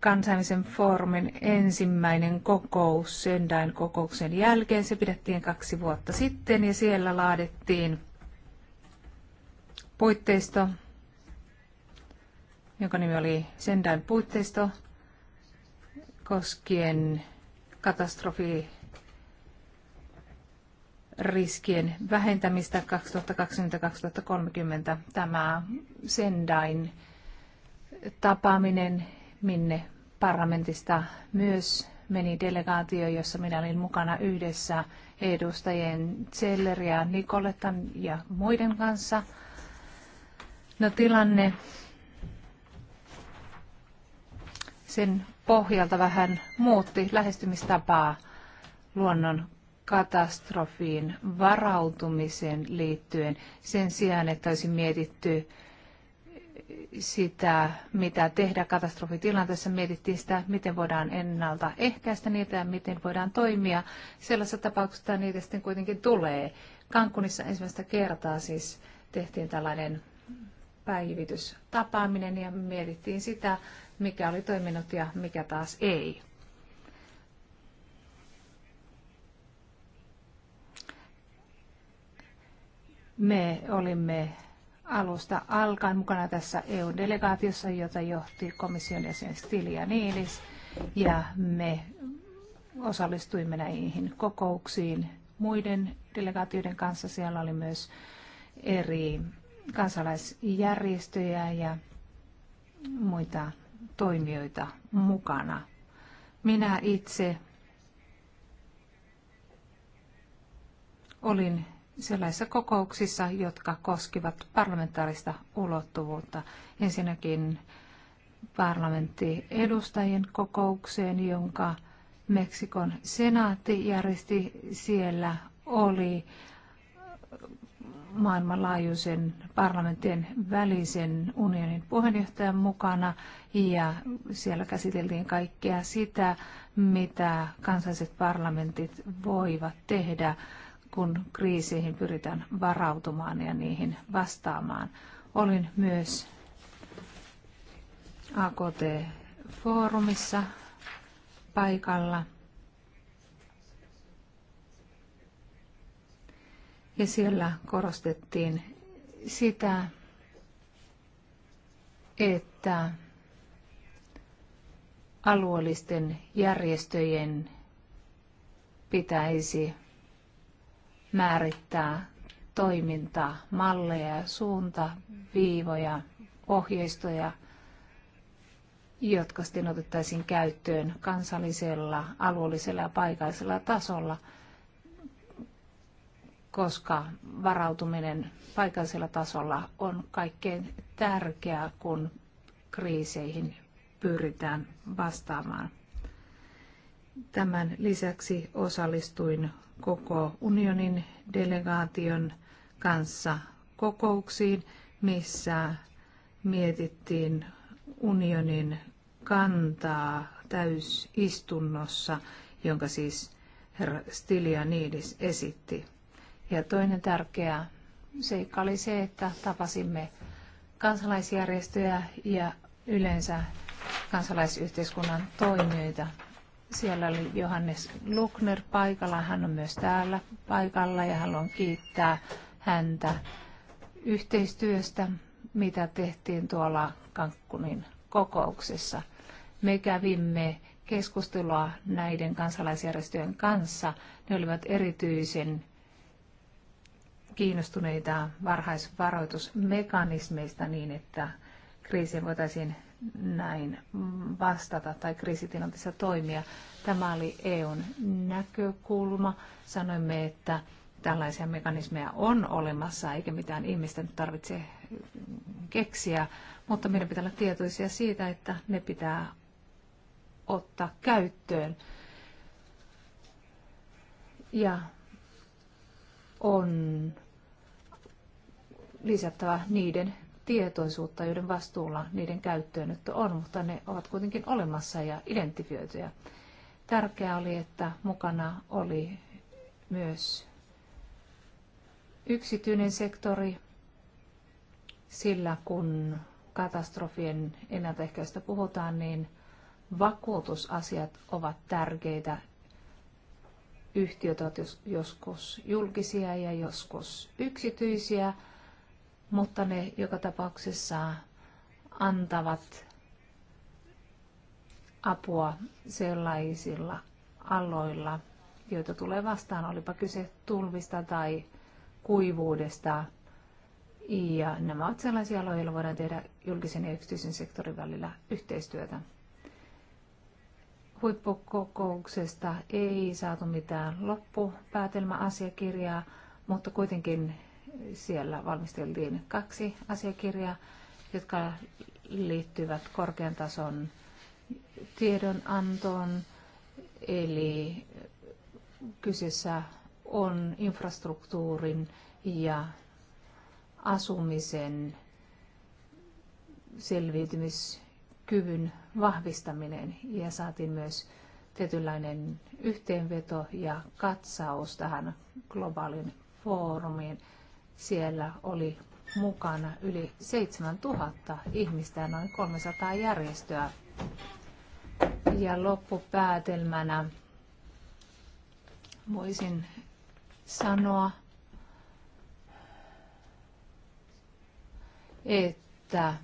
kansainvälisen foorumin ensimmäinen kokous Sendain kokouksen jälkeen. Se pidettiin kaksi vuotta sitten ja siellä laadittiin puitteisto jonka nimi oli Sendain puitteisto koskien katastrofi riskien vähentämistä 2020-2030. Tämä Sendain tapaaminen, minne parlamentista myös meni delegaatio, jossa minä olin mukana yhdessä edustajien Zeller ja Nikoletan ja muiden kanssa. No tilanne sen pohjalta vähän muutti lähestymistapaa luonnon katastrofiin varautumiseen liittyen sen sijaan, että olisi mietitty sitä, mitä tehdä katastrofitilanteessa, mietittiin sitä, miten voidaan ennaltaehkäistä niitä ja miten voidaan toimia. Sellaisessa tapauksessa niitä sitten kuitenkin tulee. Kankunissa ensimmäistä kertaa siis tehtiin tällainen päivitystapaaminen ja mietittiin sitä, mikä oli toiminut ja mikä taas ei. Me olimme alusta alkaen mukana tässä EU-delegaatiossa, jota johti komission jäsen Stilja Niilis, ja me osallistuimme näihin kokouksiin muiden delegaatioiden kanssa. Siellä oli myös eri kansalaisjärjestöjä ja muita toimijoita mukana. Minä itse olin sellaisissa kokouksissa, jotka koskivat parlamentaarista ulottuvuutta. Ensinnäkin parlamenttiedustajien kokoukseen, jonka Meksikon senaatti järjesti. Siellä oli maailmanlaajuisen parlamenttien välisen unionin puheenjohtajan mukana ja siellä käsiteltiin kaikkea sitä, mitä kansalliset parlamentit voivat tehdä, kun kriiseihin pyritään varautumaan ja niihin vastaamaan. Olin myös AKT-foorumissa paikalla Ja siellä korostettiin sitä, että alueellisten järjestöjen pitäisi määrittää toimintaa, malleja, suunta, viivoja, ohjeistoja, jotka sitten otettaisiin käyttöön kansallisella, alueellisella ja paikallisella tasolla – koska varautuminen paikallisella tasolla on kaikkein tärkeää, kun kriiseihin pyritään vastaamaan. Tämän lisäksi osallistuin koko unionin delegaation kanssa kokouksiin, missä mietittiin unionin kantaa täysistunnossa, jonka siis herra Stilianidis esitti. Ja toinen tärkeä seikka oli se, että tapasimme kansalaisjärjestöjä ja yleensä kansalaisyhteiskunnan toimijoita. Siellä oli Johannes Lukner paikalla, hän on myös täällä paikalla ja haluan kiittää häntä yhteistyöstä, mitä tehtiin tuolla Kankkunin kokouksessa. Me kävimme keskustelua näiden kansalaisjärjestöjen kanssa. Ne olivat erityisen kiinnostuneita varhaisvaroitusmekanismeista niin, että kriisiin voitaisiin näin vastata tai kriisitilanteessa toimia. Tämä oli EUn näkökulma. Sanoimme, että tällaisia mekanismeja on olemassa, eikä mitään ihmisten tarvitse keksiä, mutta meidän pitää olla tietoisia siitä, että ne pitää ottaa käyttöön. Ja on lisättävä niiden tietoisuutta, joiden vastuulla niiden käyttöönotto on, mutta ne ovat kuitenkin olemassa ja identifioituja. Tärkeää oli, että mukana oli myös yksityinen sektori, sillä kun katastrofien ennaltaehkäistä puhutaan, niin vakuutusasiat ovat tärkeitä yhtiöt ovat joskus julkisia ja joskus yksityisiä, mutta ne joka tapauksessa antavat apua sellaisilla aloilla, joita tulee vastaan, olipa kyse tulvista tai kuivuudesta. Ja nämä ovat sellaisia aloja, joilla voidaan tehdä julkisen ja yksityisen sektorin välillä yhteistyötä huippukokouksesta ei saatu mitään loppupäätelmäasiakirjaa, mutta kuitenkin siellä valmisteltiin kaksi asiakirjaa, jotka liittyvät korkean tason tiedonantoon. Eli kyseessä on infrastruktuurin ja asumisen selviytymis- kyvyn vahvistaminen ja saatiin myös tietynlainen yhteenveto ja katsaus tähän globaalin foorumiin. Siellä oli mukana yli 7000 ihmistä ja noin 300 järjestöä. Ja loppupäätelmänä voisin sanoa, että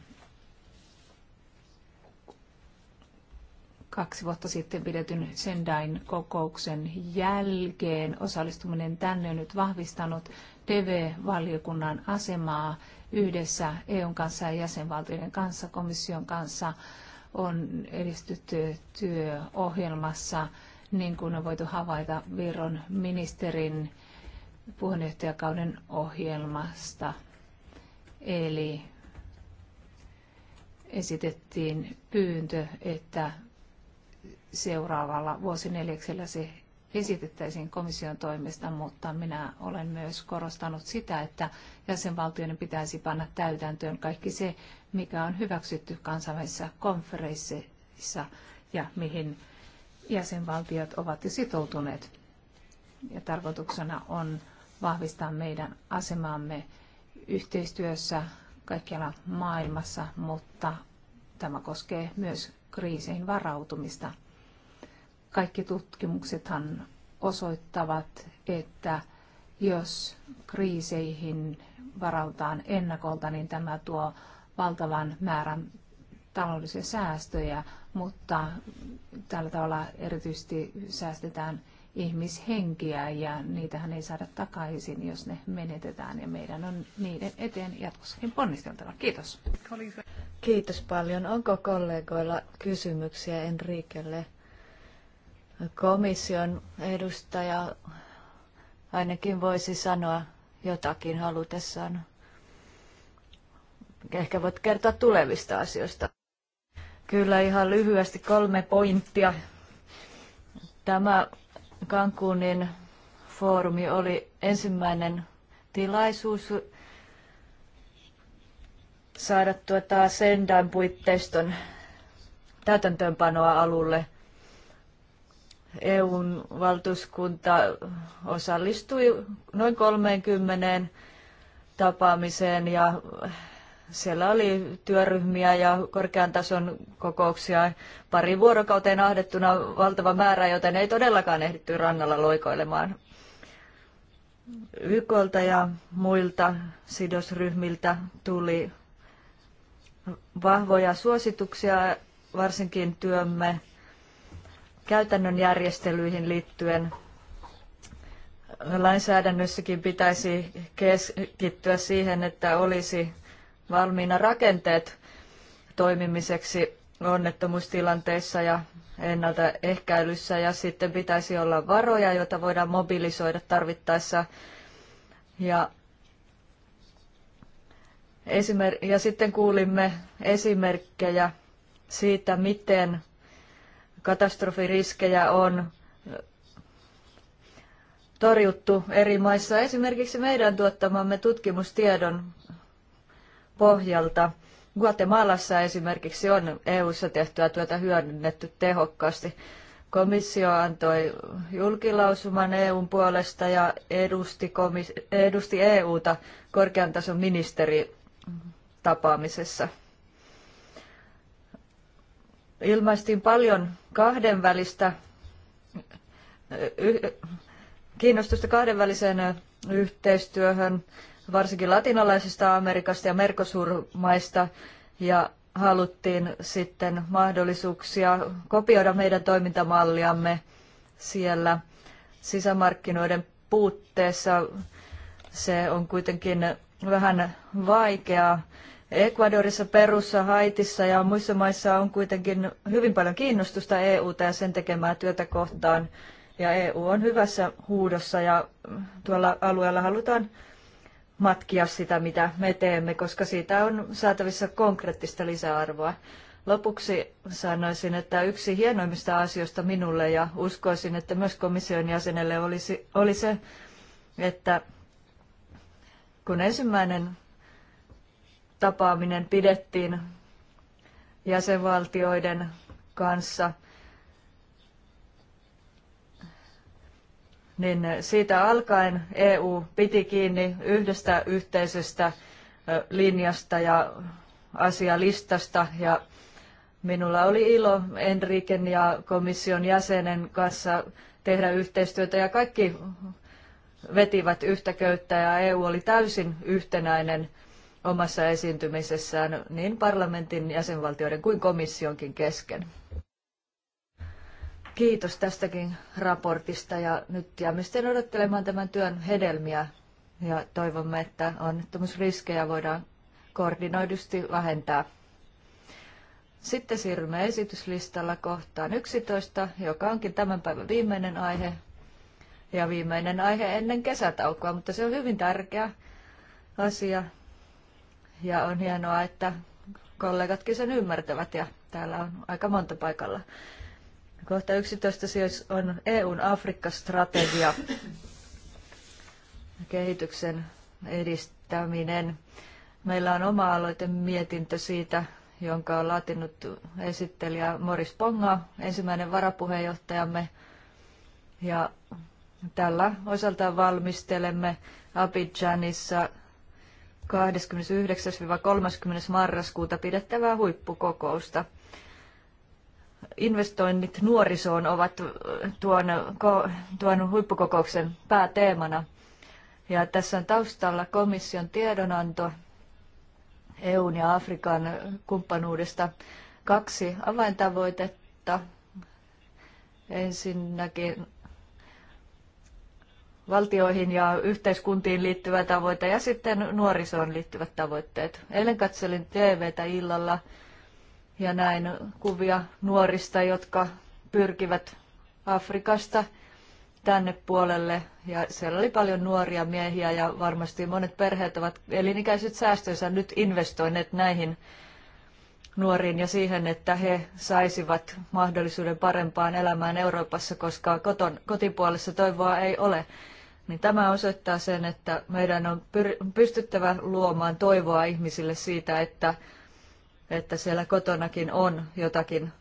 kaksi vuotta sitten pidetyn Sendain kokouksen jälkeen osallistuminen tänne on nyt vahvistanut TV-valiokunnan asemaa yhdessä EUn kanssa ja jäsenvaltioiden kanssa, komission kanssa on edistytty työohjelmassa, niin kuin on voitu havaita Viron ministerin puheenjohtajakauden ohjelmasta. Eli esitettiin pyyntö, että seuraavalla vuosineljäksellä se esitettäisiin komission toimesta, mutta minä olen myös korostanut sitä, että jäsenvaltioiden pitäisi panna täytäntöön kaikki se, mikä on hyväksytty kansainvälisissä konferensseissa ja mihin jäsenvaltiot ovat jo sitoutuneet. Ja tarkoituksena on vahvistaa meidän asemaamme yhteistyössä kaikkialla maailmassa, mutta tämä koskee myös kriiseihin varautumista – kaikki tutkimuksethan osoittavat, että jos kriiseihin varautaan ennakolta, niin tämä tuo valtavan määrän taloudellisia säästöjä, mutta tällä tavalla erityisesti säästetään ihmishenkiä ja niitähän ei saada takaisin, jos ne menetetään ja meidän on niiden eteen jatkossakin ponnisteltava. Kiitos. Kiitos paljon. Onko kollegoilla kysymyksiä Enriquelle? komission edustaja ainakin voisi sanoa jotakin halutessaan. Ehkä voit kertoa tulevista asioista. Kyllä ihan lyhyesti kolme pointtia. Tämä Cancunin foorumi oli ensimmäinen tilaisuus saada tuota Sendan puitteiston täytäntöönpanoa alulle – EUn valtuuskunta osallistui noin 30 tapaamiseen ja siellä oli työryhmiä ja korkean tason kokouksia pari vuorokauteen ahdettuna valtava määrä, joten ei todellakaan ehditty rannalla loikoilemaan. YKlta ja muilta sidosryhmiltä tuli vahvoja suosituksia varsinkin työmme käytännön järjestelyihin liittyen lainsäädännössäkin pitäisi keskittyä siihen, että olisi valmiina rakenteet toimimiseksi onnettomuustilanteissa ja ennaltaehkäilyssä ja sitten pitäisi olla varoja, joita voidaan mobilisoida tarvittaessa. Ja, esimer- ja sitten kuulimme esimerkkejä siitä, miten Katastrofiriskejä on torjuttu eri maissa esimerkiksi meidän tuottamamme tutkimustiedon pohjalta. Guatemalassa esimerkiksi on EU-ssa tehtyä työtä hyödynnetty tehokkaasti. Komissio antoi julkilausuman EUn puolesta ja edusti, komis- edusti EUta korkean tason ministeritapaamisessa ilmaistiin paljon kahdenvälistä kiinnostusta kahdenväliseen yhteistyöhön, varsinkin latinalaisesta Amerikasta ja Mercosur-maista, ja haluttiin sitten mahdollisuuksia kopioida meidän toimintamalliamme siellä sisämarkkinoiden puutteessa. Se on kuitenkin vähän vaikeaa Ecuadorissa, Perussa, Haitissa ja muissa maissa on kuitenkin hyvin paljon kiinnostusta EUta ja sen tekemää työtä kohtaan. Ja EU on hyvässä huudossa ja tuolla alueella halutaan matkia sitä, mitä me teemme, koska siitä on saatavissa konkreettista lisäarvoa. Lopuksi sanoisin, että yksi hienoimmista asioista minulle ja uskoisin, että myös komission jäsenelle olisi, oli se, että kun ensimmäinen tapaaminen pidettiin jäsenvaltioiden kanssa, niin siitä alkaen EU piti kiinni yhdestä yhteisestä linjasta ja asialistasta ja minulla oli ilo Enriken ja komission jäsenen kanssa tehdä yhteistyötä ja kaikki vetivät yhtä köyttä ja EU oli täysin yhtenäinen – omassa esiintymisessään niin parlamentin, jäsenvaltioiden kuin komissionkin kesken. Kiitos tästäkin raportista ja nyt jäämme sitten odottelemaan tämän työn hedelmiä ja toivomme, että onnettomuusriskejä voidaan koordinoidusti vähentää. Sitten siirrymme esityslistalla kohtaan 11, joka onkin tämän päivän viimeinen aihe ja viimeinen aihe ennen kesätaukoa, mutta se on hyvin tärkeä asia ja on hienoa, että kollegatkin sen ymmärtävät ja täällä on aika monta paikalla. Kohta 11 siis on EUn Afrikka-strategia, kehityksen edistäminen. Meillä on oma mietintö siitä, jonka on laatinut esittelijä Moris Ponga, ensimmäinen varapuheenjohtajamme. Ja tällä osaltaan valmistelemme Abidjanissa 29-30. marraskuuta pidettävää huippukokousta. Investoinnit nuorisoon ovat tuon, tuon huippukokouksen pääteemana. Ja tässä on taustalla komission tiedonanto EUn ja Afrikan kumppanuudesta kaksi avaintavoitetta. Ensinnäkin valtioihin ja yhteiskuntiin liittyvä tavoite ja sitten nuorisoon liittyvät tavoitteet. Eilen katselin TVtä illalla ja näin kuvia nuorista, jotka pyrkivät Afrikasta tänne puolelle. Ja siellä oli paljon nuoria miehiä ja varmasti monet perheet ovat elinikäiset säästönsä nyt investoineet näihin nuoriin ja siihen, että he saisivat mahdollisuuden parempaan elämään Euroopassa, koska koton, kotipuolessa toivoa ei ole niin tämä osoittaa sen, että meidän on pystyttävä luomaan toivoa ihmisille siitä, että, että siellä kotonakin on jotakin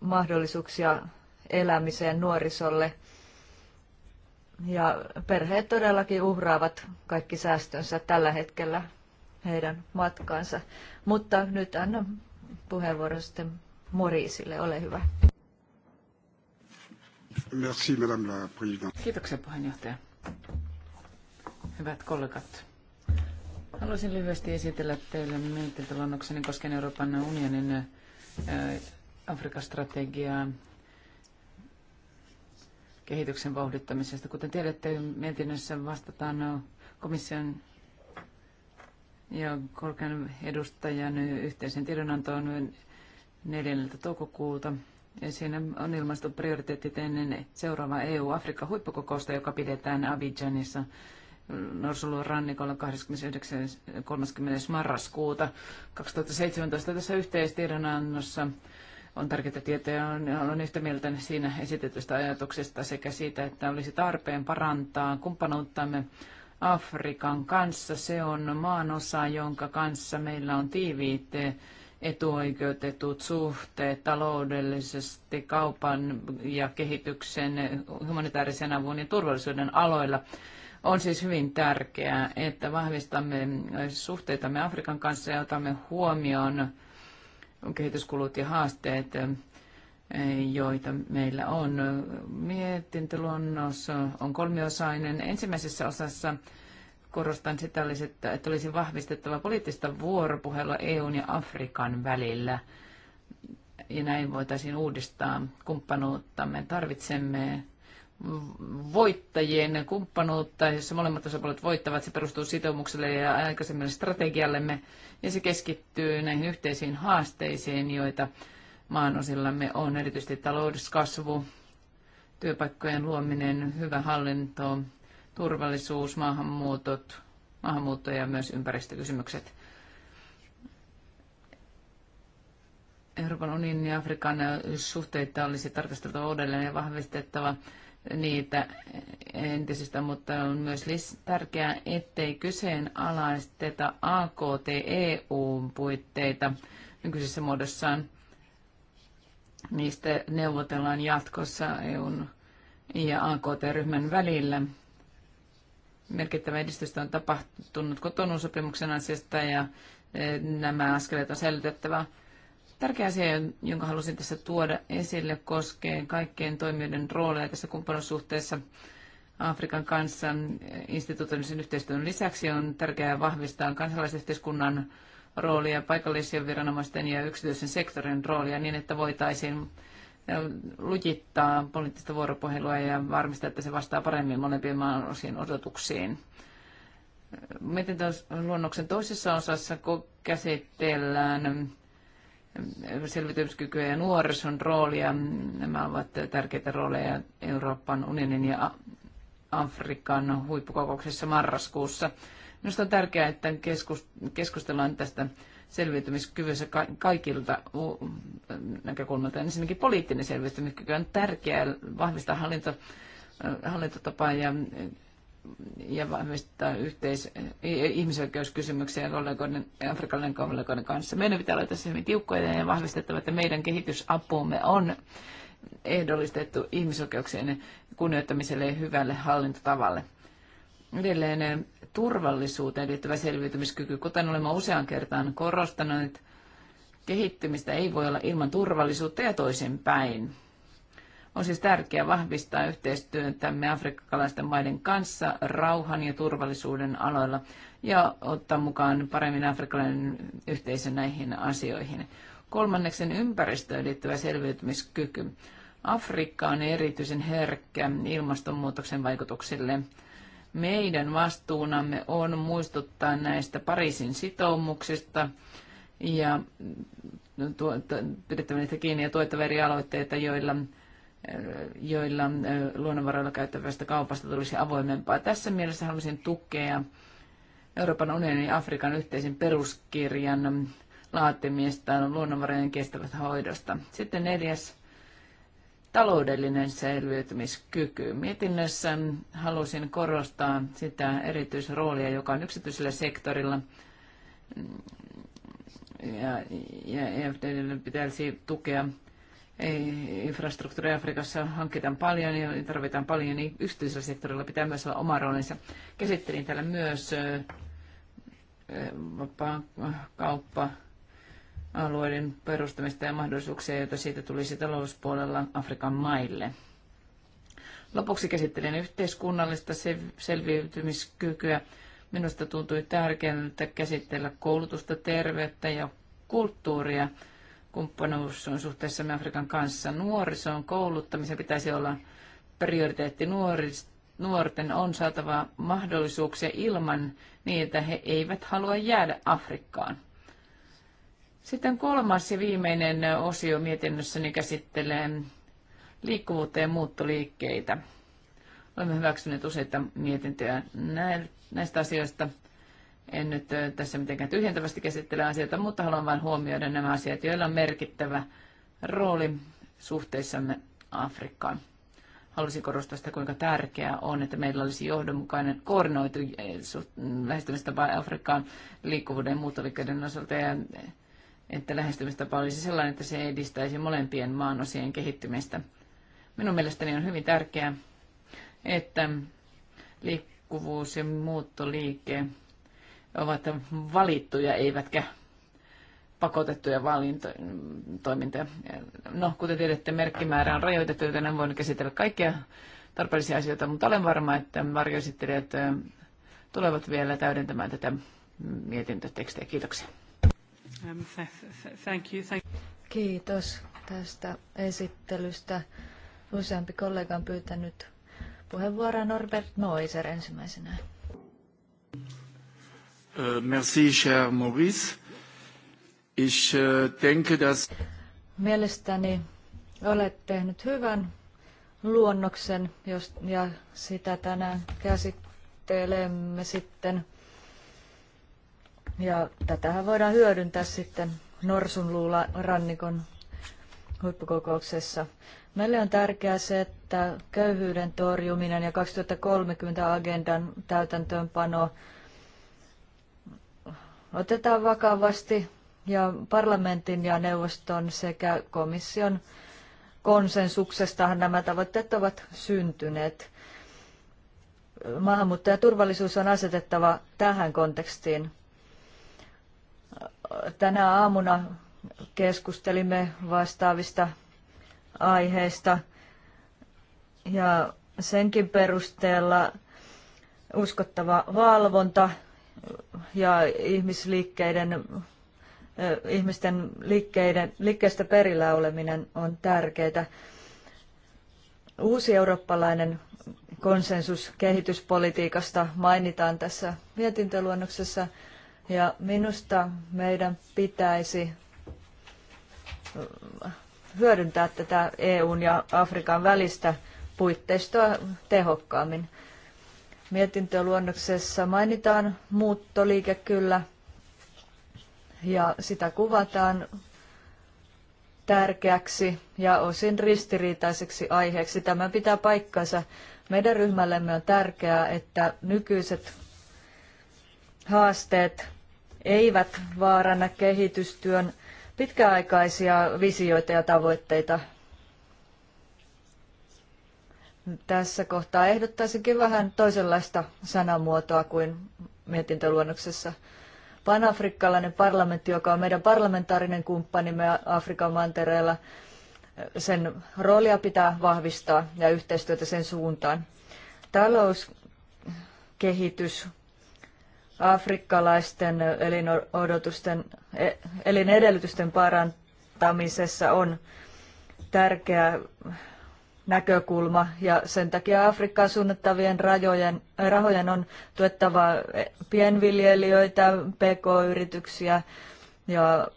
mahdollisuuksia elämiseen nuorisolle. Ja perheet todellakin uhraavat kaikki säästönsä tällä hetkellä heidän matkaansa. Mutta nyt annan puheenvuoron sitten Morisille, ole hyvä. Merci, Madame la Présidente. Kiitoksia puheenjohtaja. Hyvät kollegat, haluaisin lyhyesti esitellä teille mietintöluonnokseni koskien Euroopan unionin Afrikan strategiaa kehityksen vauhdittamisesta. Kuten tiedätte, mietinnössä vastataan komission ja korkean edustajan yhteisen tiedonantoon 4. toukokuuta ja siinä on ilmastoprioriteetit ennen seuraavaa EU-Afrikka-huippukokousta, joka pidetään Abidjanissa Norsulun rannikolla 29.30. marraskuuta 2017 tässä yhteistiedonannossa on tärkeitä tietoja. Olen yhtä mieltä siinä esitetystä ajatuksesta sekä siitä, että olisi tarpeen parantaa kumppanuuttamme Afrikan kanssa. Se on maanosa, jonka kanssa meillä on tiiviit etuoikeutetut suhteet taloudellisesti kaupan ja kehityksen, humanitaarisen avun ja turvallisuuden aloilla. On siis hyvin tärkeää, että vahvistamme suhteitamme Afrikan kanssa ja otamme huomioon kehityskulut ja haasteet, joita meillä on. Mietintöluonnos on kolmiosainen. Ensimmäisessä osassa korostan sitä, että olisi vahvistettava poliittista vuoropuhelua EUn ja Afrikan välillä. Ja näin voitaisiin uudistaa kumppanuutta. Me tarvitsemme voittajien kumppanuutta, jossa molemmat osapuolet voittavat. Se perustuu sitoumukselle ja aikaisemmille strategiallemme, ja se keskittyy näihin yhteisiin haasteisiin, joita maanosillamme on, erityisesti talouskasvu, työpaikkojen luominen, hyvä hallinto, turvallisuus, maahanmuutot, maahanmuutto ja myös ympäristökysymykset. Euroopan unionin ja Afrikan suhteita olisi tarkasteltava uudelleen ja vahvistettava niitä entisistä, mutta on myös tärkeää, ettei kyseenalaisteta AKT-EU-puitteita nykyisessä muodossaan. Niistä neuvotellaan jatkossa EUn ja AKT-ryhmän välillä merkittävä edistystä on tapahtunut kotonun sopimuksen asiasta ja e, nämä askeleet on säilytettävä. Tärkeä asia, jonka halusin tässä tuoda esille, koskee kaikkien toimijoiden rooleja tässä kumppanuussuhteessa Afrikan kanssa. Instituutioiden yhteistyön lisäksi on tärkeää vahvistaa kansalaisyhteiskunnan roolia, paikallisia viranomaisten ja yksityisen sektorin roolia niin, että voitaisiin lujittaa poliittista vuoropuhelua ja varmistaa, että se vastaa paremmin molempien maan osien odotuksiin. luonnoksen toisessa osassa käsitellään selvityskykyä ja nuorison roolia. Nämä ovat tärkeitä rooleja Euroopan unionin ja Afrikan huippukokouksessa marraskuussa. Minusta on tärkeää, että keskustellaan tästä selviytymiskyvyssä kaikilta näkökulmalta. Ensinnäkin poliittinen selviytymiskyky on tärkeää vahvistaa hallinto, äh, hallintotapaa ja, ja vahvistaa yhteis- ihmisoikeuskysymyksiä kollegoiden, afrikkalainen kollegoiden kanssa. Meidän pitää olla tässä hyvin tiukkoja ja vahvistettava, että meidän kehitysapumme on ehdollistettu ihmisoikeuksien kunnioittamiselle ja hyvälle hallintotavalle. Edelleen turvallisuuteen liittyvä selviytymiskyky. Kuten olemme usean kertaan korostaneet, kehittymistä ei voi olla ilman turvallisuutta ja toisinpäin. On siis tärkeää vahvistaa yhteistyötämme afrikkalaisten maiden kanssa rauhan ja turvallisuuden aloilla ja ottaa mukaan paremmin afrikkalainen yhteisö näihin asioihin. Kolmanneksen ympäristöön liittyvä selviytymiskyky. Afrikka on erityisen herkkä ilmastonmuutoksen vaikutuksille. Meidän vastuunamme on muistuttaa näistä Pariisin sitoumuksista ja pidettävä niitä kiinni ja tuettava eri aloitteita, joilla, joilla luonnonvaroilla käyttävästä kaupasta tulisi avoimempaa. Tässä mielessä haluaisin tukea Euroopan unionin ja Afrikan yhteisen peruskirjan laatimista luonnonvarojen kestävästä hoidosta. Sitten neljäs taloudellinen selviytymiskyky. Mietinnössä halusin korostaa sitä erityisroolia, joka on yksityisellä sektorilla. Ja, ja EFD pitäisi tukea infrastruktuuri Afrikassa hankitaan paljon ja tarvitaan paljon, niin yksityisellä sektorilla pitää myös olla oma roolinsa. Käsittelin täällä myös vapaa kauppa alueiden perustamista ja mahdollisuuksia, joita siitä tulisi talouspuolella Afrikan maille. Lopuksi käsittelen yhteiskunnallista selviytymiskykyä. Minusta tuntui tärkeää käsitellä koulutusta, terveyttä ja kulttuuria. Kumppanuus on suhteessamme Afrikan kanssa nuorisoon. Kouluttamisen pitäisi olla prioriteetti nuorista nuorten on saatava mahdollisuuksia ilman niitä he eivät halua jäädä Afrikkaan. Sitten kolmas ja viimeinen osio mietinnössäni käsittelee liikkuvuutta ja muuttoliikkeitä. Olemme hyväksyneet useita mietintöjä näistä asioista. En nyt tässä mitenkään tyhjentävästi käsittele asioita, mutta haluan vain huomioida nämä asiat, joilla on merkittävä rooli suhteissamme Afrikkaan. Haluaisin korostaa sitä, kuinka tärkeää on, että meillä olisi johdonmukainen koordinoitu eh, lähestymistapa Afrikkaan liikkuvuuden ja muuttoliikkeiden osalta. Ja eh, että lähestymistapa olisi sellainen, että se edistäisi molempien maanosien kehittymistä. Minun mielestäni on hyvin tärkeää, että liikkuvuus ja muuttoliike ovat valittuja, eivätkä pakotettuja valintoimintoja. No, kuten tiedätte, merkkimäärä on rajoitettu, joten en voinut käsitellä kaikkia tarpeellisia asioita, mutta olen varma, että varjoesittelijät tulevat vielä täydentämään tätä mietintötekstejä. Kiitoksia. Um, Kiitos tästä esittelystä. Useampi kollega on pyytänyt puheenvuoroa Norbert Noiser ensimmäisenä. Uh, merci, cher Maurice. Ich uh, denke, dass... Mielestäni olet tehnyt hyvän luonnoksen ja sitä tänään käsittelemme sitten ja tätähän voidaan hyödyntää sitten Norsunluulan rannikon huippukokouksessa. Meille on tärkeää se, että köyhyyden torjuminen ja 2030-agendan täytäntöönpano otetaan vakavasti ja parlamentin ja neuvoston sekä komission konsensuksestahan nämä tavoitteet ovat syntyneet. Maahanmuutto ja turvallisuus on asetettava tähän kontekstiin tänä aamuna keskustelimme vastaavista aiheista ja senkin perusteella uskottava valvonta ja ihmisliikkeiden, ihmisten liikkeiden, liikkeestä perillä oleminen on tärkeää. Uusi eurooppalainen konsensus kehityspolitiikasta mainitaan tässä mietintöluonnoksessa ja minusta meidän pitäisi äh, hyödyntää tätä EUn ja Afrikan välistä puitteistoa tehokkaammin. Mietintöluonnoksessa mainitaan muuttoliike kyllä, ja sitä kuvataan tärkeäksi ja osin ristiriitaiseksi aiheeksi. Tämä pitää paikkansa. Meidän ryhmällemme on tärkeää, että nykyiset haasteet eivät vaaranna kehitystyön pitkäaikaisia visioita ja tavoitteita. Tässä kohtaa ehdottaisinkin vähän toisenlaista sanamuotoa kuin mietintöluonnoksessa. Panafrikkalainen parlamentti, joka on meidän parlamentaarinen kumppanimme Afrikan mantereella, sen roolia pitää vahvistaa ja yhteistyötä sen suuntaan. Talouskehitys afrikkalaisten elinodotusten, e, elinedellytysten parantamisessa on tärkeä näkökulma ja sen takia Afrikkaan suunnattavien rajojen, rahojen on tuettava pienviljelijöitä, pk-yrityksiä ja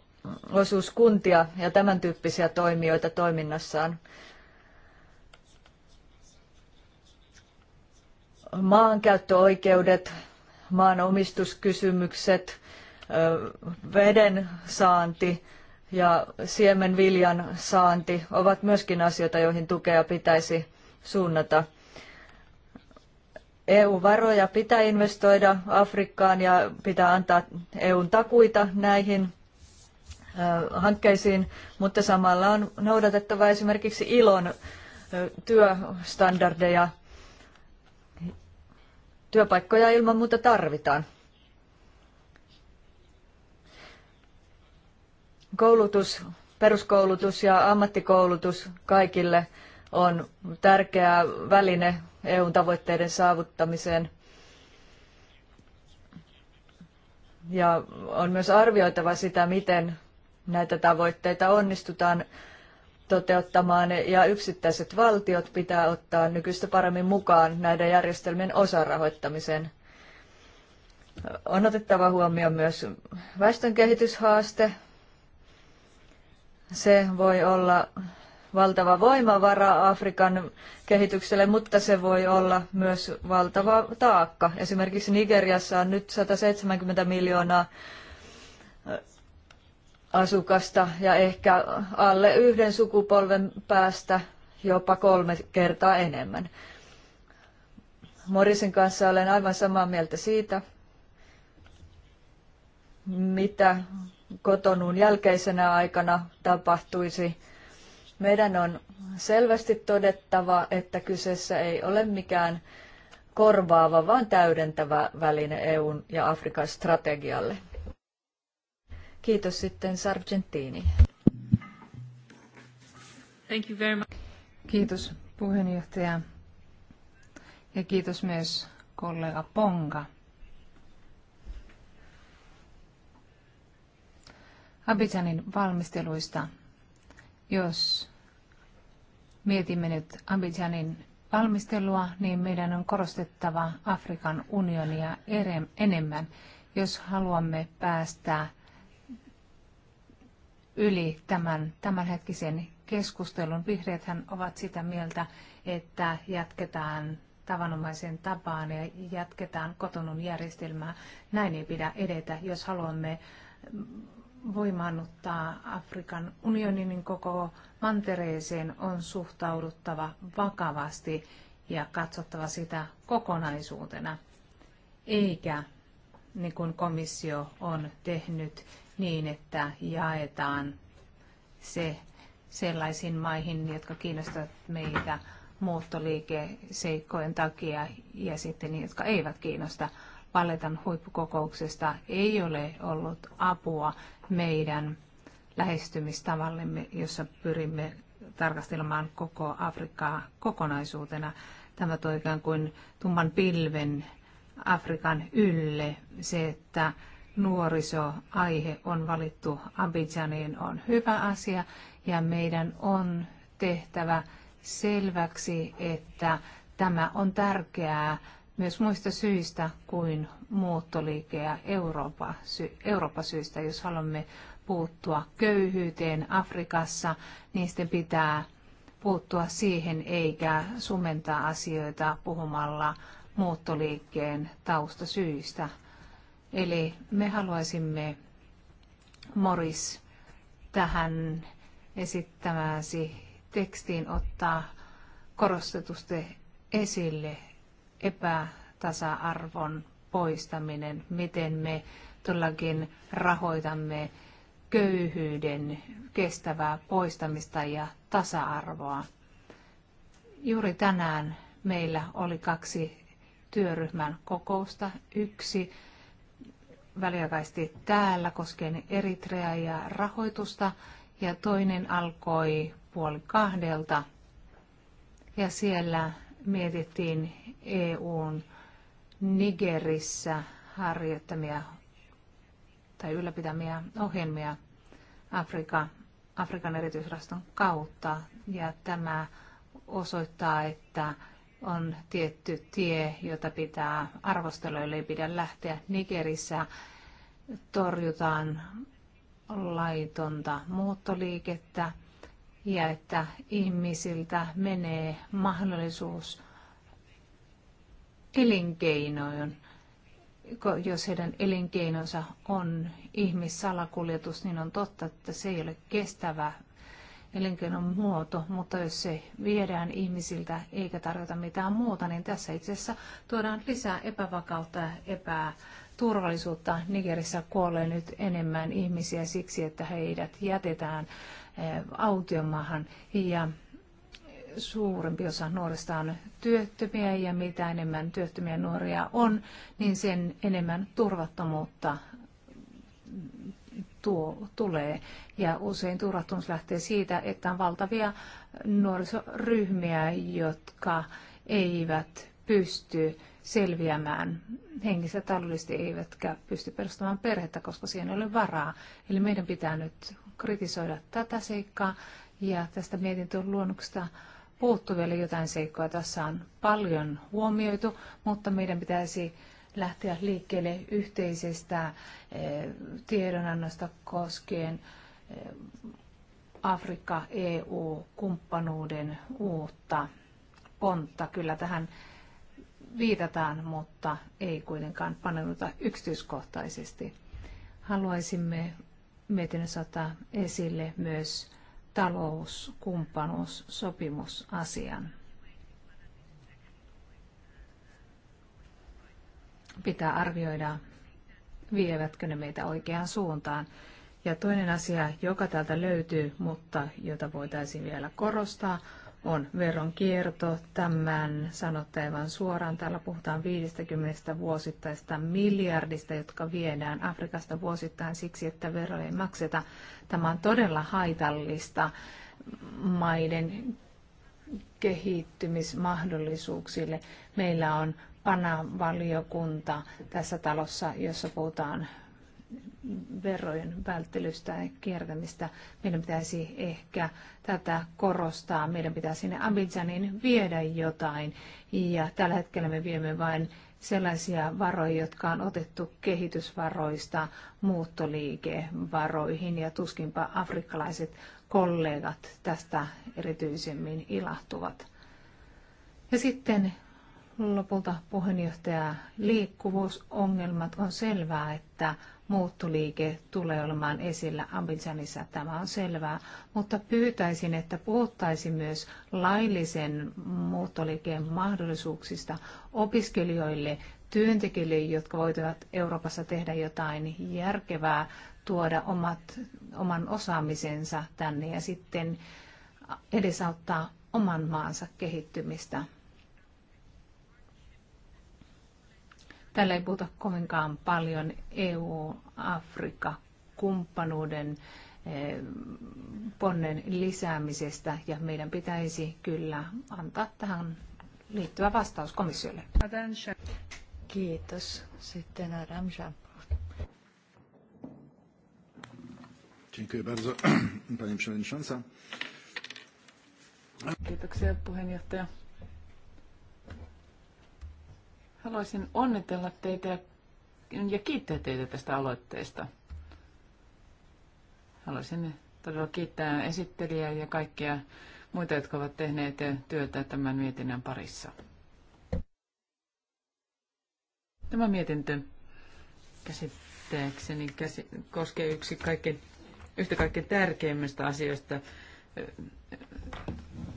osuuskuntia ja tämän tyyppisiä toimijoita toiminnassaan. Maankäyttöoikeudet maanomistuskysymykset, veden saanti ja siemenviljan saanti ovat myöskin asioita, joihin tukea pitäisi suunnata. EU-varoja pitää investoida Afrikkaan ja pitää antaa EUn takuita näihin hankkeisiin, mutta samalla on noudatettava esimerkiksi ilon työstandardeja – Työpaikkoja ilman muuta tarvitaan. Koulutus, peruskoulutus ja ammattikoulutus kaikille on tärkeä väline EUn tavoitteiden saavuttamiseen. Ja on myös arvioitava sitä, miten näitä tavoitteita onnistutaan toteuttamaan ja yksittäiset valtiot pitää ottaa nykyistä paremmin mukaan näiden järjestelmien osarahoittamiseen. On otettava huomioon myös väestönkehityshaaste. Se voi olla valtava voimavara Afrikan kehitykselle, mutta se voi olla myös valtava taakka. Esimerkiksi Nigeriassa on nyt 170 miljoonaa asukasta ja ehkä alle yhden sukupolven päästä jopa kolme kertaa enemmän. Morisen kanssa olen aivan samaa mieltä siitä, mitä kotonuun jälkeisenä aikana tapahtuisi. Meidän on selvästi todettava, että kyseessä ei ole mikään korvaava, vaan täydentävä väline EUn ja Afrikan strategialle. Kiitos sitten Sargentini. Thank you very much. Kiitos puheenjohtaja ja kiitos myös kollega Ponga. Abidjanin valmisteluista, jos mietimme nyt Abidjanin valmistelua, niin meidän on korostettava Afrikan unionia enemmän, jos haluamme päästä yli tämän tämänhetkisen keskustelun. Vihreäthän ovat sitä mieltä, että jatketaan tavanomaisen tapaan ja jatketaan kotonun järjestelmää. Näin ei pidä edetä, jos haluamme voimaannuttaa Afrikan unionin, niin koko mantereeseen on suhtauduttava vakavasti ja katsottava sitä kokonaisuutena, eikä niin kuin komissio on tehnyt niin, että jaetaan se sellaisiin maihin, jotka kiinnostavat meitä muuttoliikeseikkojen takia ja sitten niitä, jotka eivät kiinnosta. Valletan huippukokouksesta ei ole ollut apua meidän lähestymistavallemme, jossa pyrimme tarkastelemaan koko Afrikkaa kokonaisuutena. Tämä toi ikään kuin tumman pilven Afrikan ylle, se, että nuorisoaihe on valittu Abidjaniin on hyvä asia ja meidän on tehtävä selväksi, että tämä on tärkeää myös muista syistä kuin muuttoliike ja Eurooppa, sy, Eurooppa syistä. Jos haluamme puuttua köyhyyteen Afrikassa, niin sitten pitää puuttua siihen eikä sumentaa asioita puhumalla muuttoliikkeen taustasyistä. Eli me haluaisimme Moris tähän esittämääsi tekstiin ottaa korostetusti esille epätasa-arvon poistaminen, miten me todellakin rahoitamme köyhyyden kestävää poistamista ja tasa-arvoa. Juuri tänään meillä oli kaksi työryhmän kokousta. Yksi väliaikaisesti täällä koskien Eritreaa ja rahoitusta ja toinen alkoi puoli kahdelta ja siellä mietittiin EUn Nigerissä harjoittamia tai ylläpitämiä ohjelmia Afrika, Afrikan erityisraston kautta. Ja tämä osoittaa, että on tietty tie, jota pitää arvostelijoille ei pidä lähteä. Nigerissä torjutaan laitonta muuttoliikettä ja että ihmisiltä menee mahdollisuus elinkeinoon. Jos heidän elinkeinonsa on ihmissalakuljetus, niin on totta, että se ei ole kestävä elinkeinon muoto, mutta jos se viedään ihmisiltä eikä tarjota mitään muuta, niin tässä itse asiassa tuodaan lisää epävakautta ja epäturvallisuutta. Nigerissä kuolee nyt enemmän ihmisiä siksi, että heidät jätetään eh, autiomaahan ja suurempi osa nuorista on työttömiä ja mitä enemmän työttömiä nuoria on, niin sen enemmän turvattomuutta tuo, tulee. Ja usein turvattomuus lähtee siitä, että on valtavia nuorisoryhmiä, jotka eivät pysty selviämään hengissä taloudellisesti, eivätkä pysty perustamaan perhettä, koska siihen ei ole varaa. Eli meidän pitää nyt kritisoida tätä seikkaa ja tästä luonnoksesta puuttuu vielä jotain seikkoa. Tässä on paljon huomioitu, mutta meidän pitäisi lähteä liikkeelle yhteisestä eh, tiedonannosta koskien eh, Afrikka-EU-kumppanuuden uutta pontta. Kyllä tähän viitataan, mutta ei kuitenkaan paneuduta yksityiskohtaisesti. Haluaisimme mietinnössä ottaa esille myös talouskumppanuussopimusasian. Pitää arvioida, vievätkö ne meitä oikeaan suuntaan. Ja toinen asia, joka täältä löytyy, mutta jota voitaisiin vielä korostaa, on veronkierto. Tämän sanottavan suoraan. Täällä puhutaan 50 vuosittaista miljardista, jotka viedään Afrikasta vuosittain siksi, että veroja ei makseta. Tämä on todella haitallista maiden kehittymismahdollisuuksille. Meillä on ANA-valiokunta tässä talossa, jossa puhutaan verojen välttelystä ja kiertämistä. Meidän pitäisi ehkä tätä korostaa. Meidän pitää sinne Abidjanin viedä jotain. Ja tällä hetkellä me viemme vain sellaisia varoja, jotka on otettu kehitysvaroista muuttoliikevaroihin. Ja tuskinpa afrikkalaiset kollegat tästä erityisemmin ilahtuvat. Ja sitten lopulta puheenjohtaja liikkuvuusongelmat on selvää, että muuttoliike tulee olemaan esillä Abidjanissa, tämä on selvää, mutta pyytäisin, että puhuttaisiin myös laillisen muuttoliikkeen mahdollisuuksista opiskelijoille, työntekijöille, jotka voivat Euroopassa tehdä jotain järkevää, tuoda omat, oman osaamisensa tänne ja sitten edesauttaa oman maansa kehittymistä. Täällä ei puhuta kovinkaan paljon EU-Afrikka-kumppanuuden eh, ponnen lisäämisestä ja meidän pitäisi kyllä antaa tähän liittyvä vastaus komissiolle. Kiitos. Sitten Adam Dziękuję [clears throat] Kiitoksia puheenjohtaja. Haluaisin onnitella teitä ja kiittää teitä tästä aloitteesta. Haluaisin todella kiittää esittelijää ja kaikkia muita, jotka ovat tehneet työtä tämän mietinnön parissa. Tämä mietintö käsitteekseni koskee yksi kaikkein, yhtä kaikkein tärkeimmistä asioista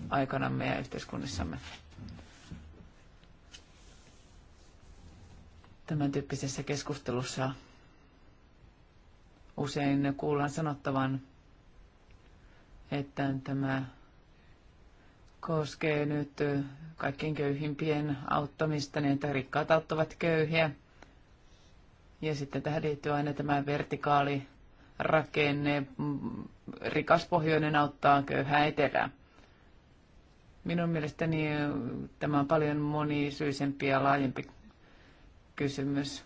aikanamme ja yhteiskunnissamme. Tämän tyyppisessä keskustelussa usein kuullaan sanottavan, että tämä koskee nyt kaikkien köyhimpien auttamista, niin että rikkaat auttavat köyhiä. Ja sitten tähän liittyy aina tämä vertikaali rakenne, rikas pohjoinen auttaa köyhää etelää. Minun mielestäni tämä on paljon monisyisempi ja laajempi kysymys.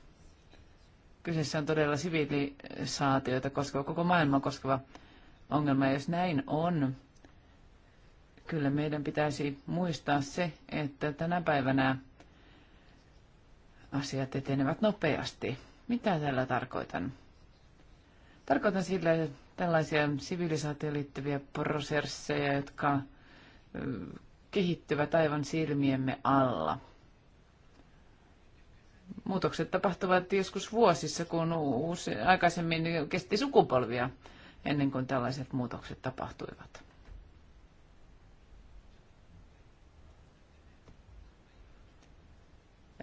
Kyseessä on todella sivilisaatioita koskeva, koko maailmaa koskeva ongelma. Ja jos näin on, kyllä meidän pitäisi muistaa se, että tänä päivänä asiat etenevät nopeasti. Mitä tällä tarkoitan? Tarkoitan sillä tällaisia sivilisaatioon liittyviä prosesseja, jotka kehittyvät aivan silmiemme alla – Muutokset tapahtuvat joskus vuosissa, kun uusi, aikaisemmin kesti sukupolvia ennen kuin tällaiset muutokset tapahtuivat.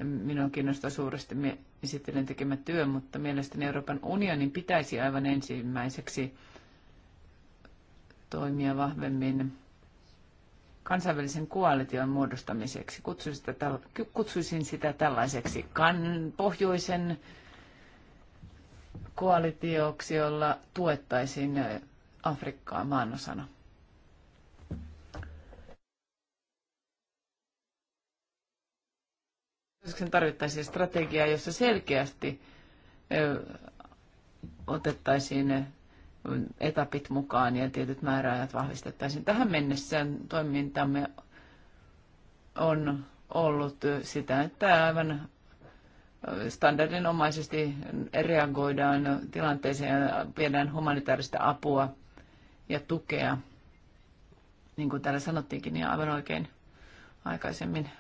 Minua kiinnostaa suuresti esittelen tekemä työ, mutta mielestäni Euroopan unionin pitäisi aivan ensimmäiseksi toimia vahvemmin kansainvälisen koalition muodostamiseksi. Kutsuisin sitä, kutsuisin sitä tällaiseksi kan, pohjoisen koalitioksi, jolla tuettaisiin Afrikkaa maanosana. tarvittaisiin strategiaa, jossa selkeästi otettaisiin etapit mukaan ja tietyt määräajat vahvistettaisiin. Tähän mennessä toimintamme on ollut sitä, että aivan standardinomaisesti reagoidaan tilanteeseen ja viedään humanitaarista apua ja tukea, niin kuin täällä sanottiinkin niin aivan oikein aikaisemmin.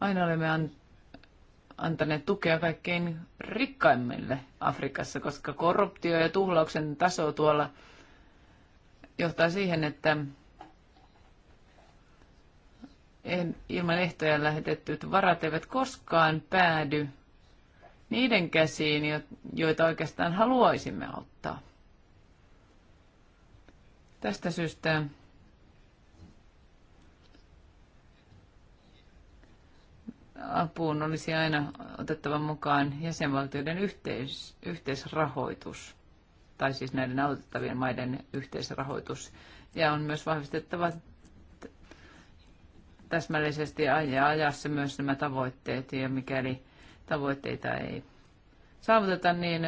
Aina olemme antaneet antaneet tukea kaikkein rikkaimmille Afrikassa, koska korruptio ja tuhlauksen taso tuolla johtaa siihen, että ilman ehtoja lähetettyt varat eivät koskaan päädy niiden käsiin, joita oikeastaan haluaisimme auttaa. Tästä syystä apuun olisi aina otettava mukaan jäsenvaltioiden yhteis, yhteisrahoitus, tai siis näiden autettavien maiden yhteisrahoitus. Ja on myös vahvistettava täsmällisesti ja ajassa myös nämä tavoitteet, ja mikäli tavoitteita ei saavuteta, niin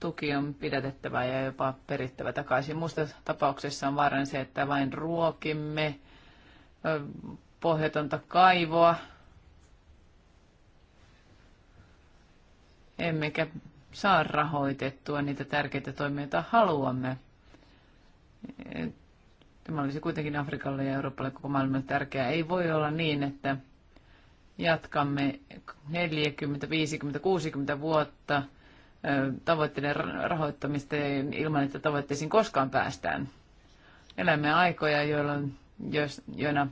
tuki on pidätettävä ja jopa perittävä takaisin. muista tapauksessa on vaaran se, että vain ruokimme pohjatonta kaivoa, emmekä saa rahoitettua niitä tärkeitä toimia, joita haluamme. Tämä olisi kuitenkin Afrikalle ja Euroopalle koko maailmalle tärkeää. Ei voi olla niin, että jatkamme 40, 50, 60 vuotta tavoitteiden rahoittamista ilman, että tavoitteisiin koskaan päästään. Elämme aikoja, jolloin, jos, joina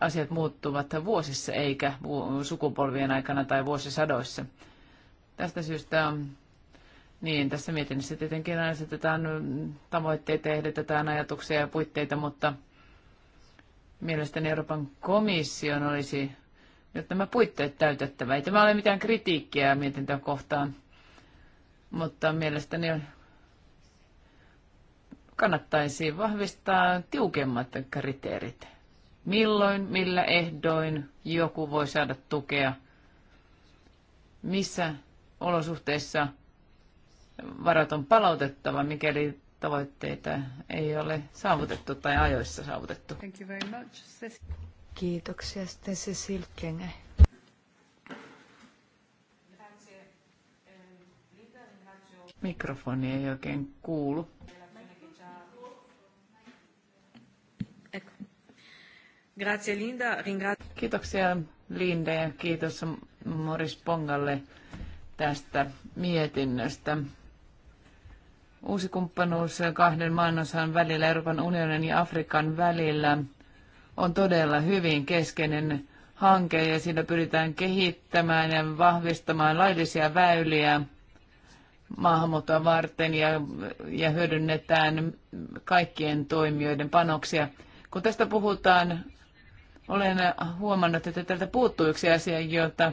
asiat muuttuvat vuosissa eikä sukupolvien aikana tai vuosisadoissa. Tästä syystä niin, tässä mietinnössä tietenkin asetetaan tavoitteita ja ehdotetaan ajatuksia ja puitteita, mutta mielestäni Euroopan komission olisi nyt nämä puitteet täytettävä. Ei tämä ole mitään kritiikkiä mietintöä kohtaan, mutta mielestäni kannattaisi vahvistaa tiukemmat kriteerit. Milloin, millä ehdoin joku voi saada tukea, missä olosuhteissa varat on palautettava, mikäli tavoitteita ei ole saavutettu tai ajoissa saavutettu. Thank you very much. Kiitoksia. Sitten se silkkenä. Mikrofoni ei oikein kuulu. Grazie Linda. Kiitoksia Linda ja kiitos Moris Pongalle tästä mietinnöstä. Uusi kumppanuus kahden maanosan välillä, Euroopan unionin ja Afrikan välillä, on todella hyvin keskeinen hanke ja siinä pyritään kehittämään ja vahvistamaan laillisia väyliä maahanmuuttoa varten ja, ja hyödynnetään kaikkien toimijoiden panoksia. Kun tästä puhutaan olen huomannut, että tältä puuttuu yksi asia, jota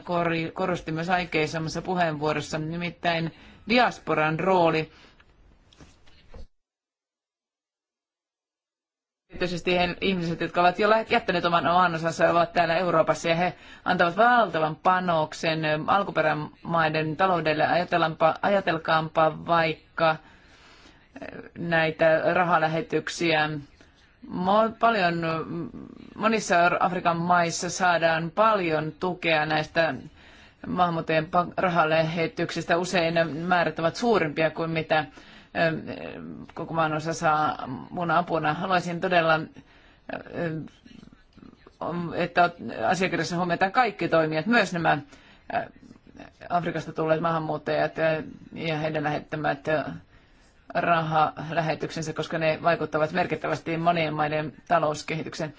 korosti myös aikeisemmassa puheenvuorossa, nimittäin diasporan rooli. Erityisesti he, ihmiset, jotka ovat jo jättäneet oman ja ovat täällä Euroopassa ja he antavat valtavan panoksen alkuperämaiden taloudelle. Ajatelkaanpa vaikka eh, näitä rahalähetyksiä paljon, monissa Afrikan maissa saadaan paljon tukea näistä maahanmuuttajien rahalle Usein ne määrät ovat suurimpia kuin mitä koko maan osa saa mun apuna. Haluaisin todella, että asiakirjassa huomioidaan kaikki toimijat, myös nämä Afrikasta tulleet maahanmuuttajat ja heidän lähettämät rahalähetyksensä, koska ne vaikuttavat merkittävästi monien maiden talouskehitykseen.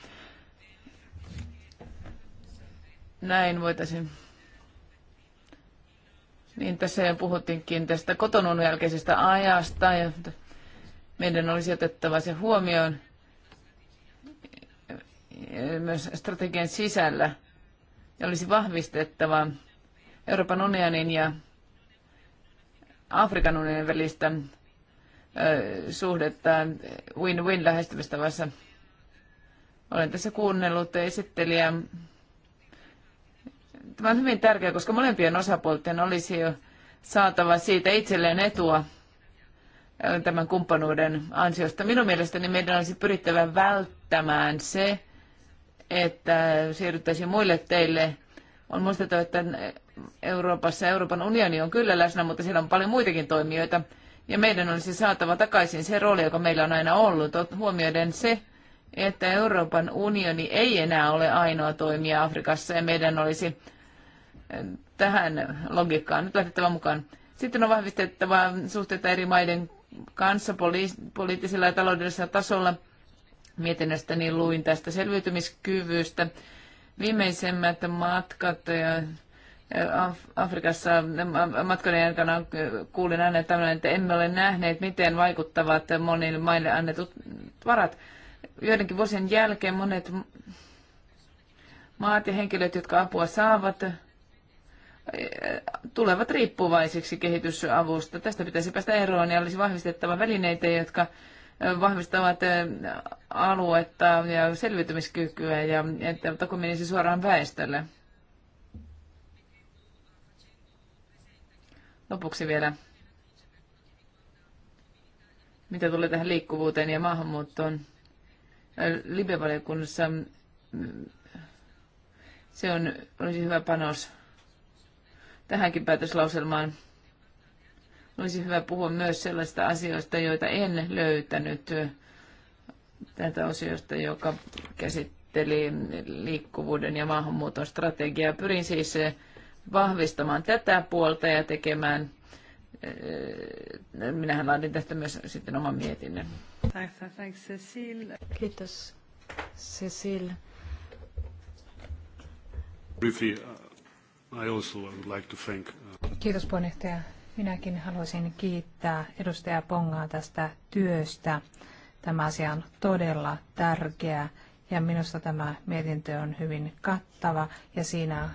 Näin voitaisiin. Niin tässä jo puhuttiinkin tästä kotonun jälkeisestä ajasta ja meidän olisi otettava se huomioon myös strategian sisällä ja olisi vahvistettava Euroopan unionin ja Afrikan unionin välistä suhdettaan win-win lähestymistavassa. Olen tässä kuunnellut esittelijä. Tämä on hyvin tärkeää, koska molempien osapuolten olisi jo saatava siitä itselleen etua tämän kumppanuuden ansiosta. Minun mielestäni meidän olisi pyrittävä välttämään se, että siirryttäisiin muille teille. On muistettava, että Euroopassa Euroopan unioni on kyllä läsnä, mutta siellä on paljon muitakin toimijoita – ja meidän olisi saatava takaisin se rooli, joka meillä on aina ollut, huomioiden se, että Euroopan unioni ei enää ole ainoa toimija Afrikassa ja meidän olisi eh, tähän logiikkaan nyt lähdettävä mukaan. Sitten on vahvistettava suhteita eri maiden kanssa poli- poliittisella ja taloudellisella tasolla. Mietinnöstäni luin tästä selviytymiskyvystä. Viimeisemmät matkat ja Afrikassa matkan aikana kuulin aina tämmöinen, että emme ole nähneet, miten vaikuttavat monille maille annetut varat. Joidenkin vuosien jälkeen monet maat ja henkilöt, jotka apua saavat, tulevat riippuvaisiksi kehitysavusta. Tästä pitäisi päästä eroon ja olisi vahvistettava välineitä, jotka vahvistavat aluetta ja selviytymiskykyä ja että menisi suoraan väestölle. Lopuksi vielä, mitä tulee tähän liikkuvuuteen ja maahanmuuttoon. Libevaliokunnassa mm, se on, olisi hyvä panos tähänkin päätöslauselmaan. Olisi hyvä puhua myös sellaista asioista, joita en löytänyt tätä osiosta, joka käsitteli liikkuvuuden ja maahanmuuton strategiaa. Pyrin siis vahvistamaan tätä puolta ja tekemään. Eh, minähän laadin tästä myös sitten oman mietinnön. Kiitos, Cecil. Uh, I also would like to thank... Uh, Kiitos puheenjohtaja. Minäkin haluaisin kiittää edustaja Pongaa tästä työstä. Tämä asia on todella tärkeä ja minusta tämä mietintö on hyvin kattava ja siinä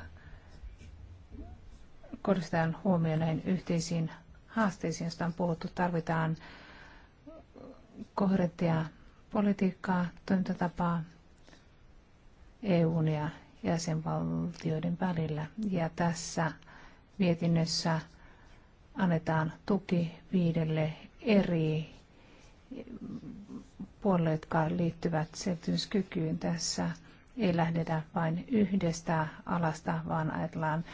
kohdistetaan huomioon näihin yhteisiin haasteisiin, joista on puhuttu. Tarvitaan kohdettia politiikkaa, toimintatapaa EUn ja jäsenvaltioiden välillä. Ja tässä mietinnössä annetaan tuki viidelle eri puolelle, jotka liittyvät selviytymiskykyyn tässä. Ei lähdetä vain yhdestä alasta, vaan ajatellaan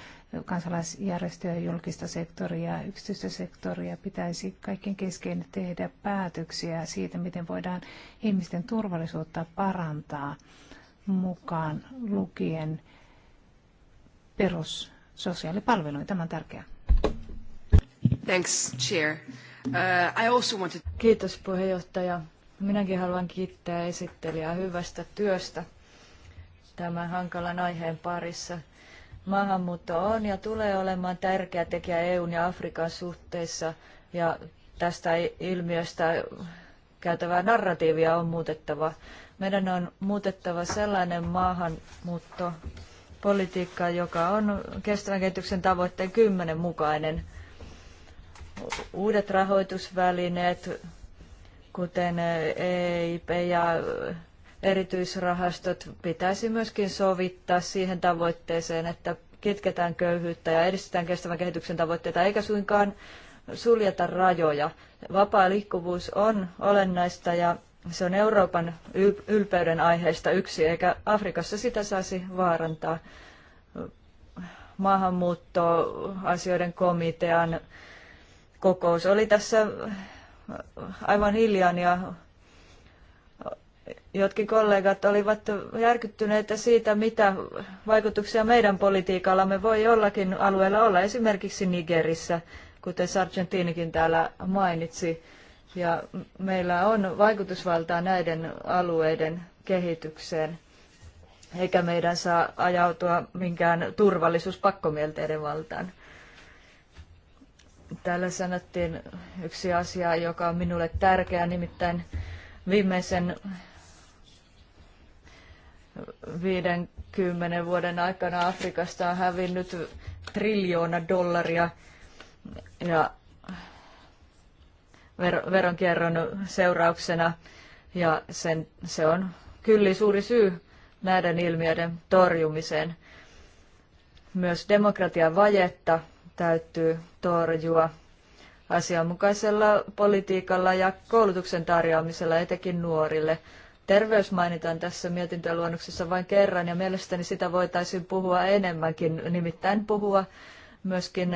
kansalaisjärjestöjä, julkista sektoria, yksityistä sektoria pitäisi kaikkien kesken tehdä päätöksiä siitä, miten voidaan ihmisten turvallisuutta parantaa mukaan lukien perussosiaalipalveluihin. Tämä on tärkeää. Thanks, Chair. Uh, I also wanted... Kiitos puheenjohtaja. Minäkin haluan kiittää esittelijää hyvästä työstä tämän hankalan aiheen parissa. Maahanmuutto on ja tulee olemaan tärkeä tekijä EUn ja Afrikan suhteissa ja tästä ilmiöstä käytävää narratiivia on muutettava. Meidän on muutettava sellainen maahanmuuttopolitiikka, joka on kestävän kehityksen tavoitteen kymmenen mukainen. Uudet rahoitusvälineet, kuten EIP ja erityisrahastot pitäisi myöskin sovittaa siihen tavoitteeseen, että kitketään köyhyyttä ja edistetään kestävän kehityksen tavoitteita, eikä suinkaan suljeta rajoja. Vapaa liikkuvuus on olennaista ja se on Euroopan ylpeyden aiheista yksi, eikä Afrikassa sitä saisi vaarantaa. Maahanmuuttoasioiden komitean kokous oli tässä aivan hiljaan ja Jotkin kollegat olivat järkyttyneitä siitä, mitä vaikutuksia meidän politiikallamme voi jollakin alueella olla, esimerkiksi Nigerissä, kuten Sargentinikin täällä mainitsi. Ja meillä on vaikutusvaltaa näiden alueiden kehitykseen, eikä meidän saa ajautua minkään turvallisuuspakkomielteiden valtaan. Täällä sanottiin yksi asia, joka on minulle tärkeä, nimittäin viimeisen 50 vuoden aikana Afrikasta on hävinnyt triljoona dollaria ja veronkierron seurauksena ja sen, se on kyllä suuri syy näiden ilmiöiden torjumiseen. Myös demokratian vajetta täytyy torjua asianmukaisella politiikalla ja koulutuksen tarjoamisella etenkin nuorille. Terveys mainitaan tässä mietintöluonnoksessa vain kerran ja mielestäni sitä voitaisiin puhua enemmänkin, nimittäin puhua myöskin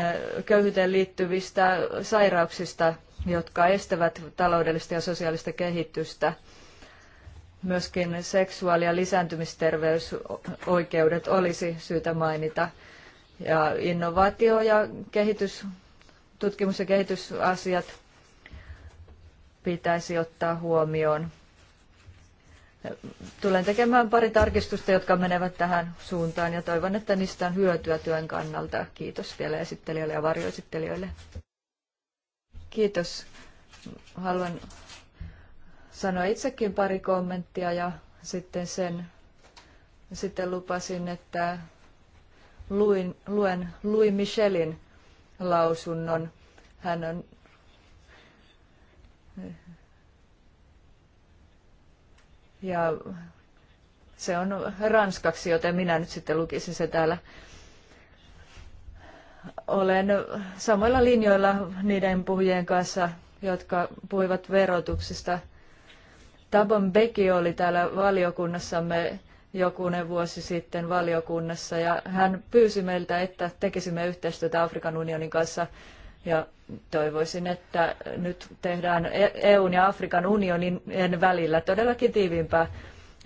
köyhyyteen liittyvistä sairauksista, jotka estävät taloudellista ja sosiaalista kehitystä. Myöskin seksuaali- ja lisääntymisterveysoikeudet olisi syytä mainita. Ja innovaatio- ja kehitys, tutkimus- ja kehitysasiat pitäisi ottaa huomioon. Tulen tekemään pari tarkistusta, jotka menevät tähän suuntaan ja toivon, että niistä on hyötyä työn kannalta. Kiitos vielä esittelijöille ja varjoesittelijöille. Kiitos. Haluan sanoa itsekin pari kommenttia ja sitten sen sitten lupasin, että luin, luen Louis Michelin lausunnon. Hän on Ja se on ranskaksi, joten minä nyt sitten lukisin se täällä. Olen samoilla linjoilla niiden puhujien kanssa, jotka puhuivat verotuksesta. Tabon Beki oli täällä valiokunnassamme jokunen vuosi sitten valiokunnassa ja hän pyysi meiltä, että tekisimme yhteistyötä Afrikan unionin kanssa ja toivoisin, että nyt tehdään e- EUn ja Afrikan unionin välillä todellakin tiiviimpää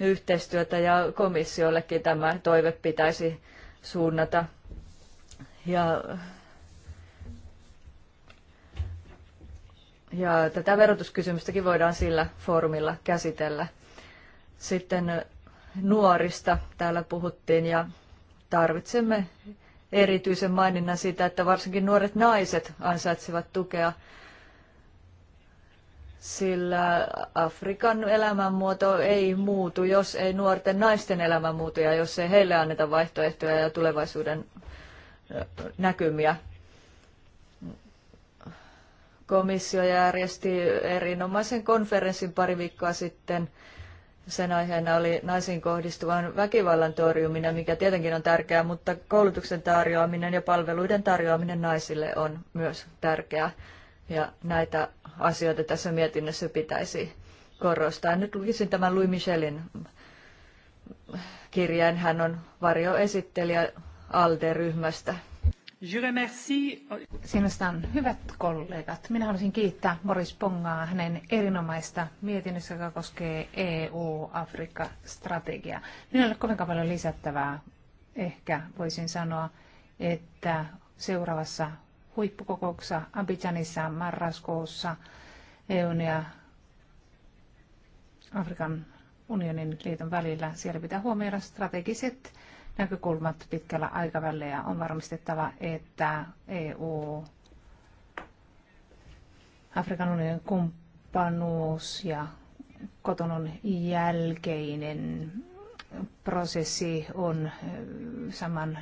yhteistyötä ja komissiollekin tämä toive pitäisi suunnata. Ja, ja tätä verotuskysymystäkin voidaan sillä foorumilla käsitellä. Sitten nuorista täällä puhuttiin ja tarvitsemme erityisen maininnan siitä, että varsinkin nuoret naiset ansaitsevat tukea, sillä Afrikan elämänmuoto ei muutu, jos ei nuorten naisten elämä muutu ja jos ei heille anneta vaihtoehtoja ja tulevaisuuden näkymiä. Komissio järjesti erinomaisen konferenssin pari viikkoa sitten – sen aiheena oli naisiin kohdistuvan väkivallan torjuminen, mikä tietenkin on tärkeää, mutta koulutuksen tarjoaminen ja palveluiden tarjoaminen naisille on myös tärkeää. Ja näitä asioita tässä mietinnössä pitäisi korostaa. Nyt lukisin tämän Louis Michelin kirjeen. Hän on varjoesittelijä ALDE-ryhmästä. Sinusta on hyvät kollegat. Minä haluaisin kiittää Boris Pongaa hänen erinomaista mietinnöstään joka koskee EU-Afrikka-strategiaa. Minulla ei ole kovinkaan paljon lisättävää. Ehkä voisin sanoa, että seuraavassa huippukokouksessa Abidjanissa marraskuussa EUn ja Afrikan unionin liiton välillä. Siellä pitää huomioida strategiset näkökulmat pitkällä aikavälillä ja on varmistettava, että EU, Afrikan unionin kumppanuus ja kotonon jälkeinen prosessi on saman,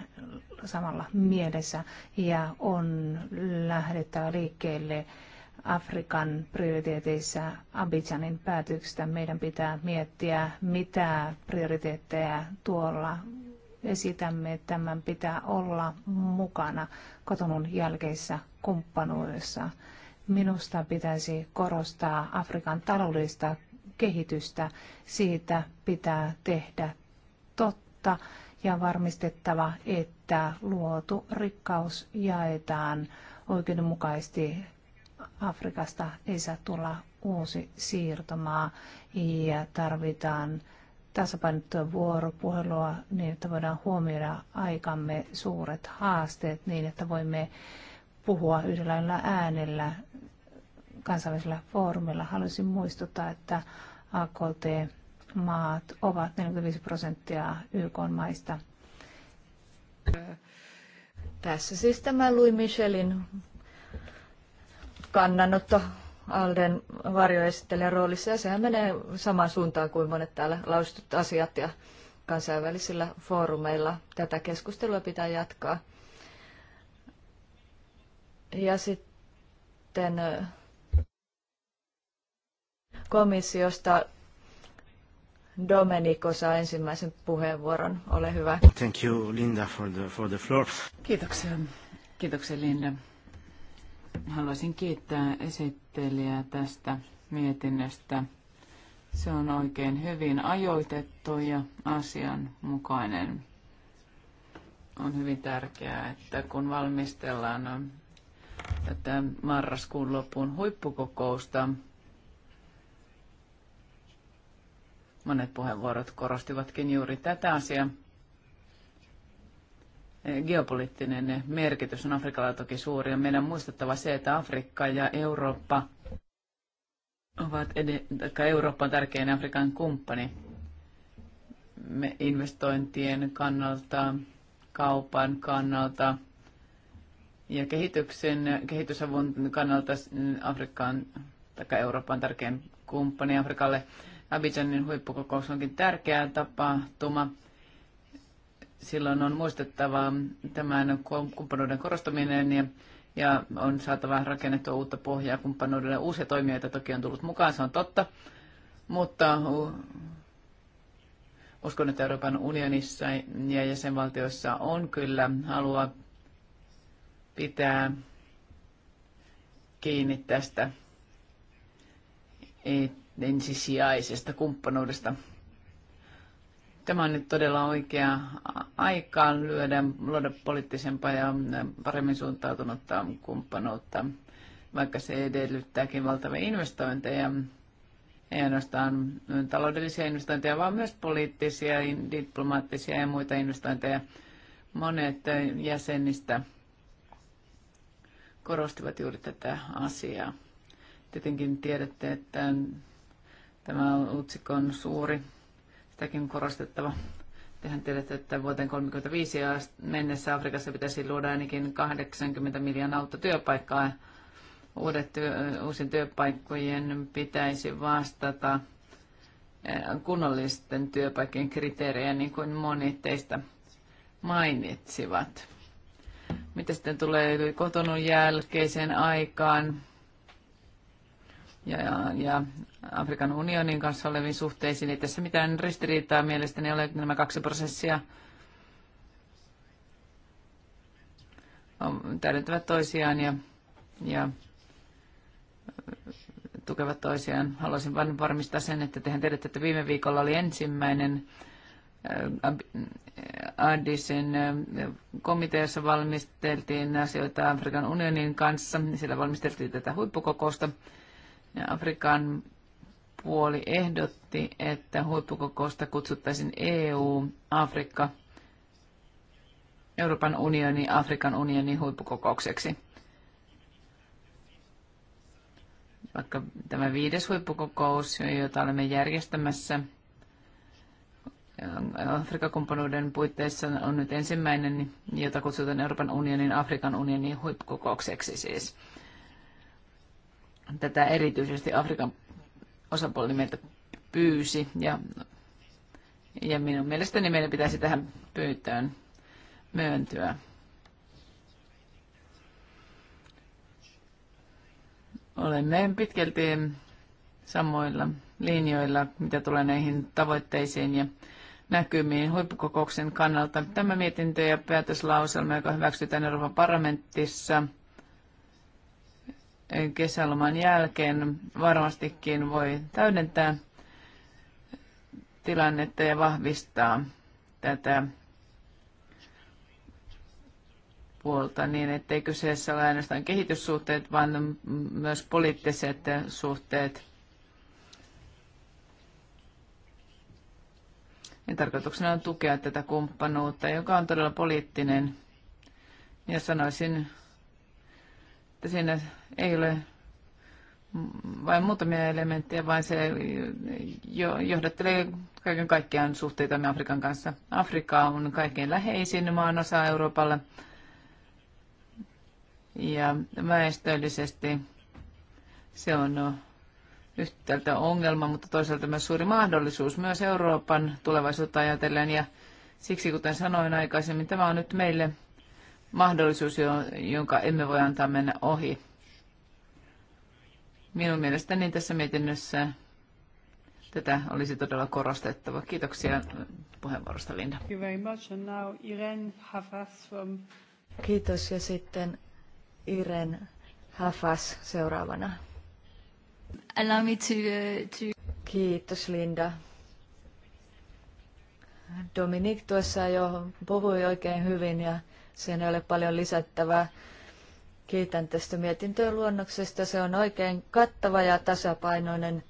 samalla mielessä ja on lähdettävä liikkeelle Afrikan prioriteeteissa Abidjanin päätöksestä. Meidän pitää miettiä, mitä prioriteetteja tuolla esitämme, että tämän pitää olla mukana kotonun jälkeisessä kumppanuudessa. Minusta pitäisi korostaa Afrikan taloudellista kehitystä. Siitä pitää tehdä totta ja varmistettava, että luotu rikkaus jaetaan oikeudenmukaisesti Afrikasta ei saa tulla uusi siirtomaa ja tarvitaan tasapainottua vuoropuhelua niin, että voidaan huomioida aikamme suuret haasteet niin, että voimme puhua yhdellä äänellä kansainvälisellä foorumilla. Haluaisin muistuttaa, että AKT-maat ovat 45 prosenttia YK-maista. Tässä siis tämä Louis Michelin kannanotto Alden varjoesittelijän roolissa, ja sehän menee samaan suuntaan kuin monet täällä lausutut asiat, ja kansainvälisillä foorumeilla tätä keskustelua pitää jatkaa. Ja sitten komissiosta Domenico saa ensimmäisen puheenvuoron. Ole hyvä. Thank you, Linda, for the, for the floor. Kiitoksia. Kiitoksia, Linda. Haluaisin kiittää esittelijää tästä mietinnöstä. Se on oikein hyvin ajoitettu ja asianmukainen. On hyvin tärkeää, että kun valmistellaan tätä marraskuun lopun huippukokousta, monet puheenvuorot korostivatkin juuri tätä asiaa geopoliittinen merkitys on Afrikalla toki suuri. Ja meidän on muistettava se, että Afrikka ja Eurooppa ovat ed- Eurooppa on tärkein Afrikan kumppani Me investointien kannalta, kaupan kannalta ja kehityksen, kehitysavun kannalta Afrikan tai Euroopan tärkein kumppani Afrikalle. Abidjanin huippukokous onkin tärkeä tapahtuma silloin on muistettava tämän kumppanuuden korostaminen ja ja on saatava rakennettua uutta pohjaa kumppanuudelle. Uusia toimijoita toki on tullut mukaan, se on totta, mutta uskon, että Euroopan unionissa ja jäsenvaltioissa on kyllä halua pitää kiinni tästä e- ensisijaisesta kumppanuudesta. Tämä on nyt todella oikea aikaan lyödä, luoda poliittisempaa ja paremmin suuntautunutta kumppanuutta, vaikka se edellyttääkin valtavia investointeja. Ei ainoastaan taloudellisia investointeja, vaan myös poliittisia, diplomaattisia ja muita investointeja. Monet jäsenistä korostivat juuri tätä asiaa. Tietenkin tiedätte, että tämä otsikko on suuri Sitäkin on korostettava. Tehän tiedätte, että vuoteen 1935 mennessä Afrikassa pitäisi luoda ainakin 80 miljoonaa uutta työpaikkaa. Uudet työ, uusien työpaikkojen pitäisi vastata eh, kunnollisten työpaikkojen kriteerejä, niin kuin moni teistä mainitsivat. Mitä sitten tulee kotonun jälkeiseen aikaan? ja, ja Afrikan unionin kanssa oleviin suhteisiin. Ei tässä mitään ristiriitaa mielestäni ole nämä kaksi prosessia täydentävät toisiaan ja, ja tukevat toisiaan. Haluaisin vain varmistaa sen, että tehän tiedätte, että viime viikolla oli ensimmäinen äh, Addisin äh, komiteassa valmisteltiin asioita Afrikan unionin kanssa. Siellä valmisteltiin tätä huippukokousta ja Afrikan puoli ehdotti, että huippukokousta kutsuttaisiin EU, Afrikka, Euroopan unioni, Afrikan unioni huippukokoukseksi. Vaikka tämä viides huippukokous, jota olemme järjestämässä Afrikan kumppanuuden puitteissa on nyt ensimmäinen, jota kutsutaan Euroopan unionin Afrikan unionin huippukokoukseksi siis. Tätä erityisesti Afrikan osapuoli meiltä pyysi ja, ja minun mielestäni meidän pitäisi tähän pyytöön myöntyä. Olemme pitkälti samoilla linjoilla, mitä tulee näihin tavoitteisiin ja näkymiin huippukokouksen kannalta. Tämä mietintö ja päätöslauselma, joka hyväksytään Euroopan parlamentissa – kesäloman jälkeen varmastikin voi täydentää tilannetta ja vahvistaa tätä puolta niin, ettei kyseessä ole ainoastaan kehityssuhteet, vaan myös poliittiset suhteet. Ja tarkoituksena on tukea tätä kumppanuutta, joka on todella poliittinen. Ja sanoisin, että siinä ei ole vain muutamia elementtejä, vaan se johdattelee kaiken kaikkiaan suhteitamme Afrikan kanssa. Afrikka on kaikkein läheisin maan osa Euroopalle ja väestöllisesti se on yhtäältä ongelma, mutta toisaalta myös suuri mahdollisuus myös Euroopan tulevaisuutta ajatellen. Ja siksi, kuten sanoin aikaisemmin, tämä on nyt meille mahdollisuus, jonka emme voi antaa mennä ohi. Minun mielestäni tässä mietinnössä tätä olisi todella korostettava. Kiitoksia puheenvuorosta, Linda. Kiitos ja sitten Iren Hafas seuraavana. Allow me to, uh, to... Kiitos Linda. Dominik tuossa jo puhui oikein hyvin ja sen ei ole paljon lisättävää. Kiitän tästä mietintöön luonnoksesta. Se on oikein kattava ja tasapainoinen.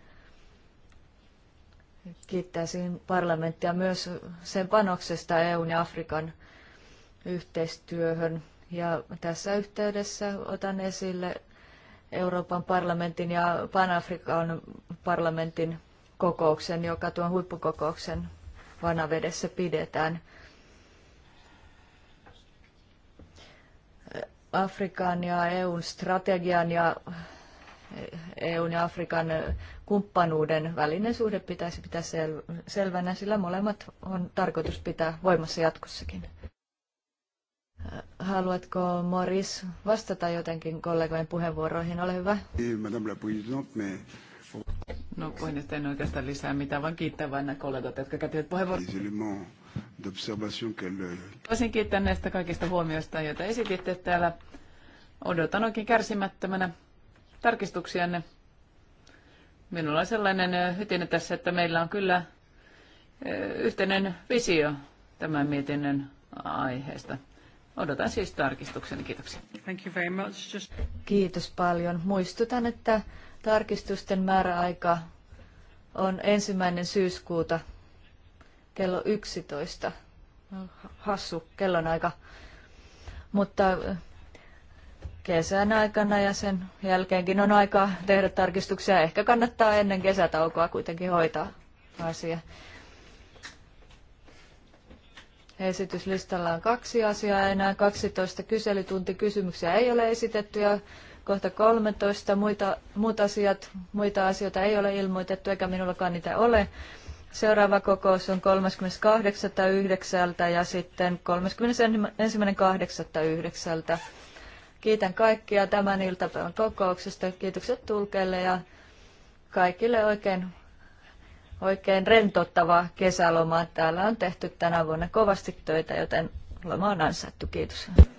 Kiittäisin parlamenttia myös sen panoksesta EUn ja Afrikan yhteistyöhön. Ja tässä yhteydessä otan esille Euroopan parlamentin ja Pan-Afrikan parlamentin kokouksen, joka tuon huippukokouksen vanavedessä pidetään – Afrikan ja EUn strategian ja eh, EUn ja Afrikan eh, kumppanuuden välinen suhde pitäisi pitää sel- selvänä, sillä molemmat on tarkoitus pitää voimassa jatkossakin. Eh, haluatko, Moris, vastata jotenkin kollegojen puheenvuoroihin? Ole hyvä. No, puheenjohtaja en oikeastaan lisää mitään, vaan kiittää vain kollegat, jotka käyttivät puheenvuoron d'observation Voisin euh, kiittää näistä kaikista huomioista, joita esititte täällä. Odotan oikein kärsimättömänä tarkistuksianne. Minulla on sellainen hytinä tässä, että meillä on kyllä yhteinen visio tämän mietinnön aiheesta. Odotan siis tarkistuksen. Kiitoksia. Thank you very much. Just... Kiitos paljon. Muistutan, että tarkistusten määräaika on ensimmäinen syyskuuta kello 11. Hassu aika. Mutta kesän aikana ja sen jälkeenkin on aika tehdä tarkistuksia. Ehkä kannattaa ennen kesätaukoa kuitenkin hoitaa asia. Esityslistalla on kaksi asiaa enää. 12 kyselytuntikysymyksiä ei ole esitetty ja kohta 13 muita, muut asiat, muita asioita ei ole ilmoitettu eikä minullakaan niitä ole. Seuraava kokous on 38.9. ja sitten 31.8.9. Kiitän kaikkia tämän iltapäivän kokouksesta. Kiitokset tulkeille ja kaikille oikein, oikein rentouttavaa kesälomaa. Täällä on tehty tänä vuonna kovasti töitä, joten loma on ansaittu. Kiitos.